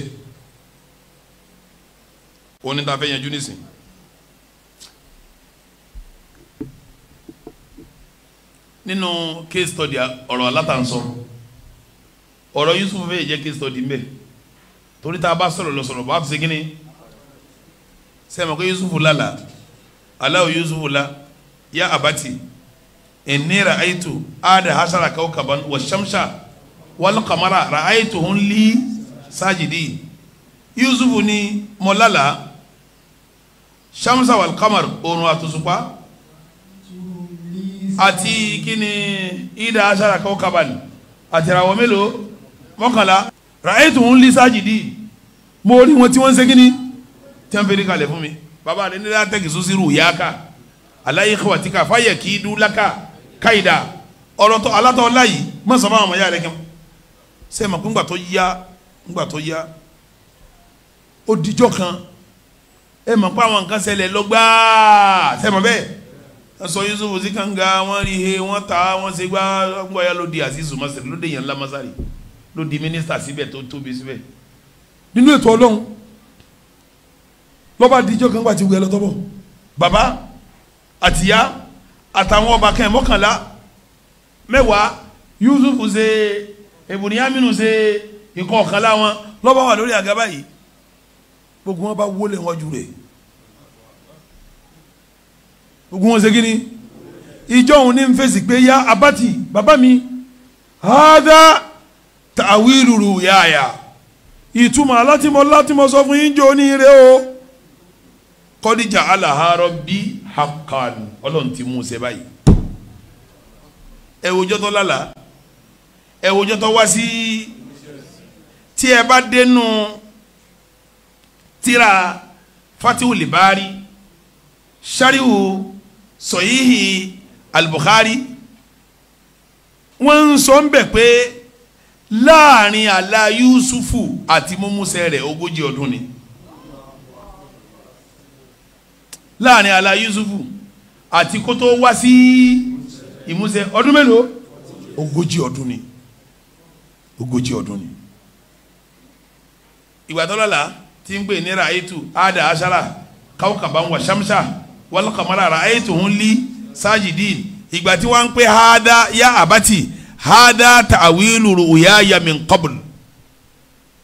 onítàfẹ́ yẹn jú nísìnyí. nínú case study ọ̀rọ̀ látàǹsọ ọ̀rọ̀ Yusuf fẹ́ jẹ́ case study mbẹ́ torí tá a bá sọ̀rọ̀ lọ sọ̀rọ̀ bá ti segin ni sẹ́mi kò Yusuf lálà aláwọ̀ Yusuf la yá abati inni ra'aytu ada hasara kawkaban wa shamsa wal qamara ra'aytuhum li sajidin Yusuf ni mọ̀lálà shamsa wal qamar òrùn àtòṣùpá àti kini ida asara kọ́ kabali àti ìràwọ̀ mélòó mọ́kànlá ràyètò ń lé sájìdì mo rí wọn tí wọ́n ń ṣe kíni tí wọ́n fi rí kalẹ̀ fún mi bàbá rẹ̀ nílẹ̀ àtẹ̀kì sọ́sírù yáka aláyé khawatika fàyè kì í dún lákà káyìdá ọ̀rọ̀ tó alátọ̀ láyìí mọ̀sánmọ́ àwọn ọmọ yára kẹ́mọ́ sẹ́yìn mọ̀ pé ńgbà tó yá ńgbà tó yá ó dijọ́ kan ẹ mọ̀ pé àwọn nǹkan ṣẹlẹ̀ lọ́gbàá sẹ́yìn bẹ́ẹ̀ sọ Yusuf sí kànga wọ́n rí he wọ́n ta wọ́n ṣe gbá gbọ́yà ló di Azizu Masari ló dé yẹn ńlá Masari ló di mínísítà síbẹ̀ tó tóbi síbẹ̀. nínú ètò ọlọ́run lọ́ba díjọ́ kan gbà ti wúyẹ lọ́tọ́ bọ̀ bàbá àtìyá àtàwọn ọba kẹ́ mọ́kànlá mẹ́wàá Yusuf ṣe ebùnìyàmínú ṣe nǹkan ọ̀kan láwọn lọ́ba wà lórí àga báyìí gbogbo wọn bá wọlé wọn jù rẹ̀ ogun wọn ṣe kí ni ìjọ òun ní n fèsì pé ya abati baba mi hádà tàwírùrù yáàyà ìtumọ̀ alátìmọ̀ látìmọ̀ sọ fún yín jẹ́ oníire o kọ́díjà aláhàárọ̀ bí hakan ọlọ́run ti mú un ṣe báyìí ẹ wojọ́ tó lálàá ẹ wojọ́ tó wá sí tí ẹ bá dénú tíra fatihu libari sarihu sọ̀yìhì al-Bukhari wọ́n ń sọ ń bẹ̀ pé láàrin àlá Yusufu àti mímúṣẹ rẹ̀ ogójì ọdún ni láàrin àlá Yusufu àti kó tó wá sí ìmúṣẹ ọdún mélòó ogójì ọdún ni ogójì ọdún ni ìgbà tó lọ́la tí ń pè ní raitu ada asara kawkaban wa shamsa wal qamara ra'aytuhu li sajidin ìgbà tí wọ́n ń pè hada ya abati hada ta'awilu ru'yaya min qabl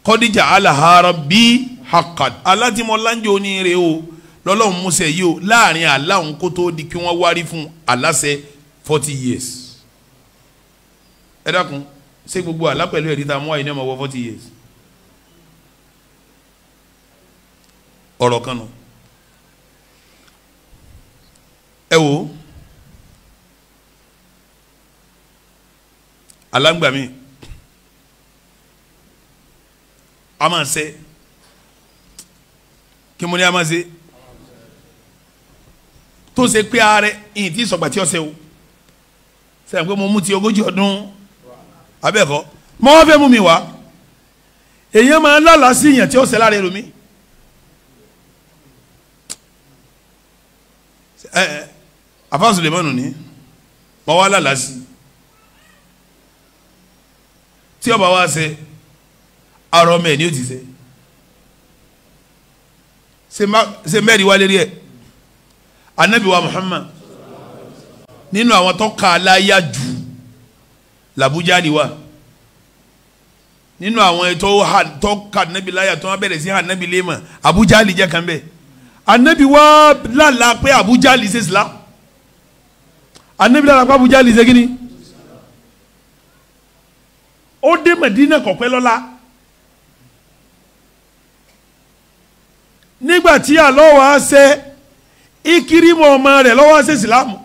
qad ja'alaha rabbi haqqan alátìmọ́láńjọ oníire o lọ́lọ́run musa yìí o láàrin aláhùn kó tó di kí wọ́n wárí fún aláṣẹ forty years ẹ dákun ṣé gbogbo àlá pẹ̀lú ẹ̀rí tá mú àyè náà mọ̀ wọ́ forty years ọ̀rọ̀ kan nù. ẹ wò alágbàmí a máa ṣe kí mo a máa ṣe tó ṣe pé ààrẹ ìyìn tí sọgbà tí o sẹ́yìn pé mo mú ti ogójì ọdún abẹ́ẹ̀kọ́ mo wá fẹ́ mú mi wá èèyàn máa ń lálàá sí ìyàn tí ó ṣe lára ẹlòmíì afa Sulemanu ni mọ wá lálàsì tí ọba wa ṣe arọ mẹ ni ó ti ṣe ṣe mẹ́rin wá lérí ẹ̀ anabi Muhammad nínú àwọn tó ka aláya jù làbújá ni wa nínú àwọn tó ha tó ka anabi láyà tó wọn bẹ̀rẹ̀ sí anabi lé mọ̀ Abuja lè jẹ́ kan bẹ́ẹ̀ anabi lálàá pé Abuja lè ṣe Islam anabila àpá abuja lè ṣe kíni ó dé Medina kọ̀pẹ́ lọ́la nígbà tí àlọ́ wa ṣe ikirimu ọmọ rẹ̀ lọ́wọ́ ṣe Ìsìlámù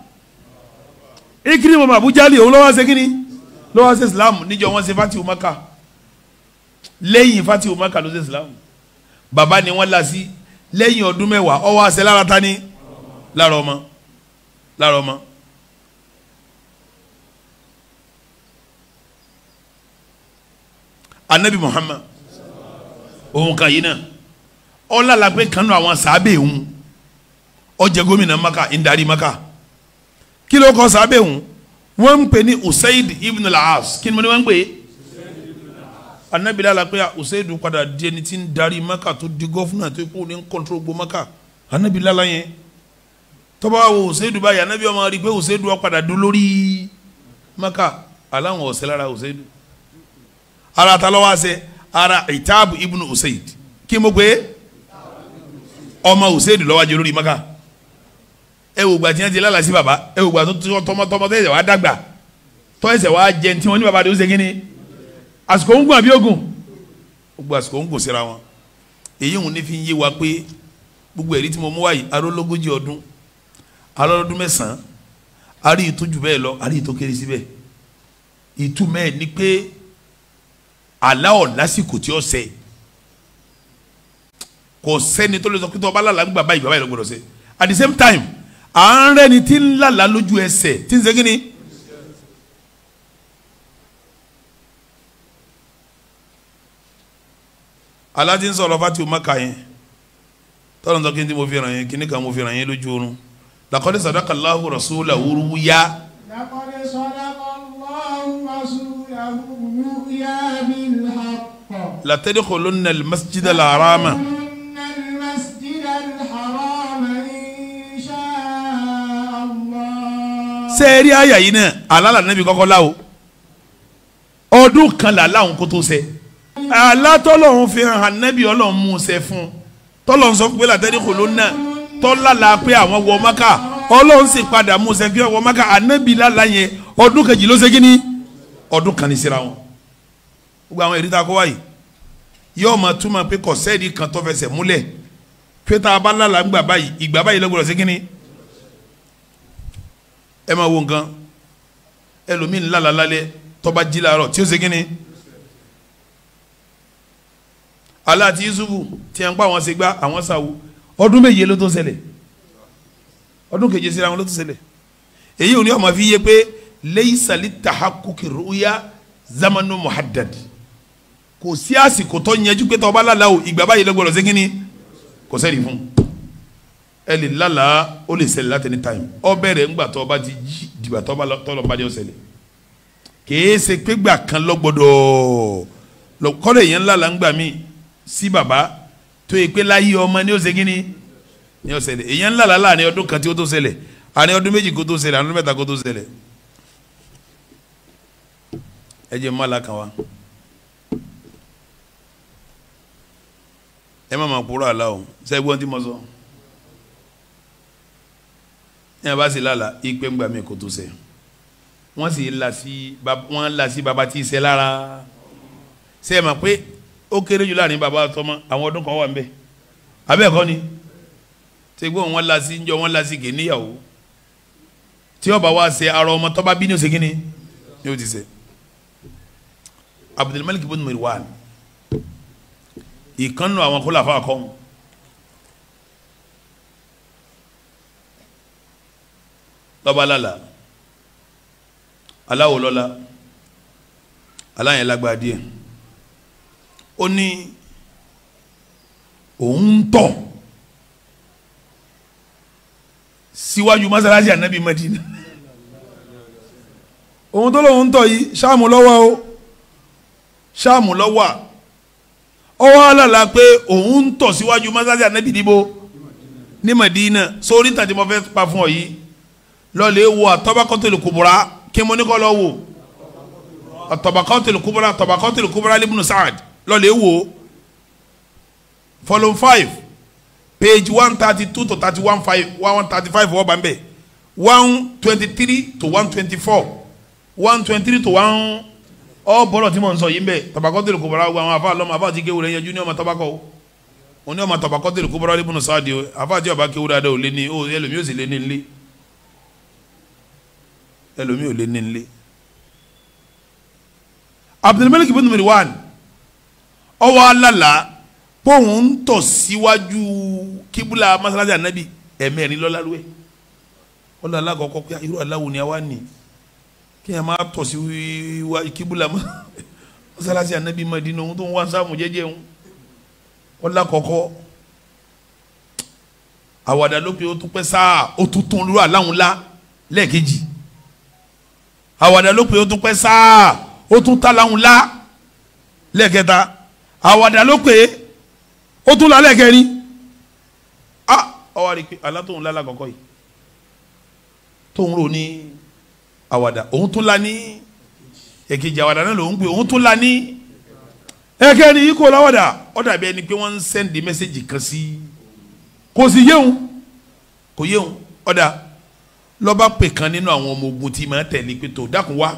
ikirimu ọmọ abuja lè òun lọ́wọ́ ṣe kíni lọ́wọ́ ṣe Ìsìlámù níjọ wọn ṣe fati umaka lẹ́yìn fati umaka ló ṣe Ìsìlámù bàbá ni wọ́n la sí lẹ́yìn ọdún mẹ́wàá ọwọ́ àṣẹ lára ta lára ọmọ lára ọmọ. anabi muhammad òun kan yìí náà ọlọ́la pé kanu àwọn sábẹ́ òun ó jẹ́ gómìnà maka ndari maka kí ló kọ́ sábẹ́ òun wọ́n ń pè ní usaid ibn al-as kí ni mo ní wọ́n ń pè é anabi lala pé usaid padà di ẹni tí ń darí maka tó di gọ́fúnà tó kú ní kọ́ńtró gbó maka anabi lala yẹn tọ́ba wo usaid báyìí anabi ọmọ rí i pé usaid padà dó lórí maka aláwọn ọ̀sẹ̀ lára usaid ara ta lọ́wọ́ àṣẹ ara Itab ibn Usaid kí mo gbé ọmọ Usaid lọ́wọ́ àjẹ lórí maka ẹ wò gbà tí wọ́n ti lálàá sí baba ẹ wò gbà tọmọtọmọ tẹ́sẹ̀ wàá dàgbà tọ́sẹ̀ wàá jẹ tí wọ́n ní baba tó ṣe kí ni àsìkò ń gùn àbí ogun gbogbo àsìkò ń gùn síra wọn èyí ń ní fi yé wa pé gbogbo ẹ̀rí tí mo mú wáyé arólógójì ọdún arólódún mẹ́sàn-án arí ìtújù bẹ́ẹ̀ lọ arí ìtókèrè síbẹ̀ ìtumẹ̀ ni pé aláwọ̀ lásìkò tí ó ṣe kò sẹ́ni tó lè sọ pé tó bá lálàá gbà bàbá yìí gbọdọ̀ ṣe at the same time à ń rẹ́ni tí ń lálàá lójú ẹsẹ̀ tí ń ṣe kí ni. aláti ń sọ̀rọ̀ fati umaka yẹn tọ́lọ̀ tó kíni tí mo fi ràn yín kíní kan mo fi ràn yín lójú oorun làkọ́dé sàdákà Allahu rasulahu ruya. الرؤيا بالحق لتدخلن المسجد الحرام لتدخلن المسجد الحرام إن شاء الله sẹ́ẹ̀rí àyà yìí náà àlálà nàbí kọ́kọ́ láwo ọdún kan làlá òun kó tó ṣẹ alátọ́lọ́hún fi hàn nàbí ọlọ́hún mú un ṣẹ fún un tọ́lọ́hún sọ pé لتدخلن tọ́lá la pé àwọn wọ Mákà ọlọ́hún sì padà mú un ṣẹ fi hàn wọ Mákà ànábì lálá yẹn ọdún kejì ló ṣe kí ni ọdún kan ní síra wọn gbogbo àwọn èrìtà kọ́ wáyé yóò máa túmọ̀ pé kò sẹ́ẹ̀dì kan tó fẹsẹ̀ múlẹ̀ pé tá a bá lálàá ń gbà báyìí ìgbà báyìí lọ́gbọ̀dọ̀ sí kínní ẹ máa wo nǹkan ẹlòmíín lálàá lálẹ́ tó bá jí làárọ̀ tí ó sí kínní aláàtí yusufu tí a ń pa àwọn ṣe gbá àwọn ṣàwò ọdún méje ló tó ṣẹlẹ̀ ọdún keje síra wọn ló tó ṣẹlẹ̀ èyí ò ní ọmọ fi yé pé leisali tahakuki ruya zamanu muhaddad kò sí àsìkò tó yẹjú pé tó bá lálàá o ìgbà báyìí lọ́gbọ̀dọ̀ sí kínní kò sẹ́ni fún ẹ lè lálàá ó lè ṣẹlẹ̀ láti ní táìmù ọ bẹ̀rẹ̀ ńgbà tó bá ti jí dìgbà tó bá tọ́lọ̀ bá dé ó ṣẹlẹ̀ kìí ṣe pé gbà kan lọ́gbọ̀dọ̀ kọ́lẹ̀ yẹn lálàá ńgbà mí sí bàbá tó yẹ pé láyé ọmọ ni ó ṣe ni ó ṣẹlẹ̀ èyàn lálàá la ni kan tí ó tó ṣẹlẹ̀ àárín ọdún méjì kó tó ṣẹlẹ̀ àárín ọdún mẹ́ta kó tó ṣẹlẹ̀ ẹ jẹ́ mmala kan wa ẹ má ma kúrò àlá o ṣe gbọ́n tí mo sọ ní abá sì lálàá ìpè ńgbà mi kò tó ṣe wọ́n sì là sí wọ́n là sí baba tí ì ṣe lára ṣe é ma pé ó kéré jù láàrin baba àtọmọ àwọn ọdún kan wà ń abẹ́ ẹ̀kọ́ ni tẹgbẹ́ wọn la sí njọ wọn la sí kì í níyàwó tí ọba wa ṣe ara ọmọ tọ́ba bí ní o ṣe kí ni ni o ti ṣe abdulmalik bin mirwan ìkànnù àwọn khulafa kan lọ́balálà aláwo lọ́la aláyẹn lágbára díẹ̀ ó ní òun ń tọ̀ síwájú masalasi anabi madina òun tó lóun ń tọ̀ yìí sáàmù lọ́wọ́ o ṣáàmù lọ́wọ́ ọ wá lálà pé òun ń tọ̀ síwájú mọ́sáàsì ànábì níbo ní Madina sórí tàbí mo fẹ́ pa fún ọ yìí lọ́ọ̀lẹ́ wo àtọ́bákọ́tòlù kùbùrà kí mo ní kọ́ lọ́ wò àtọ́bákọ́tòlù kùbùrà àtọ́bákọ́tòlù kùbùrà libnu Saad lọ́ọ̀lẹ́ wo volume five page one thirty two to thirty one five one thirty five wọ́n bá ń bẹ̀ one twenty three to one twenty four one twenty three to one ọ bọ́lọ̀ tí mo ń sọ yìí ń bẹ̀ tabakọ́tìlì kò bọ́ra gba àwọn afa lọ́mọ afa ti kéwù rẹ̀ yanjú ní ọmọ tabakọ́ o wọn ní ọmọ tabakọ́tìlì kò bọ́ra ibùnú sáàdì o afa tí ọba kéwù dáadáa ò lé ní o ẹlòmíì ò sì lé ní nlé ẹlòmíì ò lé ní nlé. Abdulmalik ibn Mirwan ọwọ́ alala pọ́hùn ń tọ̀ síwájú kíbúlà masalasi anabi ẹ̀mẹ́rin lọ́lá kí ẹ máa tọ̀ sí wá kíbúlà mọ́ mọ́sálásí ànábì Mádínà ohun tó ń wá sáàmù jẹ́jẹ́ ń ọ̀là kọ̀kọ́ àwàdà lópe ó tún pẹ́ sáà ó tún tún lúwà láwọn ńlá lẹ́ẹ̀kejì àwàdà lópe ó tún pẹ́ sáà ó tún ta láwọn ńlá lẹ́ẹ̀kẹta àwàdà lópe ó tún la lẹ́ẹ̀kẹrin ah ọwọ́ àrí pé alátòun lálàkọ̀kọ́ yìí tóun rò ní àwàdà òun tún la ní èkejì àwàdà náà lòun pè òun tún la ní ẹkẹ ni ikú làwàdà ó dàbí ẹni pé wọ́n ń sẹ́ndì mẹ́sẹ́jì kan sí kò sí yéhùn kò yéhùn ọ̀dà lọ́ba pè kan nínú àwọn ọmọ ogun tí màá tẹ̀lé pé tó dákun wá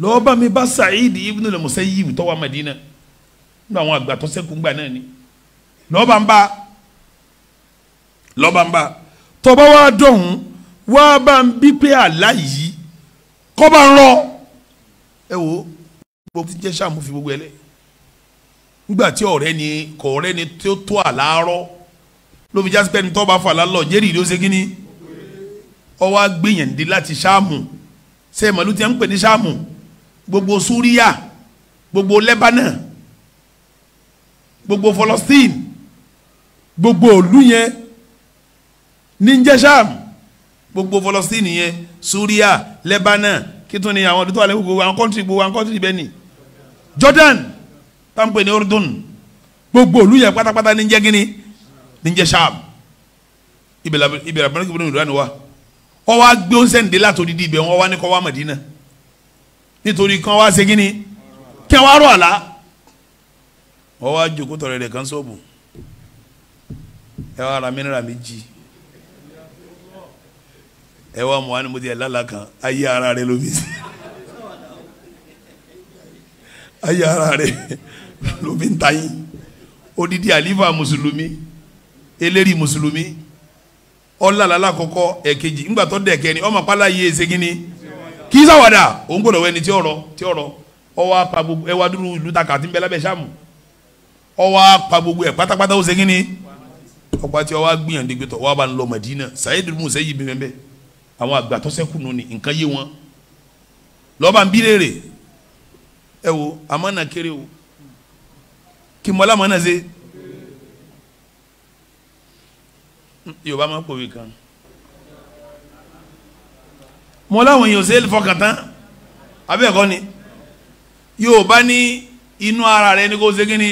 lọ́ba mi bá Sa'id ibn al-Musayyib tó wà Madina nínú àwọn àgbà tó ṣẹ́kù ńgbà náà ni lọ́ba ń bá lọ́ba ń bá tọ́ba wá dọ̀hún wá bá ń bí pé àlá yìí kọ́ bá ń rọ ẹ wo gbogbo ti jẹ́ sàmú fi gbogbo ẹ lẹ̀ nígbà tí ọ̀rẹ́ ni kò ọ̀rẹ́ ni tó tó àlá rọ ló jásí pé ní tó bá fà lálọ́ jẹ́rìí ló ṣe kí ni ọwọ́ agbẹ̀yẹ̀ndé láti sàmù sẹ́ẹ̀mọ̀ ló ti ń pè ní sàmù gbogbo súríyà gbogbo lebanon gbogbo folostin gbogbo òlu yẹn ní jẹ́ sàmù gbogbo fọlọ́sítìnì yẹn suria lebanon kító ni àwọn dùtọ́ alẹ́ gbogbo àwọn gbogbo àwọn kọ́ńtì bẹ́ẹ̀ ni jordan táǹpẹ̀ ní ordun gbogbo olú yẹn pátápátá ní jẹ́ gíní ní jẹ́ sham ibẹ̀ làbẹ̀rẹ̀ kí ní wa ọ wá gbé oúnjẹ nìdí látò dídí ibẹ̀ wọn wá ní kọ́ wá nítorí kan wá ṣe gíní kí wọ́n rọ̀ àlá wọ́n wá tọ̀rẹ̀ rẹ̀ kan sọ́ọ̀bù ẹ wá ra mínírà méjì ẹ wá mọ̀ wá ni mo ti ẹ̀ lálàá kan ayé ara rẹ lómi sí ayé ara rẹ lómi ń ta yín odidi àlífà mùsùlùmí eléri mùsùlùmí ọlàlálà kọkọ ẹ̀kejì ńgbà tó dẹ̀ kẹrin ọmọ pálá yé ẹsẹ̀ gíní kì í ṣàwàdà òun gbọ́dọ̀ wẹni tí ọ̀rọ̀ tí ọ̀rọ̀ ọwọ́ apá gbogbo ẹwà dúró ìlú ta kàtí nbẹ lábẹ́ sàmù ọwọ́ apá gbogbo ẹ pátápátá ó ọgbà tí ọwọ́ agbìyànjú gbẹtọ̀ ọwọ́ abà ń lọ Mẹdínà Sayidu Musayibi àwọn àgbà tó ṣẹ́kù nù ni nǹkan yé wọn lọ́ba ń bí léèrè ẹ wo amánà kéré o kí mọ́lá mọ́nà ṣe yorùbá máa pòwe kan mọ́lá àwọn èèyàn ṣe é fọkàn tán abẹ́ẹ̀kọ́ ni yorùbá ní inú ara rẹ ní kó ṣe kí ni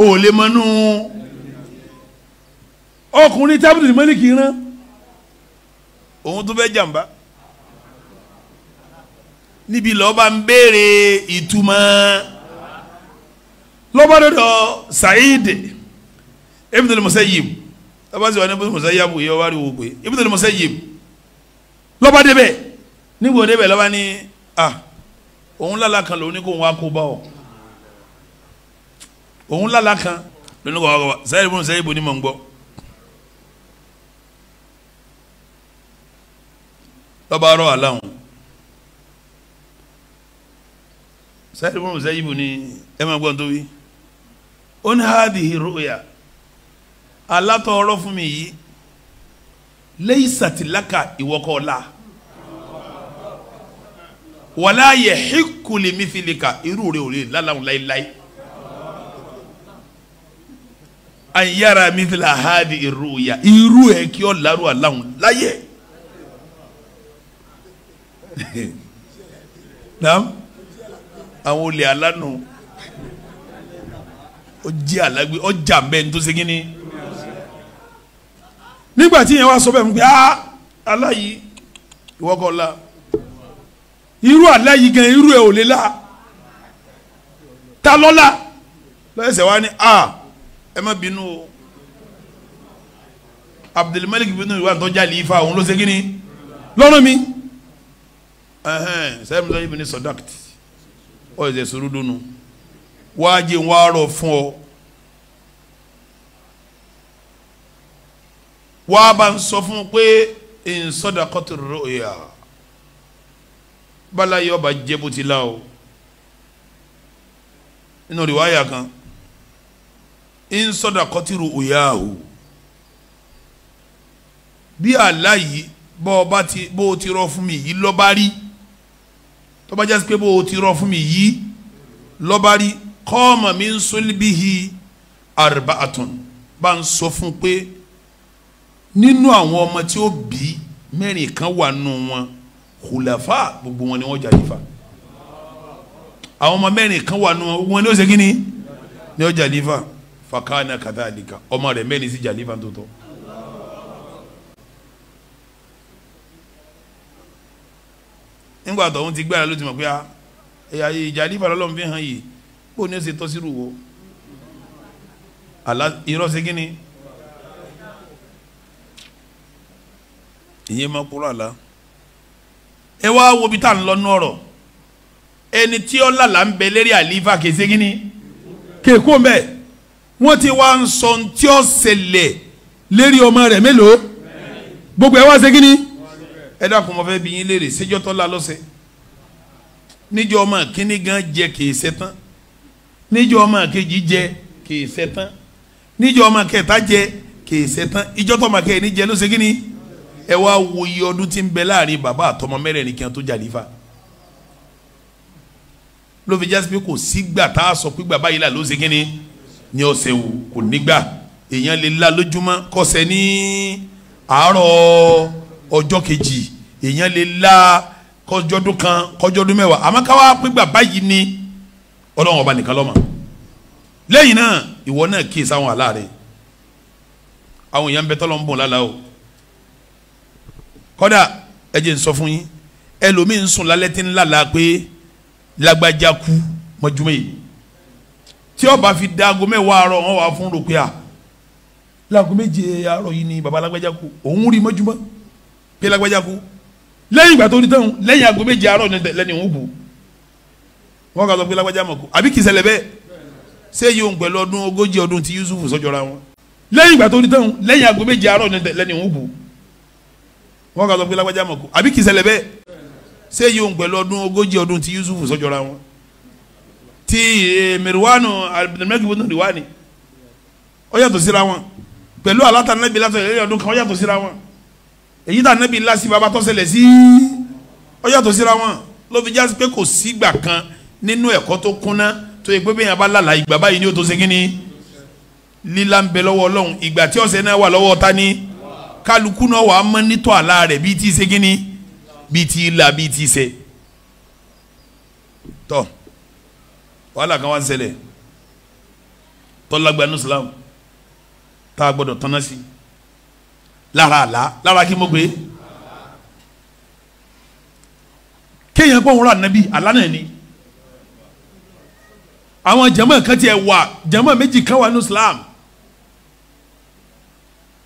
o ò lè mọ́nú ọkùnrin tábìlì mọ́lì kì í rán òun tún fẹ́ jàǹbá níbi lọ́ba ń béèrè ìtumọ̀ lọ́ba dọ̀dọ̀ Said Ibn al-Musayyib lọ́ba sì wà ní Ibn al-Musayyib yẹ wá rí wo pé Ibn al-Musayyib lọ́ba débẹ̀ níbo débẹ̀ lọ́ba ní ah òun lálá kan lòun ní kó wá kó bá ọ òun lálá kan lòun ní kó wá kó bá Said Ibn al-Musayyib ní mọ̀ ń gbọ́. lọ́ba rọ́ aláwọn sáyẹ́dì bọ́ọ̀mù sáyẹ́bù ni ẹ máa gbọ́n tó wí ó ní hádìhì rúùyà alátọ̀ ọ̀rọ̀ fún mi yìí lẹ́yìn sàtìlákà ìwọ́kọ̀ ọ̀la wàlá yẹ híkùlì mífìlìkà irú rẹ̀ ò lè lálàrún láéláé àyàrá mífìlà hádìhì rúùyà irú ẹ̀ kí ọ̀ lárú aláwọn láyé. naam àwọn olè alánú ọjà alágbé ọjà mbẹ ní tó ṣe kíni nígbà tí yẹn wá sọ bẹ́ẹ̀ mú pé ah aláyí ìwọ́kọ̀ la irú aláyí gan irú ẹ̀ ò lè la ta lọ́la lọ́sẹ̀ wá ní a ẹ má bínú o Abdulmalik bínú ìwà àtọ́jà lè fa òun ló ṣe kíni lọ́rùn mi sẹ́yìn sọ́yìn mi ní sọ́dọ̀kìtì ọ̀ ẹ̀sẹ̀ sùúrù dùnú wáá jẹ́ wá rọ̀ fún ọ wáá bá ń sọ fún pé ìsọdọ̀kọ̀tì rọ̀ọ̀yà balaye ọba jẹ́ bó ti la o kan ìsọdọ̀kọ̀tì rọ̀ọ̀yà o bí àlá yìí bọ́ ọ bá ti bó ti rọ fún mi yìí lọ́ba rí tó bá jásí pé bó o ti rọ fún mi yìí lọ́ba rí kọ́ọ̀mà mi ń sólíbìhì àrùbá àtún bá ń sọ fún pé nínú àwọn ọmọ tí ó bí mẹ́rin kan wà nù wọn kùlàfà gbogbo wọn ni wọ́n jà lífà àwọn ọmọ mẹ́rin kan wà nù wọn gbogbo wọn ni ó ṣe kí ni ni ó jà lífà fàkànà kàtàlíkà ọmọ rẹ̀ mẹ́rin sì jà lífà tó tọ́. nígbà tó ń ti gbára ló ti mọ̀ pé a ah, ẹ̀yà ìjà lífà lọ́lọ́run fi hàn yìí bó ni ó ṣe tọ́ sírù wo àlá irọ́ ṣe kíni ìyẹn máa kúrò àlá ẹ wá wo bí tá à ń lọ nú ọ̀rọ̀ ẹni tí ó lálàá ń bẹ lérí àlífà kì í ṣe kíni kéèkó mbẹ wọn ti wá ń sọ tí ó ṣẹlẹ̀ lérí ọmọ rẹ̀ mélòó gbogbo ẹ wá ṣe kíni ẹ dákun mo fẹ́ bi yín léèrè ṣéjọ́ tó la lọ́sẹ̀ níjọ́ ọmọ kíní gan jẹ kìí ṣetán níjọ́ ọmọ kejì jẹ kìí ṣetán níjọ́ ọmọ kẹta jẹ kìí ṣetán ìjọ́ tó ọmọ kẹrin jẹ ló ṣe kíni ẹ wá wo iye ọdún tí ń bẹ láàrin bàbá àtọmọ mẹ́rẹ̀ẹ̀rin kí wọn tó jàlífà ló fi jásí pé kò sígbà tá a sọ pé bàbá yìí là ló ṣe kíni ni ọ̀sẹ̀ wò kò nígbà èèyàn lè la lójúmọ́ kọ́sẹ̀ ní àárọ̀ ọjọ́ kejì èèyàn lè la kọjọ́dún kan kọjọ́dún mẹ́wàá àmọ́ káwá pígbà báyìí ni ọlọ́run ọba nìkan lọ́mọ lẹ́yìn náà ìwọ náà kíyè sáwọn aláàrẹ̀ àwọn èèyàn ń bẹ tọ́lọ́ ń bùn lálá o kọ́dà ẹ jẹ́ n sọ fún yín ẹlòmíín sùn lálẹ́ tí ń lálàá pé lágbájá kú mọ́júmọ́ yìí tí ó fi dáago mẹ́wàá àárọ̀ wọn wà fún rògbé à méje àárọ̀ yìí ni baba lágbájá kú òun rí mọ́júmọ́ pé lágbájá kú lẹ́yìn ìgbà tó ní tán lẹ́yìn aago méje àárọ̀ lẹ́ni òun kú wọ́n kà sọ pé lágbájá mọ̀ kú àbí kì í ṣẹlẹ̀ bẹ́ẹ̀ ṣé yóò ń pẹ̀lú ọdún ogójì ọdún tí Yusuf sọ́jọ́ra wọn lẹ́yìn ìgbà tó ní tán lẹ́yìn aago méje àárọ̀ lẹ́ni òun kú wọ́n kà sọ pé lágbájá mọ̀ kú àbí kì í ṣẹlẹ̀ bẹ́ẹ̀ ṣé ọdún ogójì ọdún tí Yusuf sọ́jọ́ra wọn ti eh, mẹriwanu abdulmẹkibu nuriwani ó yàtọ̀ síra wọn pẹ̀lú alátànàbí látọ̀ ìrẹ́lẹ̀ kan ó síra wọn èyí tà nẹ́bí ńlá sí baba tó ṣẹlẹ̀ sí ó yàtọ̀ síra wọn ló fi jásí pé kò sígbà kan nínú ẹ̀kọ́ tó kúnná tó yẹ pé bẹ́ẹ̀ yẹn bá lálà ìgbà báyìí ni ó tó ṣe kí ni lílá ń bẹ lọ́wọ́ ọlọ́run ìgbà tí ọ̀sẹ̀ náà wà lọ́wọ́ ta ni kálukú náà wà á mọ́ nítọ́ àlá rẹ̀ bíi ti ṣe kí ni bíi ti la bíi ti ṣe tọ́ wàhálà kan wá ń ṣẹlẹ̀ tọ́lágbá ní Islam tá a gbọ́dọ̀ tọ́ná sí lára àlá lára kí mo pè é kéèyàn gbọ́ òun rà nàbí àlá náà ni àwọn jàmáà kan tiẹ̀ wà jàmáà méjì kan wà ní Islam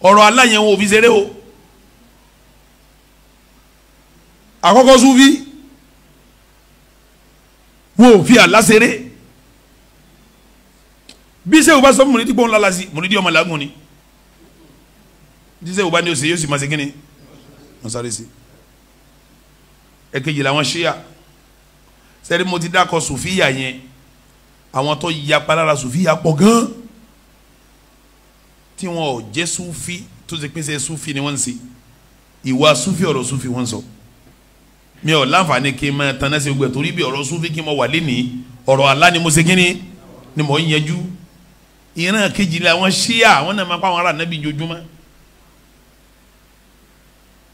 ọ̀rọ̀ àlá yẹn wọn ò fi ṣeré o àkọ́kọ́ Sufi wọn ò fi àlá ṣeré bí sẹ́wọ́n bá sọ fún mùnídìí gbọ́n lálásí mùnídìí ọmọ làágùn ni jíṣẹ́ wo bá ní o ṣe yóò sì máa ṣe kí ni wọ́n sáré sí ẹ̀kejì làwọn ṣíyà sẹ́ni mo ti dákọ̀ sùfíyà yẹn àwọn tó yapa lára sùfíyà pọ̀ gan tí wọn ò jẹ́ sùfí tó ti pèsè sùfí ni wọ́n ń ṣe ìwà sùfí ọ̀rọ̀ sùfí wọ́n ń sọ mi ò láǹfààní kí n máa tanná sí gbẹ torí bí ọ̀rọ̀ sùfí kí n máa wà lé ní ọ̀rọ̀ àlá ni mo ṣe kí ni ni mò ń yẹjú ìran kejì làwọn ṣíyà àwọn náà máa pa àwọn ará nàbí jojúmọ́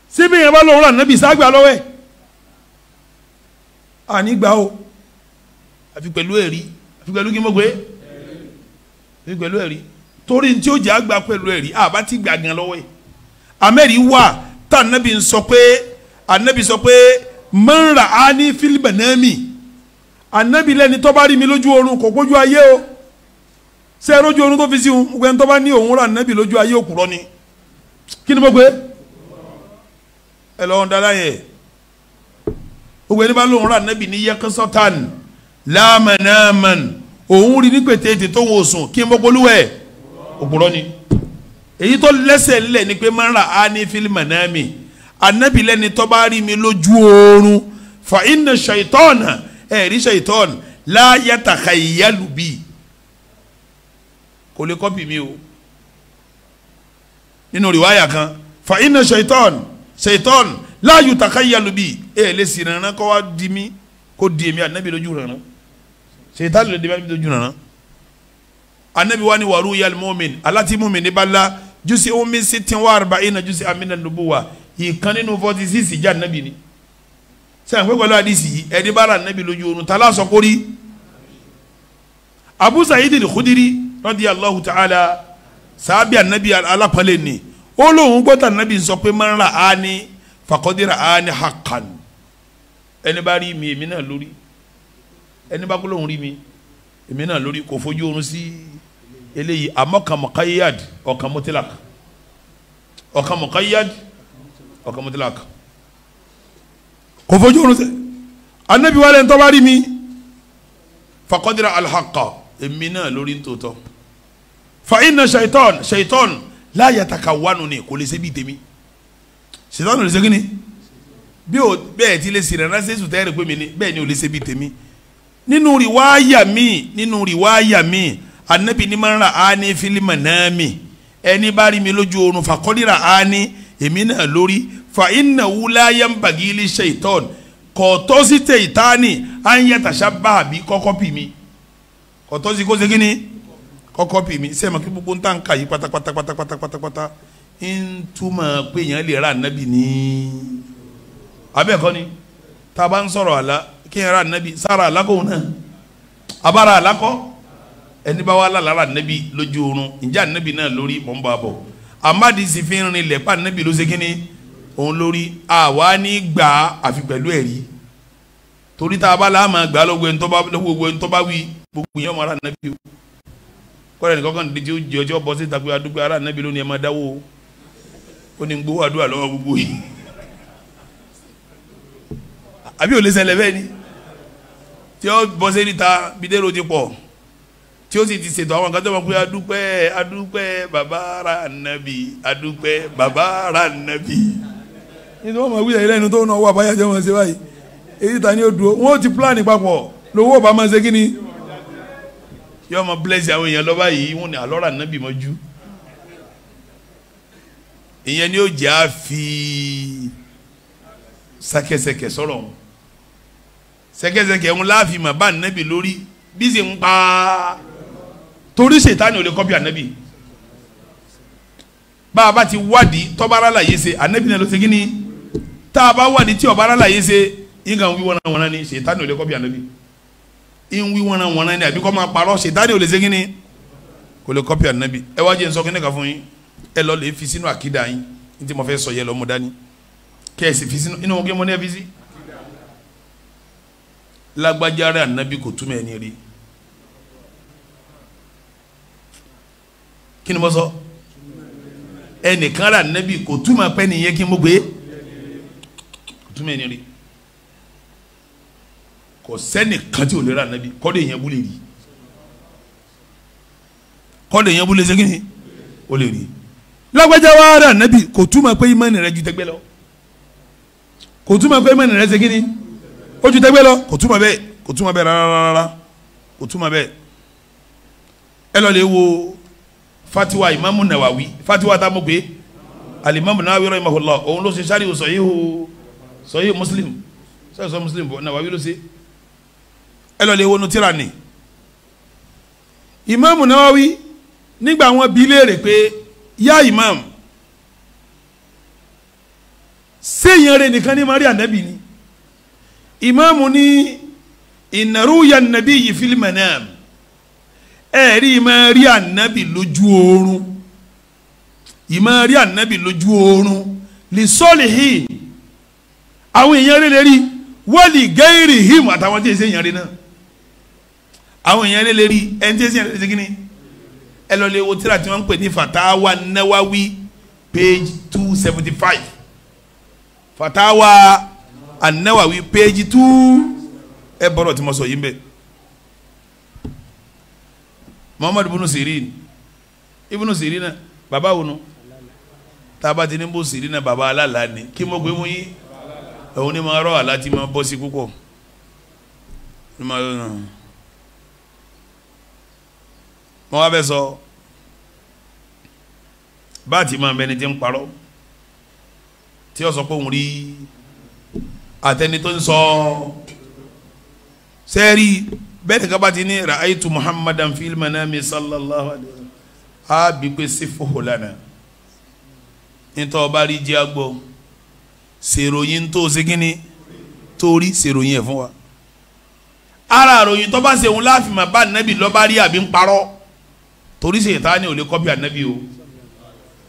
síbi yẹn bá lóun rà nàbì ságbà lọ́wọ́ ẹ̀ ànígbà o àfi pẹ̀lú ẹ̀rí àfi pẹ̀lú kí n mọ̀ pé àfi pẹ̀lú ẹ̀rí torí tí ó jẹ́ àgbà pẹ̀lú ẹ̀rí àbá ti gbà gan lọ́wọ́ ẹ̀ amẹ́rì wà tá ànábì ń sọ pé ànábì sọ pé mọ́nra á ní fílíbẹ̀ náà mì ànábì lẹ́ni tó bá rí mi lójú oorun kò gbójú ayé o ṣé ẹ lójú oorun tó fi sí òun gbẹ́ni tó bá ní òun rà ànábì lójú ayé òkúrọ́ ni kí ni mo gbé ẹ lọ́wọ́n dára yẹ gbogbo ẹni bá lóun rà nẹ́bì ní yẹ́kẹ́sọ́tàn láàmànàmàn òun rí ní pété ètè tó wọ́n sùn kí n bọ́ polúwẹ̀ òpùrọ́ ni èyí tó lẹ́sẹ̀ ńlẹ̀ ni pé máa ń ra á ní fílímù náà mi ànábì lẹ́ni tó bá rí mi lójú oorun fa inna ṣàìtọ́ọ̀nà ẹ̀rí ṣàìtọ́ọ̀nà láàyè tàkà ìyálùbí kò lè kọ́pì mi o nínú rìwáyà kan fa inna ṣàìtọ́ọ̀nà seitan láàyò takayyalu bi ẹ ẹ lè sì rànán kọ́ wa di mí kó di èmi ànábì lójú rànán seitan lè di èmi lójú rànán ànábì wa ni wàrú yal mu'min aláti mu'min ní bala jusi omi si tin wa arba'ina jusi amina nubuwa ìkan nínú forty six ìjà ànábì ni sẹ́yìn pé pẹ̀lú àdìsí yìí ẹ̀dí bá rà ànábì lójú oorun tálá sọ kórí abu sa'id al-khudiri radiyallahu ta'ala sábẹ́ ànábì alápọ̀lẹ́ ni ó lóun gbọ́tà nàbì sọ pé máa ń ra àání fàkọ́dìrà àání hakan ẹni bá rí mi èmi náà lórí ẹni bá kó lóun rí mi èmi náà lórí kò fojú oorun sí eléyìí àmọ́ kàmọ́káyád ọ̀kan mọ́tìlák kò fojú oorun sí anabi wa lẹ́nu tó bá rí mi fàkọ́dìrà alhaqa èmi náà lórí ń tòótọ́ fa iná ṣaitan ṣaitan láàyè àtàkà wánu ni kò lè ṣe bí tèmi sèdánù lè ṣe kí ni bí o bẹ́ẹ̀ ti lè ṣe rẹ̀ ránṣẹ́ sùn tẹ́rẹ̀ pé ni bẹ́ẹ̀ ni o lè ṣe bí tèmi nínú rìwáyà mi nínú rìwáyà mi anabi ni máa ra ani fílímù náà mi ẹni bá rí mi lójú oorun fàkọ́lìrà ani èmi náà lórí fa iná wúláyà ń bàgí ilé ṣèitán kò tó sí tẹ̀ ìtaani à ń yẹ kọ́kọ́ pì mí kò kó ṣe ni kọ́kọ́ pè mí sẹ́mi kí gbogbo ń tà ń kà yí pátápátá pátápátá pátápátá ń túmọ̀ pé yẹn lè ra ànábì ní. abẹ́ẹ̀kọ́ ni tá a bá ń sọ̀rọ̀ àlá kí yẹn ra ànábì sára àlákòun náà abára àlákọ́ ẹni bá wà lára ànábì lójú oorun ǹjẹ́ ànábì náà lórí mọ̀ ń bá a bọ̀ amadisi fi ń rin lẹ́pà ànábì ló ṣe kínní òun lórí àwa ní gbà àfi pẹ̀lú ẹ̀rí torí tá a bá láàmà gbà lọ́gbẹ̀ẹ́ ń tọ́ bá wí gbogbo yẹn mọ̀ ara ànábì o kọ́lẹ̀ nìkan kan dídí ojú ọjọ́ bọ́ síta pé adúgbò ara nàbí lónìí ẹ̀ máa dáwó ó ní gbowó àdúrà lọ́wọ́ gbogbo yìí àbí ò lè ṣẹlẹ̀ bẹ́ẹ̀ ni tí ó bọ́ sí níta bídérò ti pọ̀ tí ó sì ti ṣètò àwọn nǹkan tó máa pé adúpẹ́ adúpẹ́ bàbá ara nàbí adúpẹ́ bàbá ara nàbí nítorí wọn máa wí ẹ̀yìn lẹ́nu tó ń náwó àbáyájọ́ máa ṣe báyìí èyí ta ni ó dúró wọn ti pílánì yọ ọmọ bless àwọn èèyàn lọ́ba yìí won ni àlọ́ra nàbì mọ́jú ìyẹn ni ó jẹ́ àfi sẹ́kẹsẹkẹ sọ̀rọ̀ wọn sẹ́kẹsẹkẹ wọn láàfin mà bá nàbì lórí bí sì ń pa torí ṣètánì ò lè kọ́pì ànábì bá a bá ti wádìí tọ́bárà láyé ṣe ànábì náà ló ṣe kí ni tá a bá wádìí tí ọ̀bárà láyé ṣe yín kan wíwọ́n náà wọ́n náà ni ṣètánì ò lè kọ́pì ànábì ń wí wọ́nra wọ́nra ni àbí kọ́ máa parọ́ ṣètánì ò lè ṣe kínní kò lè kọ́pì ànábì ẹ wá jẹ́ nsọ kínní kan fún yín ẹ lọ lè fi sínú àkídà yín ní tí mo fẹ́ sọ yẹ lọ mo dání kẹ́ ẹ sì fi sínú inú wọn kí mo ní ẹ fi sí. lágbájá ànábì kò túmọ̀ ẹni rí kí ni mo sọ ẹnìkan rẹ ànábì kò túmọ̀ pẹ́ nìyẹn kí mo gbé kò túmọ̀ ẹni rí kò sẹ́ni kan tí ò lè ra nàbí kọ́dé yẹn bú lè rí kọ́dé yẹn bú lè segin ni ó lè rí lágbájá wa ra nàbí kò túmọ̀ pé ìmánì rẹ ju tẹgbẹ́ lọ kò túmọ̀ pé ìmánì rẹ segin ni ó ju tẹgbẹ́ lọ kò túmọ̀ bẹ́ẹ̀ kò túmọ̀ bẹ́ẹ̀ rárá kò túmọ̀ bẹ́ẹ̀ ẹ lọ lè wo fatiwa imamu nawawi fatiwa tá a mọ̀ pé alimamu nawawi rahimahullah òun ló ṣe sáré o sọ yìí o sọ yìí muslim sọ yìí sọ muslim bọ̀ nawawi ló ṣe ẹ lọ lè wọnú tíra ni Imam Nawawi nígbà wọn bi léèrè pé yá imam séyìn rẹ nìkan ní maria nabi ni imam ní ìnàrúyà nabi yìí fílímù náà ẹ rí maria nabi lójú oorun imaria nabi lójú oorun lìsọ́lìhìn àwọn èèyàn rẹ lè rí wọ́ọ̀lì gẹ́rì him àtàwọn tí èsì èèyàn rẹ náà àwọn èèyàn lè rí ẹni tí ẹ sì ẹ ṣe kí ni ẹ lọ lè wo tíra tí wọ́n ń pè ní fatawa nawawi page two seventy five fatawa anawawi page two ẹ bọ̀rọ̀ tí mo sọ yìí ń bẹ̀ muhammadu bunu sirin ibunu sirin na baba wo no taba ti ni bo sirin na baba alala ni kí mo gbé mu yín òun ni mo rọ àlá tí mo bọ́ sí púpọ̀ ni mo rọ náà wọ́n wá fẹ́ sọ báàtì máa bẹni tí ń parọ́ tí ó sọ pé òun rí àtẹni tó ń sọ sẹ́ẹ̀rì bẹ́ẹ̀ ni kábàtì ní ra'aytu muhammadan fil manami sallallahu alayhi wa sallam á bí pé sífòhò lánàá nítorí ọba rí jẹ́ àgbọ̀ ṣèròyìn tó ṣe kínní torí ṣèròyìn ẹ̀ fún wa ara àròyìn tó bá ṣe òun láàfin mà bá nàbì lọ́ba rí àbí ń parọ́ torí Sàtánì ò lè kọ́pì ànábì o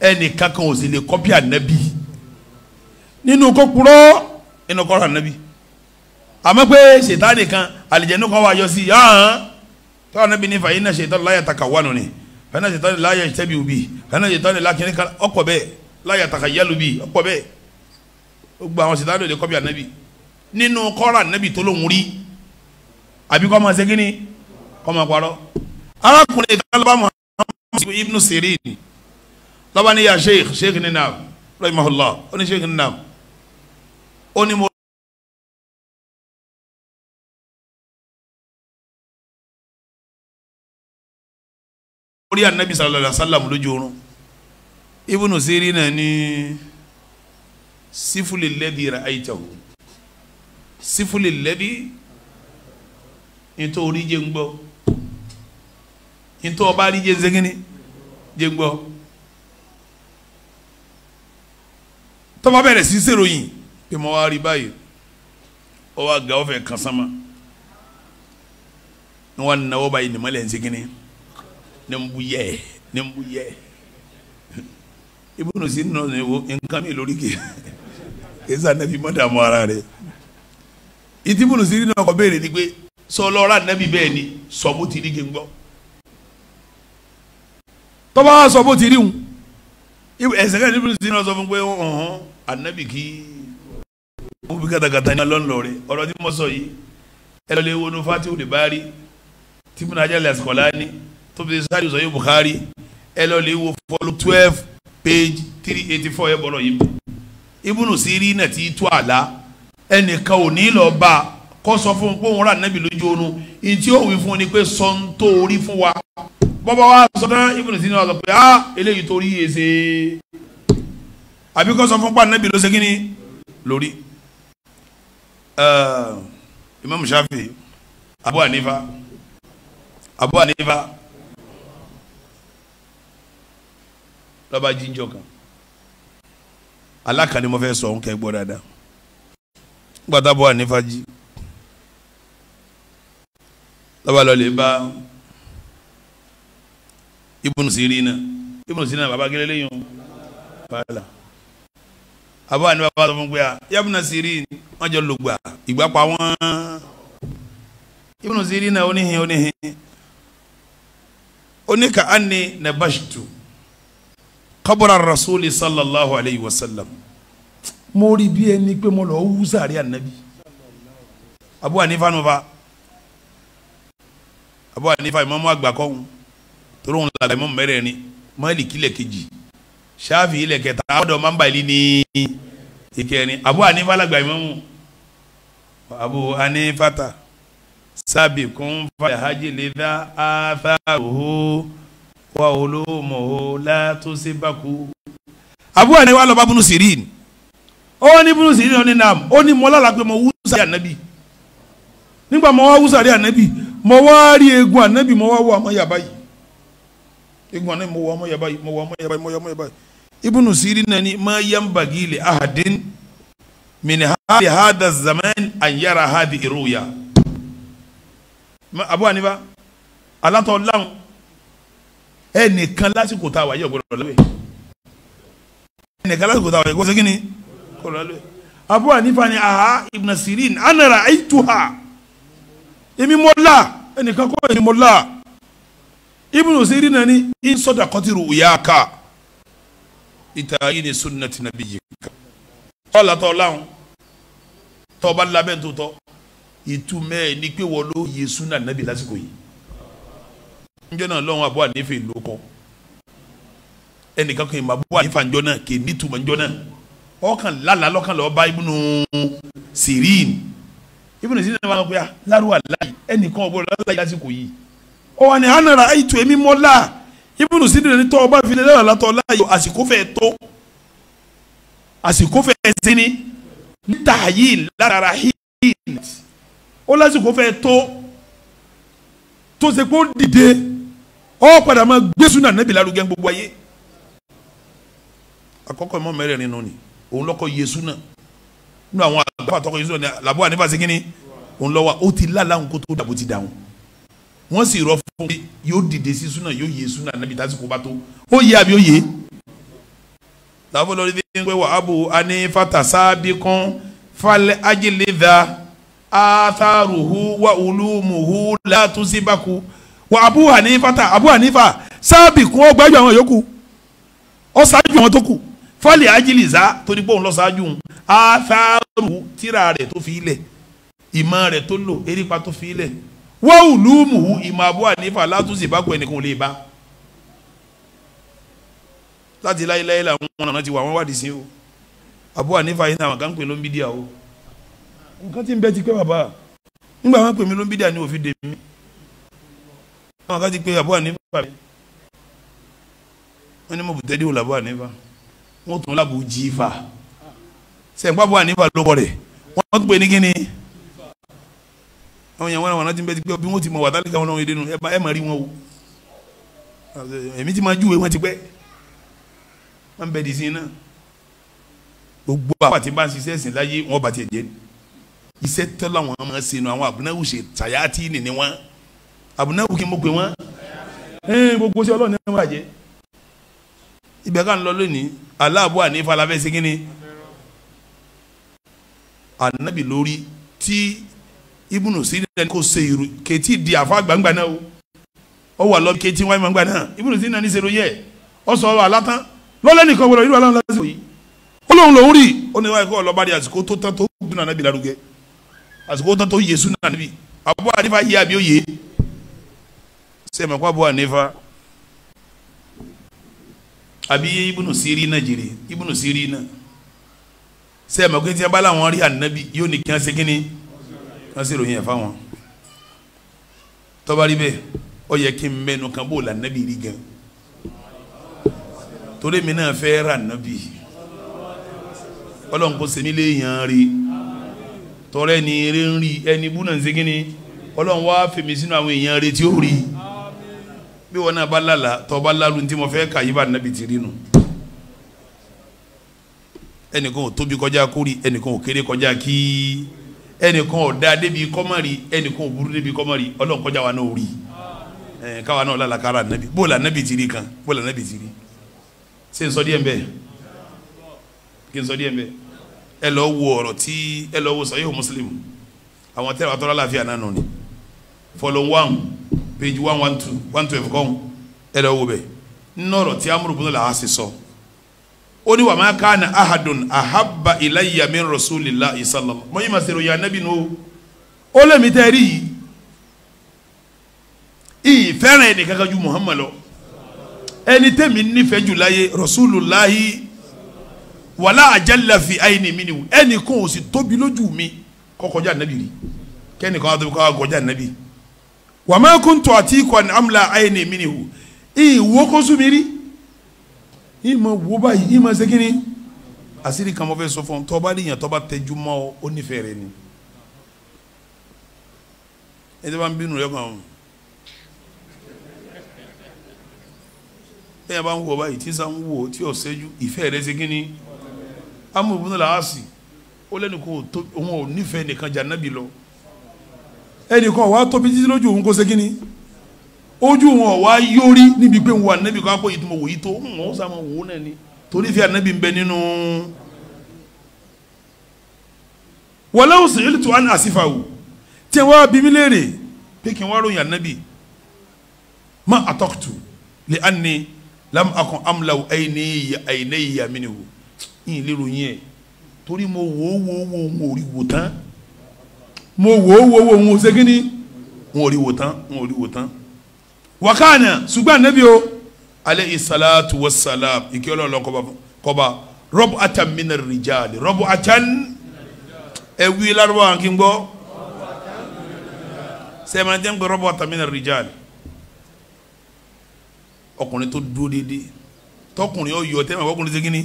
ẹnì kankan ò sì lè kọ́pì ànábì nínú kó purọ́ inú kọ́ra ànábì àmọ́ pé Sàtánì kan àlìjẹ́nu kan wà yọ sí yàn tọ́ ànábì ní fàyín náà Sàtánì láyà takà wà nù ni fàyín náà Sàtánì láyà tẹ́bi òbí fàyín náà Sàtánì lákìnrin kan ọkọ̀ bẹ́ẹ̀ láyà takà yálù bí ọkọ̀ bẹ́ẹ̀ gbogbo àwọn Sàtánì ò lè kọ́pì ànábì nínú kọ́ra ànábì tó lóhùn rí àbí kọ́ máa ṣe kíni kọ́ máa parọ́ arákùnrin ìkàlọ́ bá mọ̀ hasbu ibnu sirin lọ́ba ní ya sheikh sheikh ní naam rahimahullah ó ní sheikh ní naam ó ní mo. orí anabi sallallahu alaihi wa sallam lójú oorun ibnu sirin náà ní sífúlì lẹ́bi ra àyíjáwó sífúlì lẹ́bi nítorí jẹ́ ń gbọ́ nítorí ọba rí ń zẹ́gínní jẹ́ ń gbọ́ tó bá bẹ̀rẹ̀ sí sèròyìn pé mo wá rí báyìí ó wá ga ọ̀fẹ́ kan sánmà ní wọ́n náwó báyìí ní mọ́lẹ̀ ń segin ní ní ń bu yẹ ní ń yẹ ibùdó sí nínú nǹkan mi lórí kì í sá nẹ́bí mọ́dàmú ara rẹ̀ ìtìbùdó sí nínú ọkọ̀ béèrè ni pé sọ lọ́ra bẹ́ẹ̀ ni sọ ti rí kí n gbọ́ tọ́ba wa sọ bó ti rí wọn ẹsẹ̀ kan níbi tí wọ́n sọ fún pé ọ̀hún ànábì kí wọ́n fi kàtàkàtà ní ọlọ́ọ̀lọ́ọ̀rẹ́ ọ̀rọ̀ tí mo sọ yìí ẹ lọ́ọ́ lè wọnú fatihu lè bá rí tìmúnà ajálẹ̀ Askolani tó fi sáré sọ yóò Bukhari ẹ lọ́ọ́ lè wọ fọlọ́ twelve page three eighty four ẹ bọ̀rọ̀ yìí ibùnú sírí náà ti tú àlá ẹnìkan ò ní lọ bá kó sọ fún pé òun rà nábì lójú oorun ìtí ó wí fún ni pé sọ ń tó orí fún wa bọ́bá wa sọ tán ibùdó sínú ọ̀sọ̀ pé ah eléyìí torí èsè àbí kò sọ fún pàdé nàbì ló ṣe kíni lórí eh, imam shafi abu hanifa abu hanifa lọ́ba jíjọ kan alákàní mo fẹ́ sọ òun kẹ́ dáadáa gbàtà abu hanifa jí lọ́ba lọ́ọ́ lè bá. Ibn Sirina Ibn Sirina baba gẹlẹ lẹ́yìn wàhálà àbá ni baba sọ fún pé ah, yabuna Sirin wọn jọ lògbà ìgbà pa wọn Ibn Sirina oníhin oníhin oníka ani nabashitu qabra rasuli sallallahu alayhi wa sallam mo rí bí ẹni pé mo lọ wú sàárẹ̀ ànábì Abu Hanifa nufa Abu Hanifa ìmọ̀mọ́ àgbà kọ́hún toro ń lalẹ mọ mẹrẹẹrin Málíkì lẹ kejì Ṣáfi'í lẹ kẹta ọdọ mambali ní ìkẹrin Abu Hanifa alàgbà ìmọ̀mù Abu Hanifata sábì kún fàyàhájì lẹ́dá àfàròhó wà olómòhó látòsíbàkú. Abu Hanifa lọ bá Ibn Sirin ó ní Ibn Sirin ó ní nam ó ní mọ́lá pé mo wú sáré ànábì nígbà mo wá wú sáré ànábì mo wá rí eegun ànábì mo wá wọ àmọ́ yàbá igbọn ni mo wọ ọmọ yẹ báyìí mo wọ ọmọ yẹ báyìí mo wọ ọmọ yẹ báyìí ibùnú sírí nani máa yẹ ń lè ahadin mini hali hada zaman an yara hadi iruya abu aniba alatọ lahun ẹ nìkan lásìkò tá a wà yẹ gbọ́dọ̀ lọwẹ ẹ nìkan lásìkò tá a wà yẹ gbọ́dọ̀ segin ni abu aniba ni aha ibùnú sírí anara ayituha èmi mọ la ẹnìkan kọ́ èmi mọ ibnu siri nani in sadaqati ru'yaka itayini sunnati nabiyyika ọlà tó láwọn tó bá labẹn tó tọ ìtumọ̀ ni pé wọ́n ló yẹ sunna nabi lásìkò yìí njẹ́ náà lọ́wọ́ àbọ̀ ànífẹ́ ló kọ́ ẹnìkan kan ìmọ̀ àbọ̀ ànífà njọ́ náà kì í nítumọ̀ njọ́ náà ọkàn lálàá lọ́kàn lọ́ọ́ bá ibnu sirin ibnu sirin náà wà lọ́kọ́ yà ah, lárúwà láyé ẹnìkan ọ̀bọ̀ lọ́ọ́ ọwọ́ ni anara ayitu èmi mọ́lá ibùdó sídìrì ní tọ́ ọba ìfilẹ̀ lẹ́yìn látọ̀ láàyò àsìkò fẹ́ tó àsìkò fẹ́ sini níta yìí lára yìí ó lásìkò fẹ́ tó tó ṣe kó dìde ọ padà máa gbé súnà nẹ́bí lárugẹ gbogbo ayé àkọ́kọ́ ìmọ̀ mẹ́rẹ̀ẹ̀rin nù ni òun lọ́kọ́ yé súnà nínú àwọn àgbà àtọ́kọ̀ yé súnà làbọ̀ àníbàṣẹ́kínní òun lọ́wọ́ ó ti lálàá òun tó dàbò ti dà wọ́n sì rọ fún pé yóò dìde sí súnà yóò yé súnà nàbí tásìkò bá tó ó yé àbí ó yé láfọlọ́rí dé ń pẹ́ wà ábò ani fatasábì kan falẹ̀ ajílẹ̀dà atharuhu wa ulumuhu látúnṣíbàkú wa abu hanifa ta abu hanifa sábì kún ó gbájú àwọn yòókù ó ṣáájú àwọn tó kù falẹ̀ ajílẹ̀dà torí pé òun lọ ṣáájú òun atharuhu tíra rẹ̀ tó fi ilẹ̀ ìmọ̀ rẹ̀ tó lò erípa tó fi ilẹ̀ wọ́ọ̀lùmù ìmọ̀ Abu Hanifa látúnṣe ìbákùn ẹnìkan lè bá láti láéláé làwọn ọ̀nà ti wà wọ́n wádìí sí o Abu Hanifa yìí náà kàn pè ló ń bí díà o nǹkan tí ń bẹ ti pé bàbá nígbà wọn pè mí ló ń bí díà ní òfin dèmí wọn kàn ti pé Abu Hanifa mi wọn ní mo bù tẹ́lẹ̀ wò làbọ̀ Hanifa wọn tún làbò jí fa sẹ̀ ń pa Abu Hanifa ló kọ́ rẹ̀ wọ́n tún pè ní kíni àwọn yẹn wọn àwọn anájú bẹ ti pẹ́ bí wọ́n ti mọ wàtálí káwọn náà dénú ẹ má rí wọn o èmi ti máa júwe wọn ti pẹ́ wọn bẹ dìsín náà gbogbo àwọn àti bá ń ṣiṣẹ́ ẹ̀sìn láyé wọn bàtì ẹ̀jẹ̀ iṣẹ́ tẹ́ làwọn máa ń ṣe nu àwọn àbúnáwò ṣe tàyàtì nìní wọn àbúnáwò kí n mọ̀ pé wọn gbogbo ṣe ọlọ́ọ̀ni ẹ̀ máa jẹ́ ká ń lọ lónìí aláàbò ànífà la fẹ́ ṣe kí lórí tí ibùnú sí ní kò ṣe irú kẹtì di àfa gbangba náà o ọ wà lọ kẹtì wáyé gbangba náà ibùnú sí ní ṣe ló yẹ ọ sọ ọ alátán lọ́lẹ́ nìkan wọlé irú aláwọ̀ lásìkò yìí ó lóun lòún rí ó ní wáyé kó ọlọ́ba rí àsìkò tó tán tó dùn ànábì lárugẹ àsìkò tó tán tó yé sún ànábì àbúrò ànífà yé àbí ó yé sẹ́mi àbúrò ànífà àbí ibùnú sí rí náà jèrè ibùnú sí rí náà sẹ́mi àpá kí wọ́n sì ròyìn ẹ̀ fáwọn tọ́ba rí bẹ́ẹ̀ ó yẹ kí n mẹ́nu kan bó la nàbì rí gan torí mi náà fẹ́ ra nàbì ọlọ́run kò sẹ́ni lè yàn rí tọ́rẹ́ ni eré ń rí ẹni bú náà ń segin ni ọlọ́run wá fèmí sínú àwọn èèyàn rẹ̀ tí ó rí bí wọn náà bá lálàá tọ́ bá lálù tí mo fẹ́ kà yí bá nàbì ti rí nu ẹnìkan ò tóbi kọjá kórì ẹnìkan ò kéré kọjá kí ẹnìkan ò da débi kọ́mọ̀rì ẹnìkan ò burú débi kọ́mọ̀rì ọlọ́run kọjá wa náà rí ẹ káwa náà lálàkàrà nàbì bó la nàbì ti rí kan bó la nàbì ti rí ṣé n sọ díẹ̀ mbẹ́ kí n sọ díẹ̀ mbẹ́ ẹ lọ wo ọ̀rọ̀ tí ẹ lọ wo Sahih Muslim àwọn tẹ́lẹ̀ wàá tọ́lá láàfin àná nù ni follow one page one one two one twelve kọ́hún ẹ lọ wo bẹ́ẹ̀ nọ́ọ̀rọ̀ tí amúrùbùnú làá sì sọ. So ó ní wàmà kánà ahadun ahabba ilayya min rasulillahi sallallahu mọ yìí ma ṣe ròyìn anabi nù ó lè mi tẹ́ rí yìí ìyí fẹ́ràn ẹnì kankan ju muhammad lọ ẹni tẹ́mi nífẹ̀ẹ́ jù láyé rasulillahi wàlá àjálà fi àyìnì mi nìwò ẹnì kan ò sì tóbi lójú mi kọkọjá anabi rí kẹ́ni kan á tóbi kọ́ àgọ́jà anabi wàmà kuntu àti ikọ̀ àmì àmì àyìnì mi nìwò ìyí wọ́kọ́sùn mi rí ìmọ̀ wo báyìí ìmọ̀ ṣe kínní àṣírí kan mo fẹ́ sọ fún ọ tọ́ba lè yàn tọ́ba tẹjú mọ́ ọ ó nífẹ̀ẹ́ ni ẹ tẹ́ bá ń bínú rẹ kàn án bẹ́ẹ̀ bá ń wọ báyìí tí sáà ń wò tí ò ṣẹ́jú ìfẹ́ rẹ ṣe kínní amúhùn la á sì ó lẹ́nu kó òun ò nífẹ̀ẹ́ nìkan jà nábì lọ ẹnì kan wàá tóbi títí lójú òun kó ṣe ojú wọn wá yórí níbi pé wọn ànábì kọ́ àpò ìtumọ̀ wòyí tó ń wọ́n sàmọ̀ wò náà ni torí fi ànábì ń bẹ nínú. wọlé òsè yóò tó àná àsìfà wò tí wọn bí mi léèrè pé kí n wá ròyìn ànábì má àtọ́kùtù lè á ní lam akun amlaw ayiné ayiné yamini wò yìnyín lérò yín ẹ torí mo wò ó wò ó wò ó ń orí wò tán mo wò ó wò ó wò ó ń segin ni ń orí wò tán ń orí wò tán wakana ṣùgbọ́n anabi o alayhi salatu wa salam ike ọlọ́run kọba kọba rọ́bù atan mina rijali rọ́bù atan ẹ wí lárúbọ̀ hàn kí n gbọ́ sẹ́mìnà atan mina rijali ọkùnrin tó dúró déédéé tọkùnrin ó yọ tẹ́lẹ̀ ọkùnrin ṣe kíni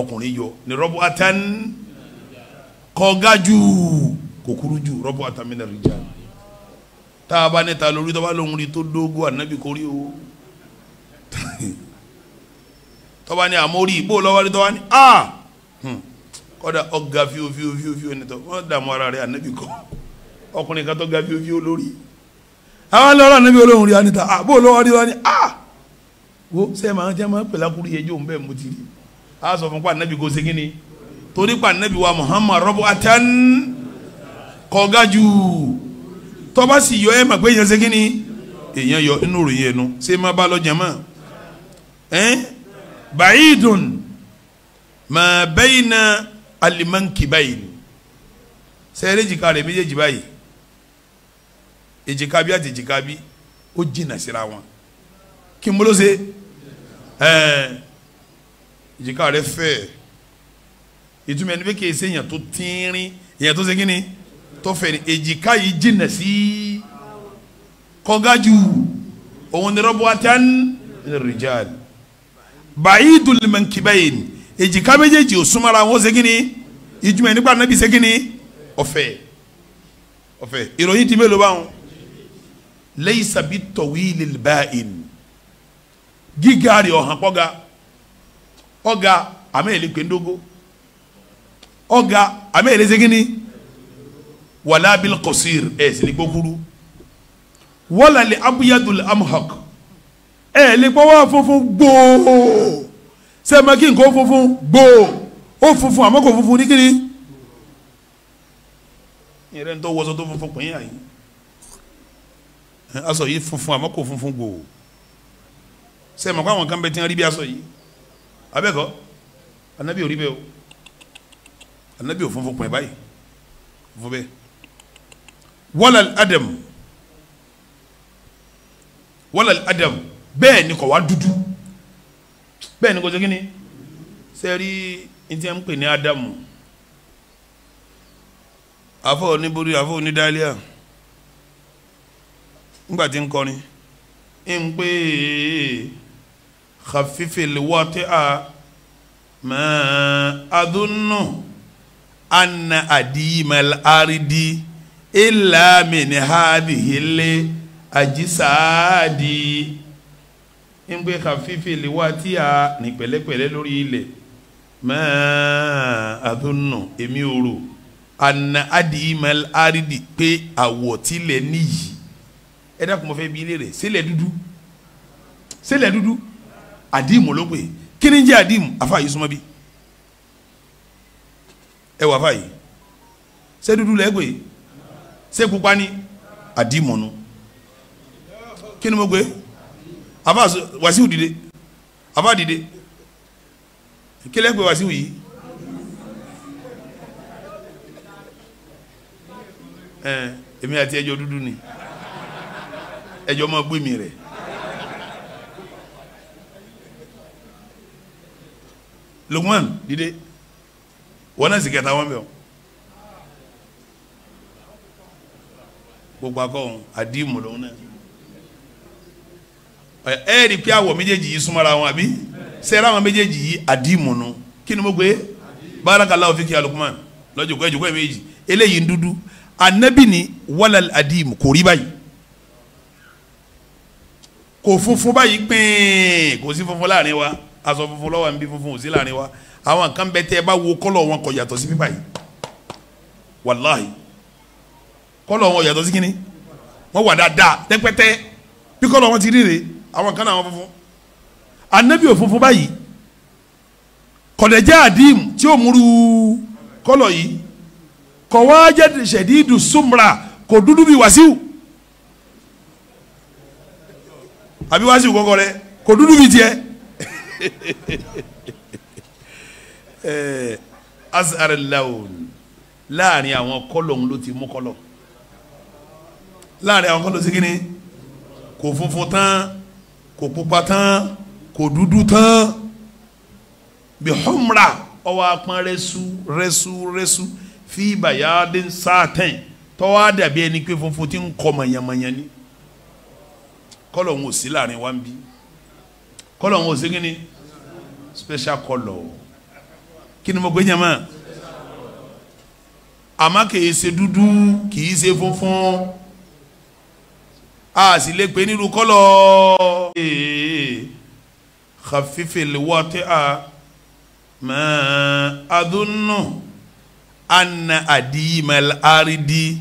ọkùnrin yọ ni rọ́bù atan kọ̀ọ̀gá jù kòkúrú jù rọ́bù atan mina rijali tá a bá níta lórí tó bá lóhun rí tó dógó ànábì kò o tó bá ní àmórí ìbò lọ́wọ́ rí tó bá ní a hmm. kọ́dà ọ̀gá fíó fíó fíó fíó nìtọ́ wọ́n dààmú ara rẹ̀ ànábì kọ́ ọkùnrin kan tó ga fíó fíó lórí àwọn lọ́rọ̀ ànábì olóhùn rí anita àbò lọ́wọ́ rí wa ní a wo sẹ́yìn máa ń jẹ́ máa ń pèlá kúrú yẹjọ́ ń bẹ́ẹ̀ mú ti a sọ fún pa ànábì kò segin ni torí pa ànábì wa Muhammad rọ́bù àtẹ́n kọ́gájú tọ́ba sì yọ ẹ mà pé èèyàn ṣe kí ni èèyàn yọ inú ròyìn ẹnu ṣé má bá lọ jẹmọ́ ẹn bàyídùn mà bẹ́yìn na alimanki báyìí sẹ́yìn èjìká rẹ̀ méjèèjì báyìí èjìká bí àti èjìká bí ó jìnnà síra wọn kí n bolo ṣe ẹn èjìká rẹ̀ fẹ́ẹ́ ìtumọ̀ ẹni pé kì í ṣe èèyàn tó tínrín èèyàn tó ṣe kí ni tó ejika èjìká yìí jìnà sí kọ́gájú òun ni rọ́bùwátán rìjàl ba'idul mankibayn èjìká méjèèjì ò súnmọ́ra wọn ṣe kíni ìjùmọ̀ nípa nàbí ṣe kíni ọ̀fẹ́ ọ̀fẹ́ ìròyìn ti mélòó báwọn laysa bit-tawilil ba'in gíga rẹ̀ ọ̀hàn kọ́ga ọ̀ga àmì èlé gbẹ̀ndógó ọ̀ga àmì èlé wàlá bil qasir ẹ̀ sì ní gbókúrú wàlá lè abuyadul amhak ẹ̀ lè gbọ́wọ́ funfun gbòò sẹ́ẹ̀mẹ́kì nǹkan funfun gbòò ó funfun àmọ́ kò funfun ní kiri ìrẹ́ ń tó wọ́sọ tó funfun pín yàn yìí aṣọ yìí funfun àmọ́ kò funfun gbòò sẹ́ẹ̀mọ̀ kó kan bẹ tí wọ́n rí bí aṣọ yìí anabi ò rí o anabi ò funfun pín báyìí funfun bẹ́ẹ̀ wọ́lẹ̀l adam wọ́lẹ̀l adam bẹ́ẹ̀ ni kò wá dúdú bẹ́ẹ̀ ni kò sẹ́kínni sẹ́rí ntí wọ́n ń pè ní adamu afọ oníborí afọ onídàálíà ńgbà tí ń kọrin ń pè é khafifil wati'a ma adunnu anna adimal aridi illa min hadhihi li ajisadi ń gbé kàfífì lèwà tí a ní pẹ̀lẹ́pẹ̀lẹ́ lórí ilẹ̀ máa àdúnnù èmi òru àna adìmẹ́l àrídì pé àwọ̀ tilẹ̀ níyì ẹ dákun mo fẹ́ bí ilé rẹ̀ sílẹ̀ dúdú sílẹ̀ dúdú àdìmù ló pè kí ni àdìmù afa yìí súnmọ́ bí ẹ wà afa yìí sẹ́dúdú lẹ́gbẹ̀ẹ́ ṣé pupa ni àdìmọ̀nù kí ni mo gbé àbá wàsíù dìde àbá dìde kí lẹ́ pé wàsíù yìí ẹ èmi àti ẹjọ́ dúdú ni ẹjọ́ máa gbé mi Lukman dìde wọn náà sì kẹta wọn o gbogbo akọ́hún àdìmù lòun náà ẹ ẹ rí i pé àwọ̀ méjèèjì yìí súnmọ́ra wọn àbí sẹ́ra àwọn méjèèjì yìí àdìmù nu kí ni mo gbé barakallahu fiki alukuman lọ́jọ́ kọ́ ẹ̀jọ̀kọ́ méjì eléyìí ń dúdú anabi ni wàlà àdìmù kò rí báyìí kò funfun báyìí pín kò sí funfun láàrin wa aṣọ funfun lọ́wọ́ ń funfun ò sí láàrin wa àwọn kan bẹ tẹ́ ẹ bá wo kọ́lọ̀ wọn kò yàtọ̀ sí bíbáyìí wàláhìí kọ́lọ̀ wọn yàtọ̀ sí kínní wọ́n wà dáadáa tẹ́pẹ́tẹ́ bí kọ́lọ̀ wọn ti rí rè àwọn kan náà wọn funfun anabi ò funfun báyìí kọ̀dẹ̀jẹ́ àdìm tí ó múru kọ́lọ̀ yìí kọ̀wájẹ́ ṣẹ̀dídù súnmùrà kò dúdú bíi wàsíù àbí wàsíù kọ́kọ́ rẹ kò dúdú bíi tiẹ̀ eh, azar lawn láàrin àwọn kọ́lọ̀ ti mú kọ́lọ̀ láàrin àwọn kan ló kí ni kò funfun tán kò pupa tán kò dúdú tán bí humra ọwọ́ apọn rẹ́sú rẹ́sú rẹ́sú fi bayáde sáàtẹ̀n tọ́wọ́ àdàbí ẹni pé funfun ti ń kọ mọ̀nyàmọ̀nyà ni kọ́lọ̀ ń wò sí láàrin wa ń bí kọ́lọ̀ ń wò sí kí ni special kọ́lọ̀ kí ni mo gbé nyàmá àmọ́ kì í ṣe dúdú kì í ṣe funfun a sì lè pè nílùú kọ́lọ̀ khafifil wati'a ma adunnu anna adimal aridi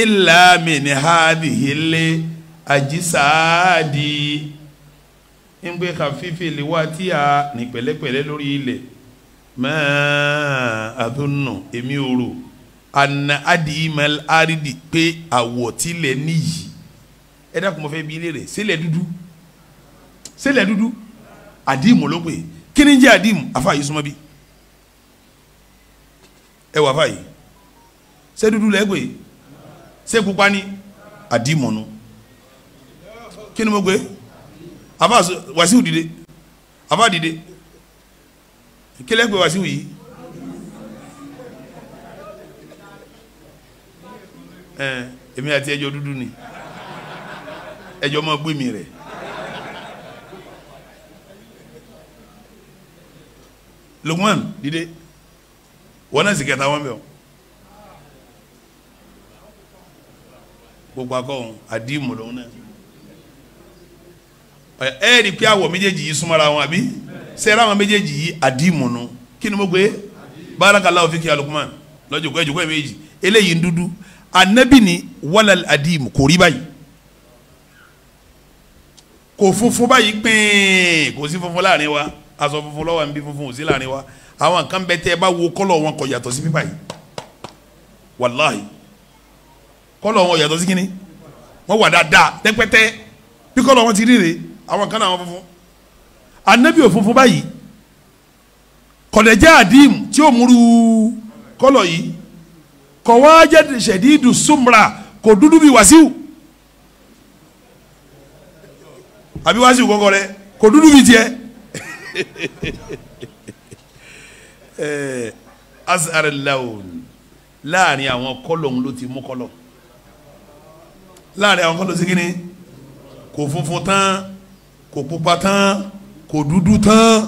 illa min hadihil ajisadi ń gbé khafifil wati'a ní pẹ̀lẹ́pẹ̀lẹ́ lórí ilẹ̀ ma adunnu èmi ò rò anna adimal pe pé àwọ̀ tilẹ̀ níyì ẹ dákun mo fẹ́ bi léèrè sílẹ̀ dúdú sílẹ̀ dúdú àdìmù ló pè kí ni jẹ́ àdìmù afa yìí súnmọ́ bí ẹ wà afa yìí ṣé dúdú lẹ́ pè ṣé pupa ni àdìmù nu kí ni mo gbé afa wàsíù dìde afa dìde kí pè wàsíù yìí. èmi àti ẹjọ dúdú ni ẹjọ́ máa gbé mi rẹ̀. Lukman dìde wọn náà sì kẹta wọn bẹ o gbogbo akọ ọhún adi mọlọhún náà ẹ ẹ rí pé àwọ méjèèjì yìí súnmọ́ra wọn àbí sẹ́ra àwọn méjèèjì yìí adi mọ̀nù kí ni mo gbé barakallahu fi kí Lukman lọ́jọ́ kọ́ ẹ̀jọ̀ kọ́ ẹ̀ méjì eléyìí ń dúdú anabi wàlẹ̀ adi kò rí báyìí kò funfun báyìí pín kò sí funfun láàrin wa aṣọ funfun lọ́wọ́ ń bí funfun ò sí láàrin wa àwọn nǹkan bẹ tẹ́ ẹ bá wo kọ́lọ̀ wọn kò yàtọ̀ sí bíbá yìí wàláhì kọ́lọ̀ wọn yàtọ̀ sí kínní wọ́n wà dáadáa tẹ́pẹ́tẹ́ bí kọ́lọ̀ wọn ti rí rèé àwọn nǹkan náà wọn funfun anabi ò funfun báyìí kọ̀dẹ̀jẹ́ àdìm tí ó múru kọ́lọ̀ yìí kọ̀wájẹ́ ṣẹ̀dídù súnmùrà kò dúdú bíi wàsíù àbí wá sí ìkọkọ rẹ kò dúdú bíi tiẹ̀ eh, azarilawo láàrin àwọn kọlọ̀ ń ló ti mú kọlọ̀ láàrin àwọn kọlọ̀ sí kínní kò funfun tán kò pupa tán kò dúdú tán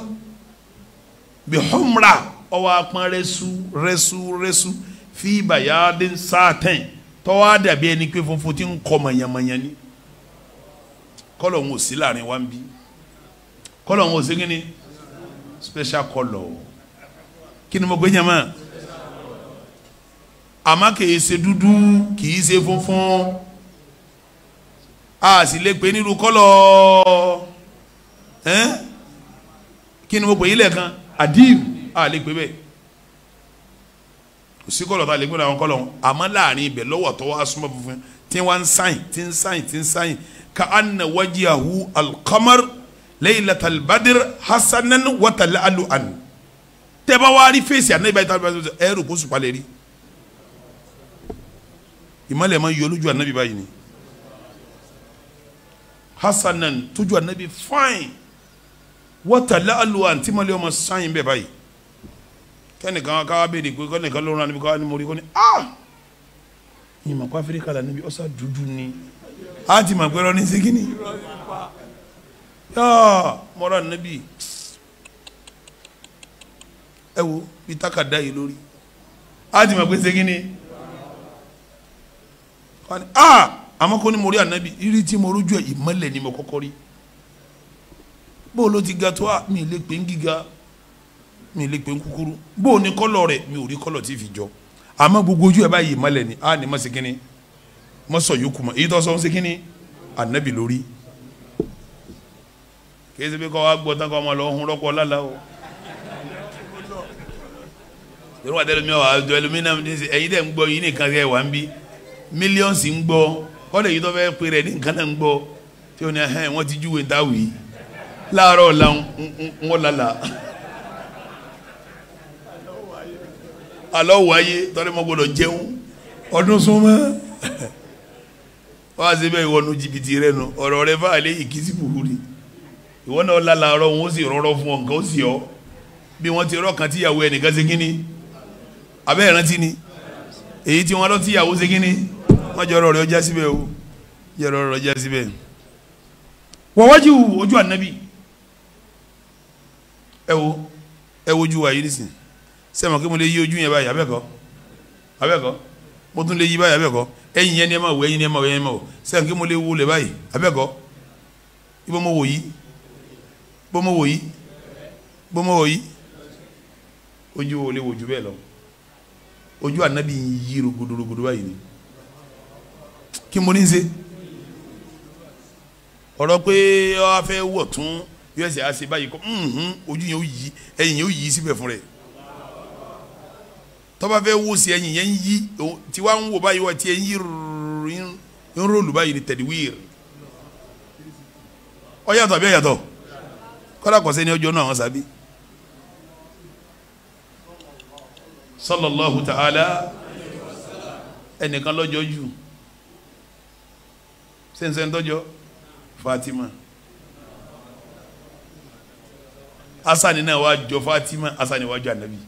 bí humra ọwọ́ apọ́n rẹ́sú rẹ́sú rẹ́sú fi bàyá dé sáà tẹ̀ tọ́wọ́ àdàbí ẹni pé funfun ti ń kọ mọ̀nyàmọ̀nyà ni kọ́lọ̀ ń wò sí láàrin wa ń bí kọ́lọ̀ ń wò sí kíni special kọ́lọ̀ kí ni mo gbé yẹn mọ́ àmọ́ kìí ṣe dúdú kìí ṣe funfun a sì lè pè nílùú kọ́lọ̀ ẹ́n kí ni mo pè yí lẹ́ẹ̀kan adib a lè pè bẹ́ẹ̀ kò sí kọ́lọ̀ tá a lè gbé láwọn kọ́lọ̀ àmọ́ láàrin ibẹ̀ lọ́wọ́ tó wá funfun tí wọ́n ń sáyìn tí ń sáyìn tí ń sáyìn ka anna wajiyahu alqamar laylatal badr hasanan watala alu an tẹ́bá wá rí fèsì anabi báyìí tàbí ẹ rò kó sùpà lè rí ìmọ̀lẹ̀ máa yọ lójú anabi báyìí ni hasanan tójú anabi fine watala alu an tí mọ̀lẹ́ ọmọ sáyìn bẹ́ẹ̀ báyìí kẹ́nìkan káwá bèèrè pé kọ́nìkan ló ń ra níbi káwá ni mo rí kọ́ni ah ìmọ̀ kó afirika la níbi ọ̀sà dúdú ni a ti mọ̀ pé rọ́ọ̀nì sí kínní yọ́ọ̀ mọ́rọ̀ níbí ẹ wo bí takada yìí lórí a ti mọ̀ pé sí kínní a àmọ́ kó ní mo rí ànábì rírí tí mo rójú ẹ̀ ìmọ́lẹ̀ ni mo kọ́kọ́ rí bó ló ti ga tó a mi lè pè ń gíga mi lè pè ń kúkúrú bó ní kọ́lọ̀ rẹ̀ mi ò rí kọ́lọ̀ tí fi jọ àmọ́ gbogbo ojú ẹ̀ báyìí ìmọ́lẹ̀ ni a ní mọ̀ sí kínní má sọ yòókù mọ́ èyí tó sọ ń ṣe kínní ànábì lórí kí ẹsẹ̀ bí kọ́ wa gbọ́ tán kọ́ ọmọ lọ hun rọ́pò ọ̀làlà o yorùbá wa tẹ́lẹ̀ mi wà jọ ẹlòmínà ẹ̀yin tẹ̀ ń gbọ́ yìí nìkan tẹ́ wà ń bí mílíọ̀nsì ń gbọ́ kọ́lẹ̀ yìí tó fẹ́ pè rẹ̀ ní nǹkan náà ń gbọ́ tí wọ́n ní ẹ̀hẹ́n wọ́n ti júwe ta wì í láàárọ̀ la ń wọ́n lálà alọ́ wáyé tọ́lẹ́mọ́ gbọ́dọ̀ jẹun ọdún súnmọ́. wọ́n á ṣe bẹ́ẹ̀ ìwọ nu jìbìtì rẹ nu ọ̀rọ̀ rẹ fà lé ìkísí buhuri ìwọ náà lálà ọ̀rọ̀ wọn ó sì rọrọ fún ọ nǹkan ó sì ọ bí wọ́n ti rọ́ọ̀kan tíyàwó ẹnìkan ṣe kínní abẹ́ ìrántí ni èyí tí wọ́n lọ tíyàwó ṣe kínní wọ́n jọ ọ̀rọ̀ rẹ ọjà síbẹ̀ o jọ ọ̀rọ̀ rẹ ọjà síbẹ̀. wọ́n wájú ojú ànábì ẹ wo ẹ wojú wa yìí nísìnyí sẹ́wọ̀n kí mo lè yí ojú yẹn báyìí abẹ́kọ̀ọ́ abẹ́kọ̀ọ́ mo tún lè yí báyìí abẹ́kọ̀ọ́ ẹ̀yin yẹn ní ẹ máa wò ẹ̀yin ní ẹ máa wò ẹ̀yin ní ẹ máa wò kí mo lè wo lè báyìí abẹ́kọ̀ ibo mo wò yìí bó mo wò yìí bó mo wò yìí ojú wo lè wò ju bẹ́ẹ̀ lọ ojú ànábì ń yí rògbòdòrògbòdò báyìí ni kí mo ní í ṣe ọ̀rọ̀ pé ọ fẹ́ wọ̀ tún yóò ṣe báyìí kọ́ hmm, hmm, ojú yẹn ó yí ẹ̀yìn yẹn ó yí síbẹ̀ fún rẹ̀ tọ́ba fẹ́ wò sí ẹ̀yìn yẹn ń yí tiwa ń wò báyìí wọ́n ti ẹ̀ ń yí ń rólù báyìí ní tẹ̀díwìr ó yàtọ̀ àbí ó kọ́lá kọ́sẹ́ ni ọjọ́ náà àwọn sábì. sallallahu ta'ala ẹnìkan lọ́jọ́ jù sẹ́nsẹ́n tọ́jọ́ Fatima asani náà wàá jọ Fatima asani wàá jọ anabi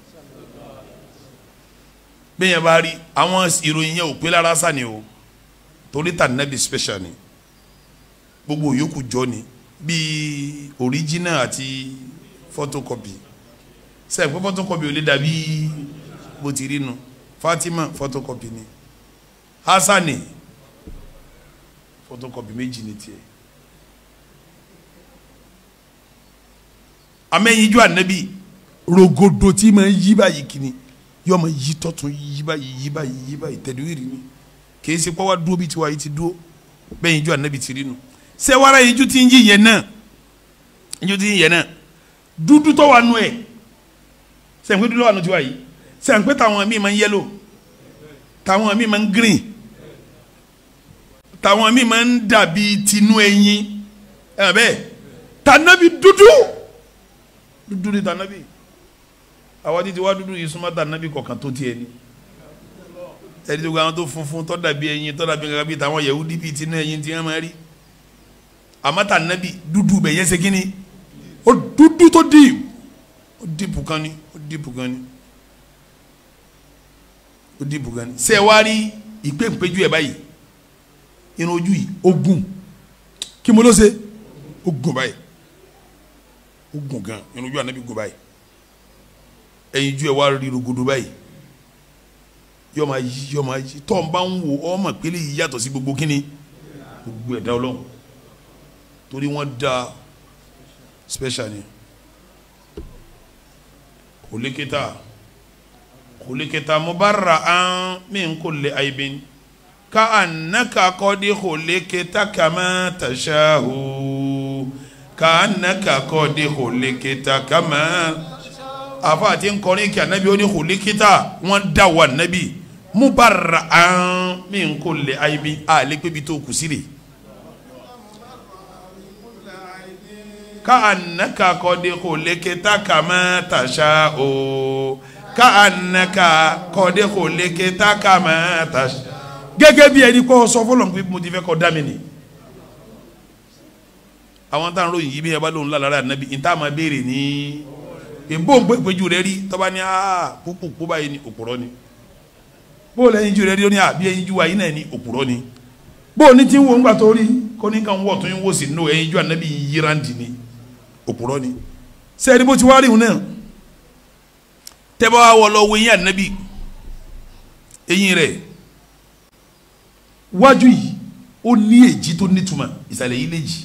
bẹ́ẹ̀ bá rí àwọn ìròyìn yẹn ò pé lára sani o torí ta nẹ́bi special ni gbogbo yòókù jọ ni bíi original àti photocopy sẹ́ẹ̀ pé photocopy ò lè dàbí bó ti rí nu Fatima photocopy ni Hasani photocopy méjì ni tiẹ̀. amẹ́yinjú ànábì rogodo tí ma ń yí báyìí kìíní yóò ma yí tọ̀tún yí báyìí yí báyìí yí báyìí tẹ̀dúwìrì ni kìí ṣe pọ́wá dúró bíi tiwa yìí ti dúró bẹ́ẹ̀ ìjọ ànábì ti rí nu ṣé wàrà ìjú ti ń yí yẹn náà ìjú ti ń yẹn náà dúdú tó wà nù ẹ̀ sẹ̀ǹpẹ́ dúdú wà nù tiwa yìí sẹ̀ǹpẹ́ táwọn míì máa ń yẹ́lò táwọn míì máa ń green táwọn míì máa ń dàbí tinú ẹyin ẹ̀ bẹ́ẹ̀ tànábì dúdú dúdú ni tànábì àwọn títí wá dúdú yìí súnmọ́tà nábì kọ̀ọ̀kan tó tiẹ̀ ni ẹni tó gba àwọn tó funfun tó dàbí ẹyin tó dàbí kankan bíi tàwọn Yẹhudi bíi tinú ẹyin tí wọ́n máa rí àmọ́tà nábì dúdú bẹ̀ yẹn ṣe kínní ó dúdú tó dìbò ó dìbò kan ni ó dìbò kan ni ó dìbò kan ni ṣé wá rí ìpéǹpéjú ẹ báyìí irun ojú yìí ó kí mo ló ṣe ó báyìí ó gan irun ojú ànábì gùn báyìí ẹyin ju ẹ wá rí rogodo báyìí yọ máa yí yọ máa yí tọ́ ń bá ń wò ọ́ mà pélé yìí yàtọ̀ sí gbogbo kíni gbogbo ẹ̀dá ọlọ́run torí wọ́n da special ni kò léketa kò léketa mubarra an min kulli aibin ka annaka qad khulikta kama tashahu ka annaka qad khulikta kama àfa àti nkọrin kí anabi ó ní kòlíkítà wọn dá wa anabi mubarra an mi n kò lè àyèmí àlẹ́ pé bi tó kù sílẹ̀. ka'annaka qad khuliqta kama tasha'u ka'annaka qad khuliqta kama tasha'u. gẹ́gẹ́ bí ẹni kọ́ sọ fọlọ́n pé mo ti fẹ́ kọ́ dá mi ni. àwọn táwọn ròyìn yìí bí ẹ bá lóun lára nàbí ìta máa béèrè ní èbó ń gbé ìpéjú rẹ rí tọ́ba ní aa kúkú kó báyìí ni òpùrọ́ ni bó lẹ́yìn ju rẹ rí ó ní àbí ẹyin ju ayé náà ni òpùrọ́ ni bó ní ti ń wo ńgbà tó rí kó ní kàn wọ̀ tó ń wò sí nù ẹyin ju ànábì yírandì ni òpùrọ́ ni sẹ́ni bó ti wá rí òun náà tẹ́bọ̀ wọ lọ wo eyín ànábì eyín rẹ̀ wájú yìí ó ní èjì tó nítumọ̀ ìsàlẹ̀ yìí lè jì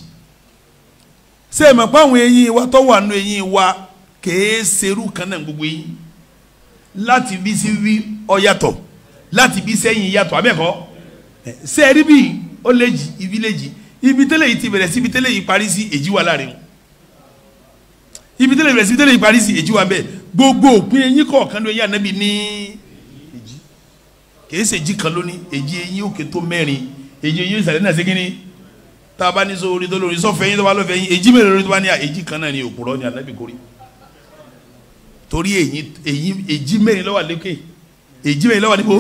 sẹ́ẹ̀mọ̀ pé eyín wa tọ́wọ́ àánú eyín wa kèé serú kan náà gbogbo yín láti bí sí wí ọ yàtọ̀ láti bí sẹ́yìn yàtọ̀ abẹ́kọ́ sẹ́ẹ̀rí bíi ó lè jì ibi lè jì ibi tẹ́lẹ̀ yìí ti bẹ̀rẹ̀ sí ibi tẹ́lẹ̀ yìí parí sí èjì wà láàrin ibi tẹ́lẹ̀ bẹ̀rẹ̀ sí ibi tẹ́lẹ̀ yìí parí sí èjì wà bẹ́ẹ̀ gbogbo òpin eyín kọ̀ọ̀kan ló yẹ ànábì ní èjì kèé sèjì kan lóní èjì eyín òkè tó mẹ́rin èjì eyín ìsàlẹ̀ náà ségin ní tá a bá ní sọ orí tó lórí sọ́fẹ̀yìn tó bá lọ́fẹ̀yìn èjì mẹ́rin lórí tó bá ní à èjì kan náà ní òpùrọ́ ní ànábì kórìí torí èyí èyí èjì mẹ́rin ló wà lókè èjì mẹ́rin ló wà níbo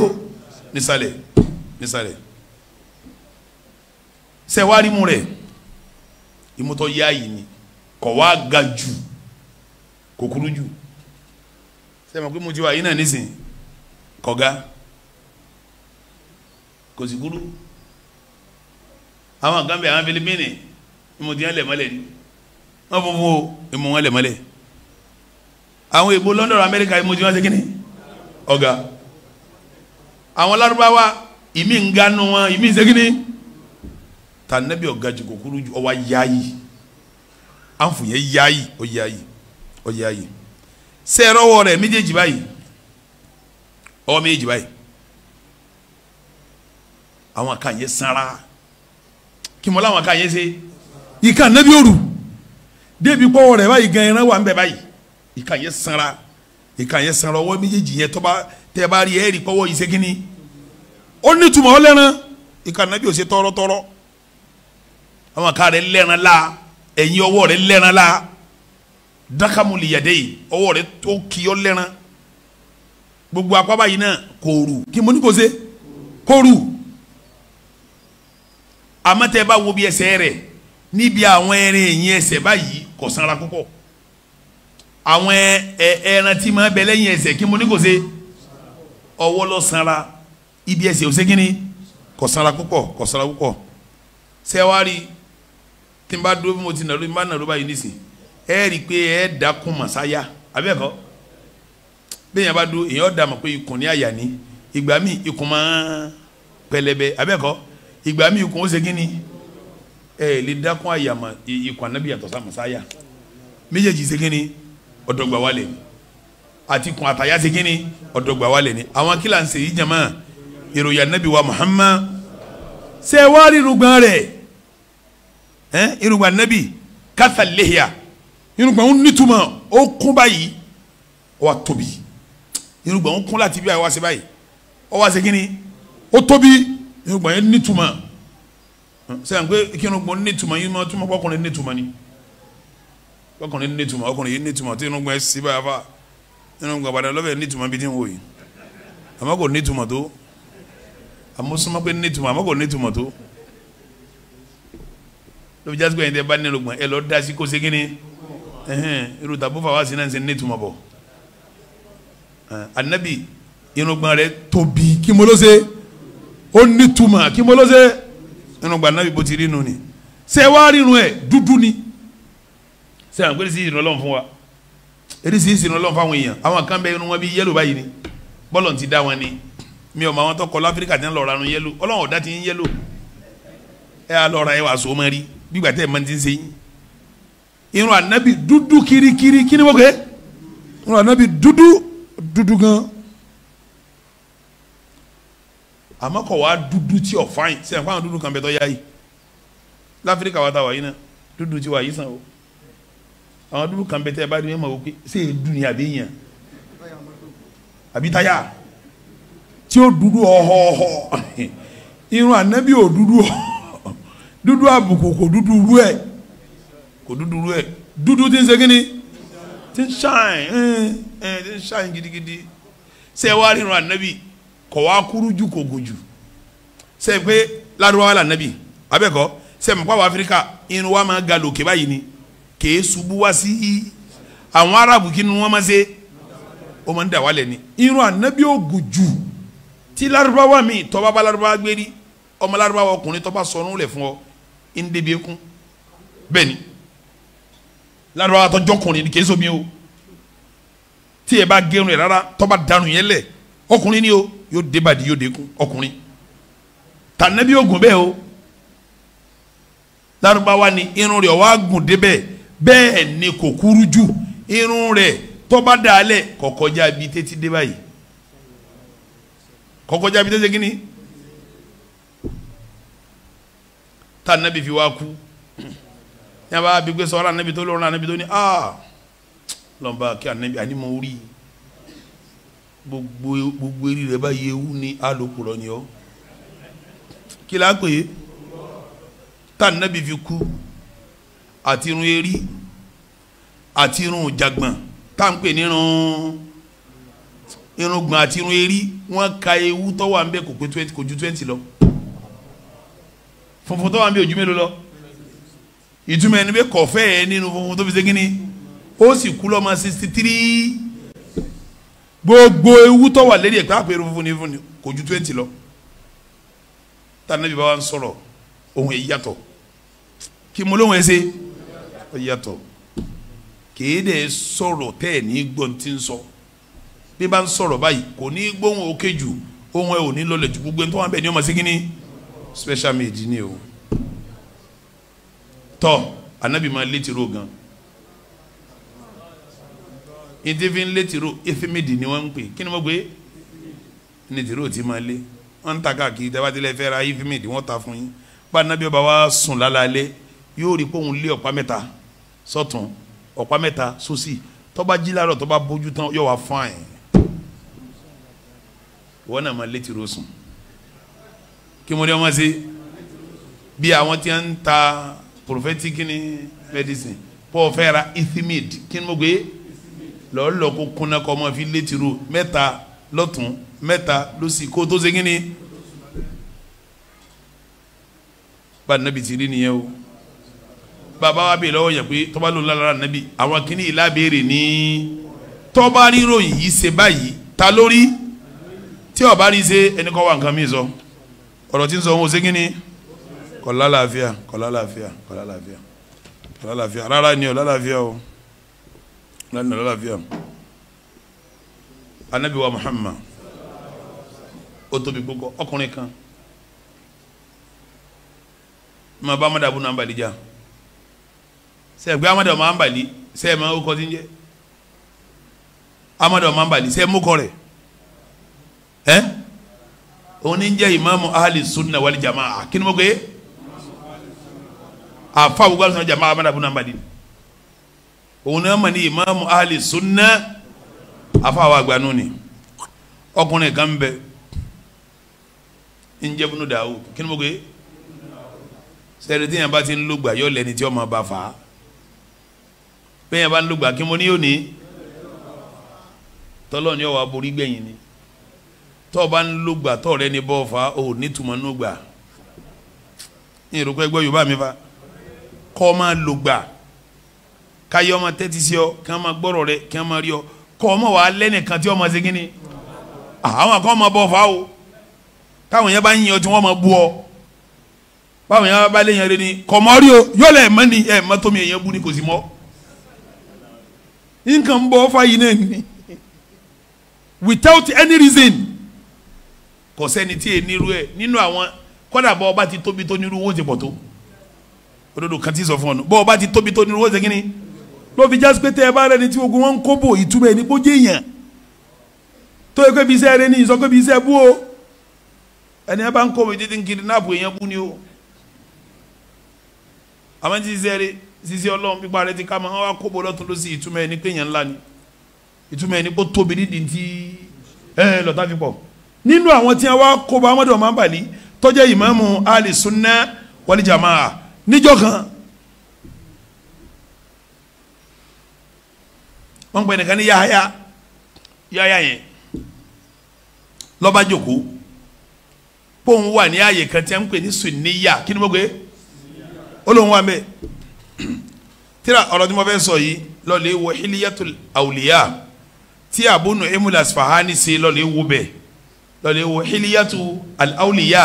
nísàlẹ̀ nísàlẹ̀ sẹ́wárí mu rẹ̀ ìmútọ́ yá yìí ni kọ̀ wá ga jù kò kúrú jù sẹ́wọ̀n pé mo ti wà yìí náà nísìn kọ̀ kò sì kúrú àwọn kan bẹ àwọn Fílípínì ìmùtí yẹn lẹ̀ mọ́lẹ̀ ni wọ́n fún fún wọn lẹ̀ mọ́lẹ̀ àwọn èbó London Amẹ́ríkà ìmọ̀ tí wọ́n ṣe kíni ọ̀gá àwọn Lárúbáwá ìmí ń ganu wọn ìmí ń ṣe kíni tànẹ́bí ọ̀gá jù kòkúrú ju ọwá yáyì ànfùyẹ yáyì ó yáyì ó yáyì sẹ́ẹ̀rọ̀wọ́ rẹ̀ méjèèjì báyìí ọwọ́ méjèèjì báyìí àwọn kan yẹ sanra kí mo láwọn kan yẹ ṣe ìka nẹ́bí òru débi pọ́wọ́ rẹ̀ báyìí gan ẹran wà ń bẹ báyìí ìka yẹn sanra ìka yẹn sanra ọwọ́ méjèèjì yẹn tọ́ba tẹ́ bá rí ẹ̀rí pọ́wọ́ yìí ṣégin ó ní ìtumọ̀ ó lẹ́ran ìka nàbí ò ṣe tọ́rọ́tọ́rọ́ àwọn ká rẹ̀ lẹ́ran la ẹ̀yìn ọwọ́ rẹ̀ lẹ́ran la dakamu yàdé yìí ọwọ́ rẹ̀ tó kì í ọ lẹ́ran gbogbo apábá yìí náà kò rù kí mo ní kò ṣe kò rù àmọ́ tẹ́ bá wo bí ẹsẹ̀ rẹ̀ níbi àwọn ẹrin ẹ̀yìn ẹsẹ̀ báyìí kò sanra púpọ̀ àwọn ẹran tí ma bẹ lẹ́yìn ẹsẹ̀ kí mo ní kò ṣe ọwọ́ lọ sanra ibi ẹsẹ̀ ò ṣe kí ni kò sanra púpọ̀ kò sanra púpọ̀ sẹ́wárì tí n bá dúró bí mo ti nàró bí n bá nàró báyìí nísìn ẹ rí i pé ẹ dákun màsáyà abẹ́ẹ̀kọ́ bẹ́ẹ̀ yẹn bá dúró èèyàn dà mọ̀ pé ikùn ní àyà ni ìgbà míì ikùn máa pẹlẹbẹ abẹ́ẹ̀kọ́ ìgbà míì ikùn ó ṣe kí ni ẹ lè dákun àyà mà ikùn ànábìyàtọ̀ sá màsáyà méjèèjì ṣe kí ni ọ̀dọ́gba wálẹ̀ ni àti kun àtàyà ṣe kí ni ọ̀dọ́gba wálẹ̀ ni àwọn kílà ń ṣe yìí jama ìròyìn anabi wa Muhammad ṣe wá rí irùngbọ̀n rẹ̀ ẹ́ irùngbọ̀n anabi kásá lẹ́hìá irùngbọ̀n ń nítumọ̀ ó kún báyìí ó wà tóbi irùngbọ̀n ń kún láti bí àwa ṣe báyìí ó wà ṣe kí ni ó tóbi irùngbọ̀n yẹn nítumọ̀ ṣe à pé kí irùngbọ̀n nítumọ̀ yìí máa túmọ̀ pọ́kùnrin nítumọ̀ ni ọkùnrin nítumọ̀ ọkùnrin yìí nítumọ̀ tí inú gbọ́n ẹ sí báyà fà inú gbọ́n àbàdàn lọ́fẹ̀ẹ́ nítumọ̀ bíi tí ń wò yìí àmọ́ kò nítumọ̀ tó àmọ́sọ́mọ́ pé nítumọ̀ àmọ́ kò nítumọ̀ tó lóbi jásí pé ẹ̀yin tẹ́ bá nínú gbọ́n ẹ lọ dá sí kó segin ni irú tàbó fàwa sí náà ń ṣe nítumọ̀ bọ̀ anabi inú gbọ́n rẹ tóbi kí mo ló ṣe ó nítumọ̀ kí mo ló inú gbọ́n anabi bó ti rí nu ni ṣé wàá rí nu ẹ dúdú ni ṣé àwọn pèsè ìsìn Ọlọ́run fún wa eréṣì ìsìn Ọlọ́run fún àwọn èèyàn àwọn kan bẹ irun wọn bí yẹ́lò báyìí ni bọ́ọ̀lù ti dá wọn ni mi ò mọ àwọn tó kọ láfíríkà tí wọn lọ ranu yẹ́lò Ọlọ́run ọ̀dá ti ń yẹ́lò ẹ á lọ ra ẹ wà so mọ́ rí gbígbà tẹ́ ẹ máa ti ń ṣe yín irun ànábì dúdú kirikiri kí ni wọ́n kẹ́ irun ànábì dúdú dúdú gan àmọ́ kọ̀ wá dúdú tí ọ̀ fáyìn sẹ́yìn fáwọn dúdú kan bẹ tọ́ yá yìí láfíríkà wa ta wà yín náà dúdú tí wà yìí sàn o àwọn dúró kan bẹ tẹ ẹ bá rí ẹ máa wò pé ṣé é dùn ní àbí yàn àbí táyà tí ó dúdú ọ̀họ̀ọ̀họ̀ irun ànábì ò dúdú dúdú àbùkù kò dúdú rú ẹ kò dúdú rú ẹ dúdú tí ń ṣe kíni tí ń ṣàn ẹ tí ń ṣàn gidigidi ṣé wá rí irun ànábì kọ̀ wá kúrú jù kò gùn jù pé ládùúgbò wà lànàbì abẹ́kọ̀ ṣé mọ̀ pàwọ́ Áfíríkà irun wa máa ga lókè báyìí ni kèé ṣubú wá sí àwọn arabu kí ni wọ́n máa ṣe ó máa ń dà wálẹ̀ ni irun ànábì ògùn jù tí larubawa mi tọ́ba bá larubawa gbérí ọmọ larubawa ọkùnrin tọ́ba sọ̀rọ̀ lẹ̀ fún ọ ń débi ekun bẹ́ẹ̀ ni larubawa tọ́jọ́ kùnrin kèé ṣomi o tí ẹ bá gẹrun ẹ rárá tọ́ba dànù yẹn lẹ̀ ọkùnrin ni o yóò débàdí yóò dékun ọkùnrin tànàbí ògùn bẹ́ẹ̀ o larubawa ni irun rẹ̀ wá gùn débẹ̀ bẹ́ẹ̀ ni kò kúrú jù irun rẹ̀ tó bá dàálẹ̀ kò kọjá bí tètè dé báyìí kò kọjá bí tètè gíní tá nàbì fi wá kú ní a bá bí gbé sọ́ra tó lọ́rùn nàbì tó ní aa lọ́nba kí ànàbì ànímọ̀ orí gbogbo gbogbo eré rẹ̀ bá yẹ ewu ní alòpọ̀ lọ́nyọ́ kí la pè é tá nàbì fi kú àti irun erí àti irun jàgbọ̀n tá à ń pè nírun irun gbọ̀n àti irun erí wọ́n ka ewu tó wà ń bẹ kò pé twenty kò ju twenty lọ funfun tó wà ń bẹ ojú mélòó lọ ìtumọ̀ ẹni bẹ́ẹ̀ kọ̀fẹ́ ẹ nínú funfun tó fi ṣe kínní ó sì kú lọ́mọ sixty three gbogbo ewu tó wà lérí ẹ̀ pé funfun ní funfun kò ju twenty lọ tànàbí bá wa ń sọ̀rọ̀ ohun èyí yàtọ̀ kí mo lóhun ẹ ṣe yàtọ̀ kìí dẹ̀ sọ̀rọ̀ tẹ́ ẹ̀ ní gbọ́n ti ń sọ bí bá ń sọ̀rọ̀ báyìí kò ní gbóhùn òkè jù ohun ẹ̀ ò ní lọlẹ̀ jù gbogbo ẹni tó wà bẹ́ẹ̀ ni ọmọ sí kínní special made ni o tọ́ anabi máa létí ro gan ìdífín létí ro efemidi ni wọ́n ń pè kí ni wọ́n pè é létí ro ti máa lé wọ́n ń ta káàkiri dábàtìlẹ̀ fẹ́ ra efemidi wọ́n ta fún yín bá anabi ọba wa sùn lálẹ́ yóò rí pé òun lé ọ̀pá mẹ́ta sọ̀tún ọ̀pá mẹ́ta sósì tó bá jí láàárọ̀ tó bá bójú tán yóò wá fáìn ìwọ náà máa létí rosùn kí mo ní ọmọ sí bí àwọn tí ń ta prophetic ní medicine paul fẹ́ ethimid kí ni mo gbé lọ́ọ́ kó kúnná kọ́ ọmọ fi létí ro mẹ́ta lọ́tún mẹ́ta lọ́sì kó tó ṣe kí ni bá nàbìtì rí nìyẹn o. Baba wa bèèrè lọ́wọ́ yẹn pé tọ́ba ló ń lára nàbí àwọn kìíní ìlà béèrè ní tọ́ba ríròyìn yìí ṣe báyìí ta lórí tí ọba rí ṣe ẹni kọ́ wa nǹkan mi sọ ọ̀rọ̀ tí ń sọ ohun ṣé kí ni kò lálàáfíà kò lálàáfíà kò lálàáfíà kò lálàáfíà rárá ni la lálàáfíà o lánàá lálàáfíà anabi wa Muhammad ó tóbi gbogbo ọkùnrin kan mọ̀ bá mọ̀dàbọ̀ náà balẹ̀ jà sẹ́gbẹ́ amadu ọmọ anbali sẹ́ẹ̀mọ́ ọkọ ti ń jẹ́ amadu ọmọ anbali sẹ́ẹ̀mọ́ ọkọ rẹ̀ ẹ́ òun ń jẹ́ imaamu ahali sunna wali jamaa kí ni gbé afa awugbọ alusunna jamaa amadu abu nambali òun náà mọ̀ ní imaamu ahali sunna afa awa agbanu ni ọkùnrin kan bẹ ń jẹ́ bunu dawud kí ni mo gbé sẹ́ẹ̀rì tí yẹn bá ti ń lùgbà yọ lẹ́ni tí ó máa bá fà bẹ́ẹ̀ yẹn bá lùgbà kí mo ní yóò tọ́lọ́ ni ọ̀wá borí gbẹ̀yìn ni tọ́ bá ń lùgbà tọ́ rẹ ní bọ́ọ̀ fa ò nítumọ̀ ní lùgbà ní ìrúkọ ẹgbẹ́ yorùbá mi fa kọ́ máa lùgbà káyọ̀ ọmọ tẹ́tí sí ọ kí wọ́n máa gbọ́rọ̀ rẹ kí wọ́n máa rí ọ kọ́ ọmọ wa lẹ́nìkan tí ọmọ ṣe kínní àwọn àkọ́ ọmọ bọ́ọ̀ o táwọn yẹn bá ń yan tí wọ́n máa bú ọ báwọn yẹn bá lè rẹ ni kọ́ mọ́ rí o yọ̀ọ́ lẹ̀ mọ́ ni ẹ̀ mọ́tò mi èèyàn nǹkan ń bọ ọfà yìí ni without any reason kò sẹ́ni tí èyí nírú ẹ̀ nínú àwọn kọ́dà bọ́ ọba ti tóbi tó nírú owó ti pọ̀ tó òdodo do? ti sọ fún ọ nù bọ́ ọba ti tóbi tó nírú owó ti kíni ló fi jásí pé tẹ ẹ bá rẹ ni tí ogun wọn ń kó bò ìtumọ̀ ẹni kó jẹ́ èèyàn tó yẹ kó ibi iṣẹ́ rẹ ní ìsọ kó ibi iṣẹ́ bú o ẹni ẹ bá ń kó bò títí ń kiri náà bò èèyàn bú ni o àmọ́ ti sisi ọlọ́run pípa rẹ ti ká máa wá kóbo lọ́tún ló sì ìtumọ̀ ẹni pé èèyàn ńlá ni ìtumọ̀ ẹni pé tóbi dídì tí ẹ fi pọ̀ nínú àwọn tí wọ́n wá kóbo amadu ọmọ abali tọ́jà ìmáàmù ali sunna wali jamaa níjọ́ kan wọ́n pè nìkan ní yahaya yahaya yẹn lọ́ba jòkó pòun wà ní ààyè kan tí wọ́n ń pè ní sunniya kí ni mo gbé olóhùn wa mẹ́ẹ̀ tira ọ̀rọ̀ tí mo fẹ́ sọ yìí lọ́ọ̀lẹ́ wọ hiliyatul awliya tí Abu Nu'aym al se ṣe lọ́ọ̀lẹ́ wo bẹ́ẹ̀ lọ́ọ̀lẹ́ wọ hiliyatul awliya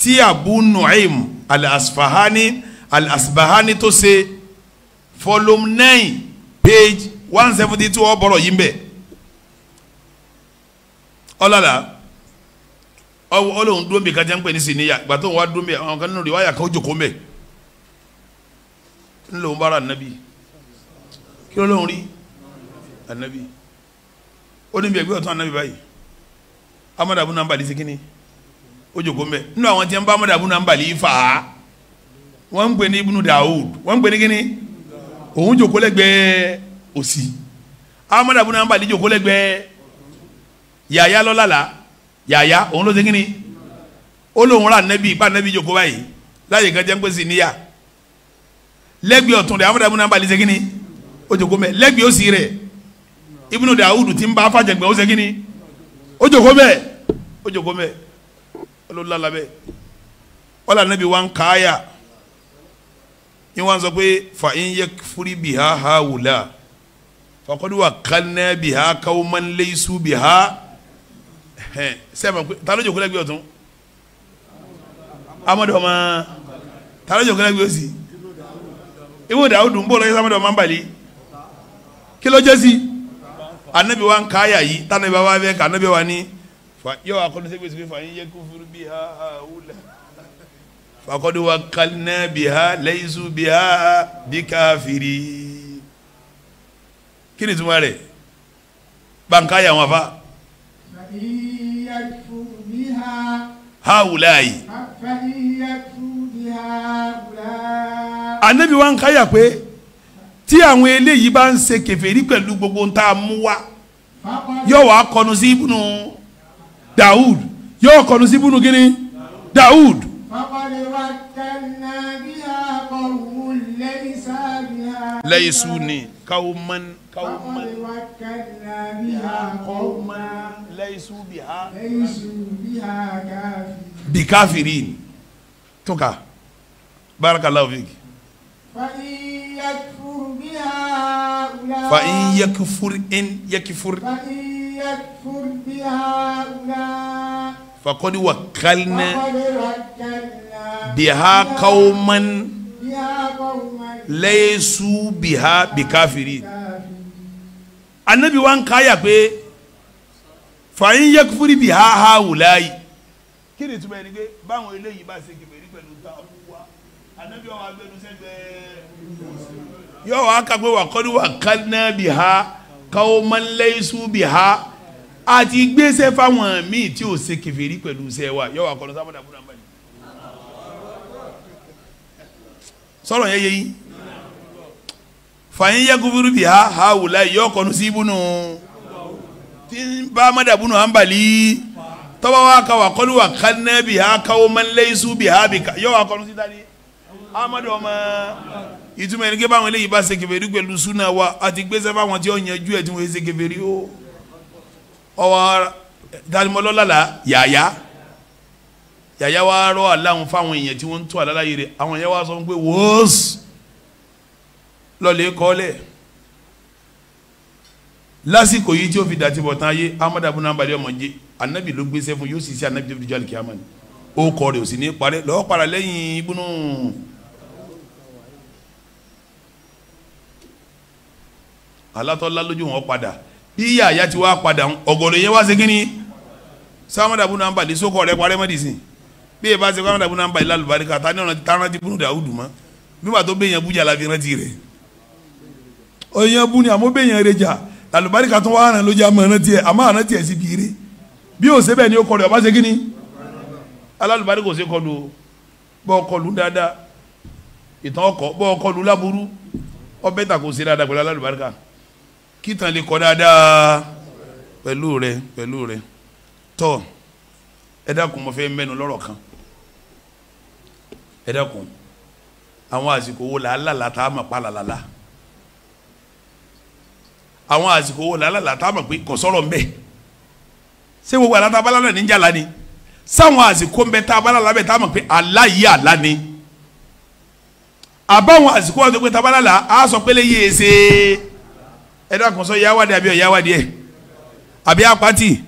tí Abu Nu'aym al-Asfahani al-Asbahani tó ṣe volume nine page one seventy two ọ̀bọ̀rọ̀ yìí bẹ́ẹ̀ ọ̀làlà ọ̀lọ́hún dúró mi kájà ń pè ní sinìyà gbàtọ́ wọn wá dúró mi àwọn kan nínú rẹ̀ wáyà kan ó jòkó mẹ́ẹ̀ ńlò ń bára ànábì kí ló lóun rí ànábì ó níbi ẹgbẹ́ ọ̀tún ànábì báyìí amadu abu nambali ṣe kíni ó jòkó mbẹ nínú àwọn tí ń bá amadu abu nambali fà á wọ́n ń pè ní ibnu daoud wọ́n ń pè ní kíni òun jòkó lẹ́gbẹ̀ẹ́ òsì amadu abu nambali jòkó lẹ́gbẹ̀ẹ́ yàyà lọ́làlà yàyà òun ló ṣe kíni ó lóun rà ànábì bá ànábì jòkó báyìí láyé kan jẹ́ ń pèsè níyà lẹ́gbẹ̀ẹ́ ọ̀tún de amúdàbí nàbà lè ṣe kínní ó jókòó mẹ́ lẹ́gbẹ̀ẹ́ òsì rẹ̀ ibùdó dàwùdù ti ń bá fàjẹgbẹ́ ó ṣe kínní ó jókòó mẹ́ ó jókòó mẹ́ olóòlù alábẹ́ ọ̀là nàbí wa ń káyà ni wọ́n sọ pé fa in yakfuri biha haula faqad wakkalna biha qauman laysu biha sẹ́mi ta ló jókòó lẹ́gbẹ̀ẹ́ ọ̀tún amadu ọmọ ta ló jókòó lẹ́gbẹ̀ẹ́ òsì ibo dawudu nbọ lọsẹ samadu ọmọ nbali kí ló jẹsi anabi wa nka aya yi tanabi wa bẹ ka anabi wa ni fa yọ akọni sẹgbẹ sẹgbẹ fa yi yẹ kufuru bi ha ha wula fakọdu wa kalina bi ha lẹyisu bi ha bi kafiri kí ni tuma rẹ̀ banka ya wọn fa. ha wula yi anabi wa ń káyà pé tí àwọn eléyìí bá ń ṣe kèfèrí pẹ̀lú gbogbo ń mú wa yóò wá kọnu sí ibùnú Dawud yóò kọnu sí ibùnú gíní Dawud. lẹ́yìn sunni kawman kawman lẹ́yìn sunni bíkàfìrín tó ká barakallahu fiki. fa in yakfur in yakfur. fa in yakfur bi haula. فقد وكلنا بها قوما ليسوا بها بكافرين النبي وان كايا بي فإن يكفر بها هؤلاء kí ni túmọ̀ ẹni pé báwọn eléyìí bá ṣe kébèrè pẹ̀lú táwọn yóò wá ká pé wàkọ́ni wàkánná bì ha káwọ́ mọ́lẹ́sù bì ha àti gbèsè fáwọn míì tí ò ṣe kèfèrí pẹ̀lú iṣẹ́ wa yóò wá kọ́ni sábàdà fúnra mọ́ni. sọ̀rọ̀ yẹn yẹ yín fàyín yakuburu bì ha ha wùlá yóò kọ́ni sí ibùnú tí ń bá mọ́dàbùnú àǹbàlí tọ́ba wa ká wàkọ́ni wàkánná bì ha káwọ́ mọ́lẹ́sù bì ha bì ká yóò wá kọ́ni sí dání amadu ọmọ ìtumọ̀ ẹni kí báwọn eléyìí bá ṣe kèfèrí pẹ̀lú súnà wa àti gbèsè fáwọn tí ó yanjú ẹ̀ tí wọ́n ṣe kèfèrí o ọwọ́ dalimọ́lọ́lá yàyà yàyà wa rọ aláwọn fáwọn èèyàn tí wọ́n ń tó àlálà yìí rẹ̀ àwọn yẹn wa sọ pé wọ́ọ́sì lọ́lẹ̀ kọ́lẹ̀ lásìkò yìí tí ó fi dàtí bọ̀ tán ayé amadu abu nambali ọmọ jẹ anabi ló gbèsè fún yóò sì sí anabi tó fi dijọ́ alikiyama ni ó kọ́ rẹ̀ ò ní parẹ́ lọ́ọ́ para lẹ́yìn ibùnú. alátọ́lá lójú wọn padà bí ìyá àyà ti wá padà ọ̀gọ̀dọ̀ yẹn wá ṣe kínní sáwọn dàbúnú à ń balẹ̀ sókò rẹ̀ parẹ́ mẹ́dísìn bí ìbá ṣe sáwọn dàbúnú à ń balẹ̀ lálùbáríkà ta ní ọ̀nà tánà ti búnú dàwùdù mọ́ nígbà tó bẹ́yẹn bújà la fi rántí rẹ̀ ọ̀yẹn bú ni àmọ́ bẹ́yẹn rẹ̀ jà lálùbáríkà tó wà hàn lójú àmọ́ àná tiẹ̀ àmọ́ àná tiẹ̀ sí biire bí ó ṣe bẹ́ẹ̀ ni ó kọlu ọba ṣe kò ṣe dáadáa pẹ̀lú alálùbáríkà kí tàn lè kọ́ dáadáa pẹ̀lú rẹ pẹ̀lú rẹ tọ́ ẹ dákun mo fẹ́ mẹ́nu lọ́rọ̀ kan ẹ dákun àwọn àsìkò wo làálàlà tá a mọ̀ pa làlàlà àwọn àsìkò wo làálàlà tá a pé kò sọ̀rọ̀ ṣé gbogbo àlátàbálà náà níjà lani sáwọn àsìkò ńbẹ tá a bá lálàbẹ tá a pé aláyé àlá ni àbáwọn àsìkò wọn tó pé tá a á sọ pé lè ṣe é ẹ dákun sọ yáwádìí àbí ọ̀yáwádìí ẹ̀ àbí apáti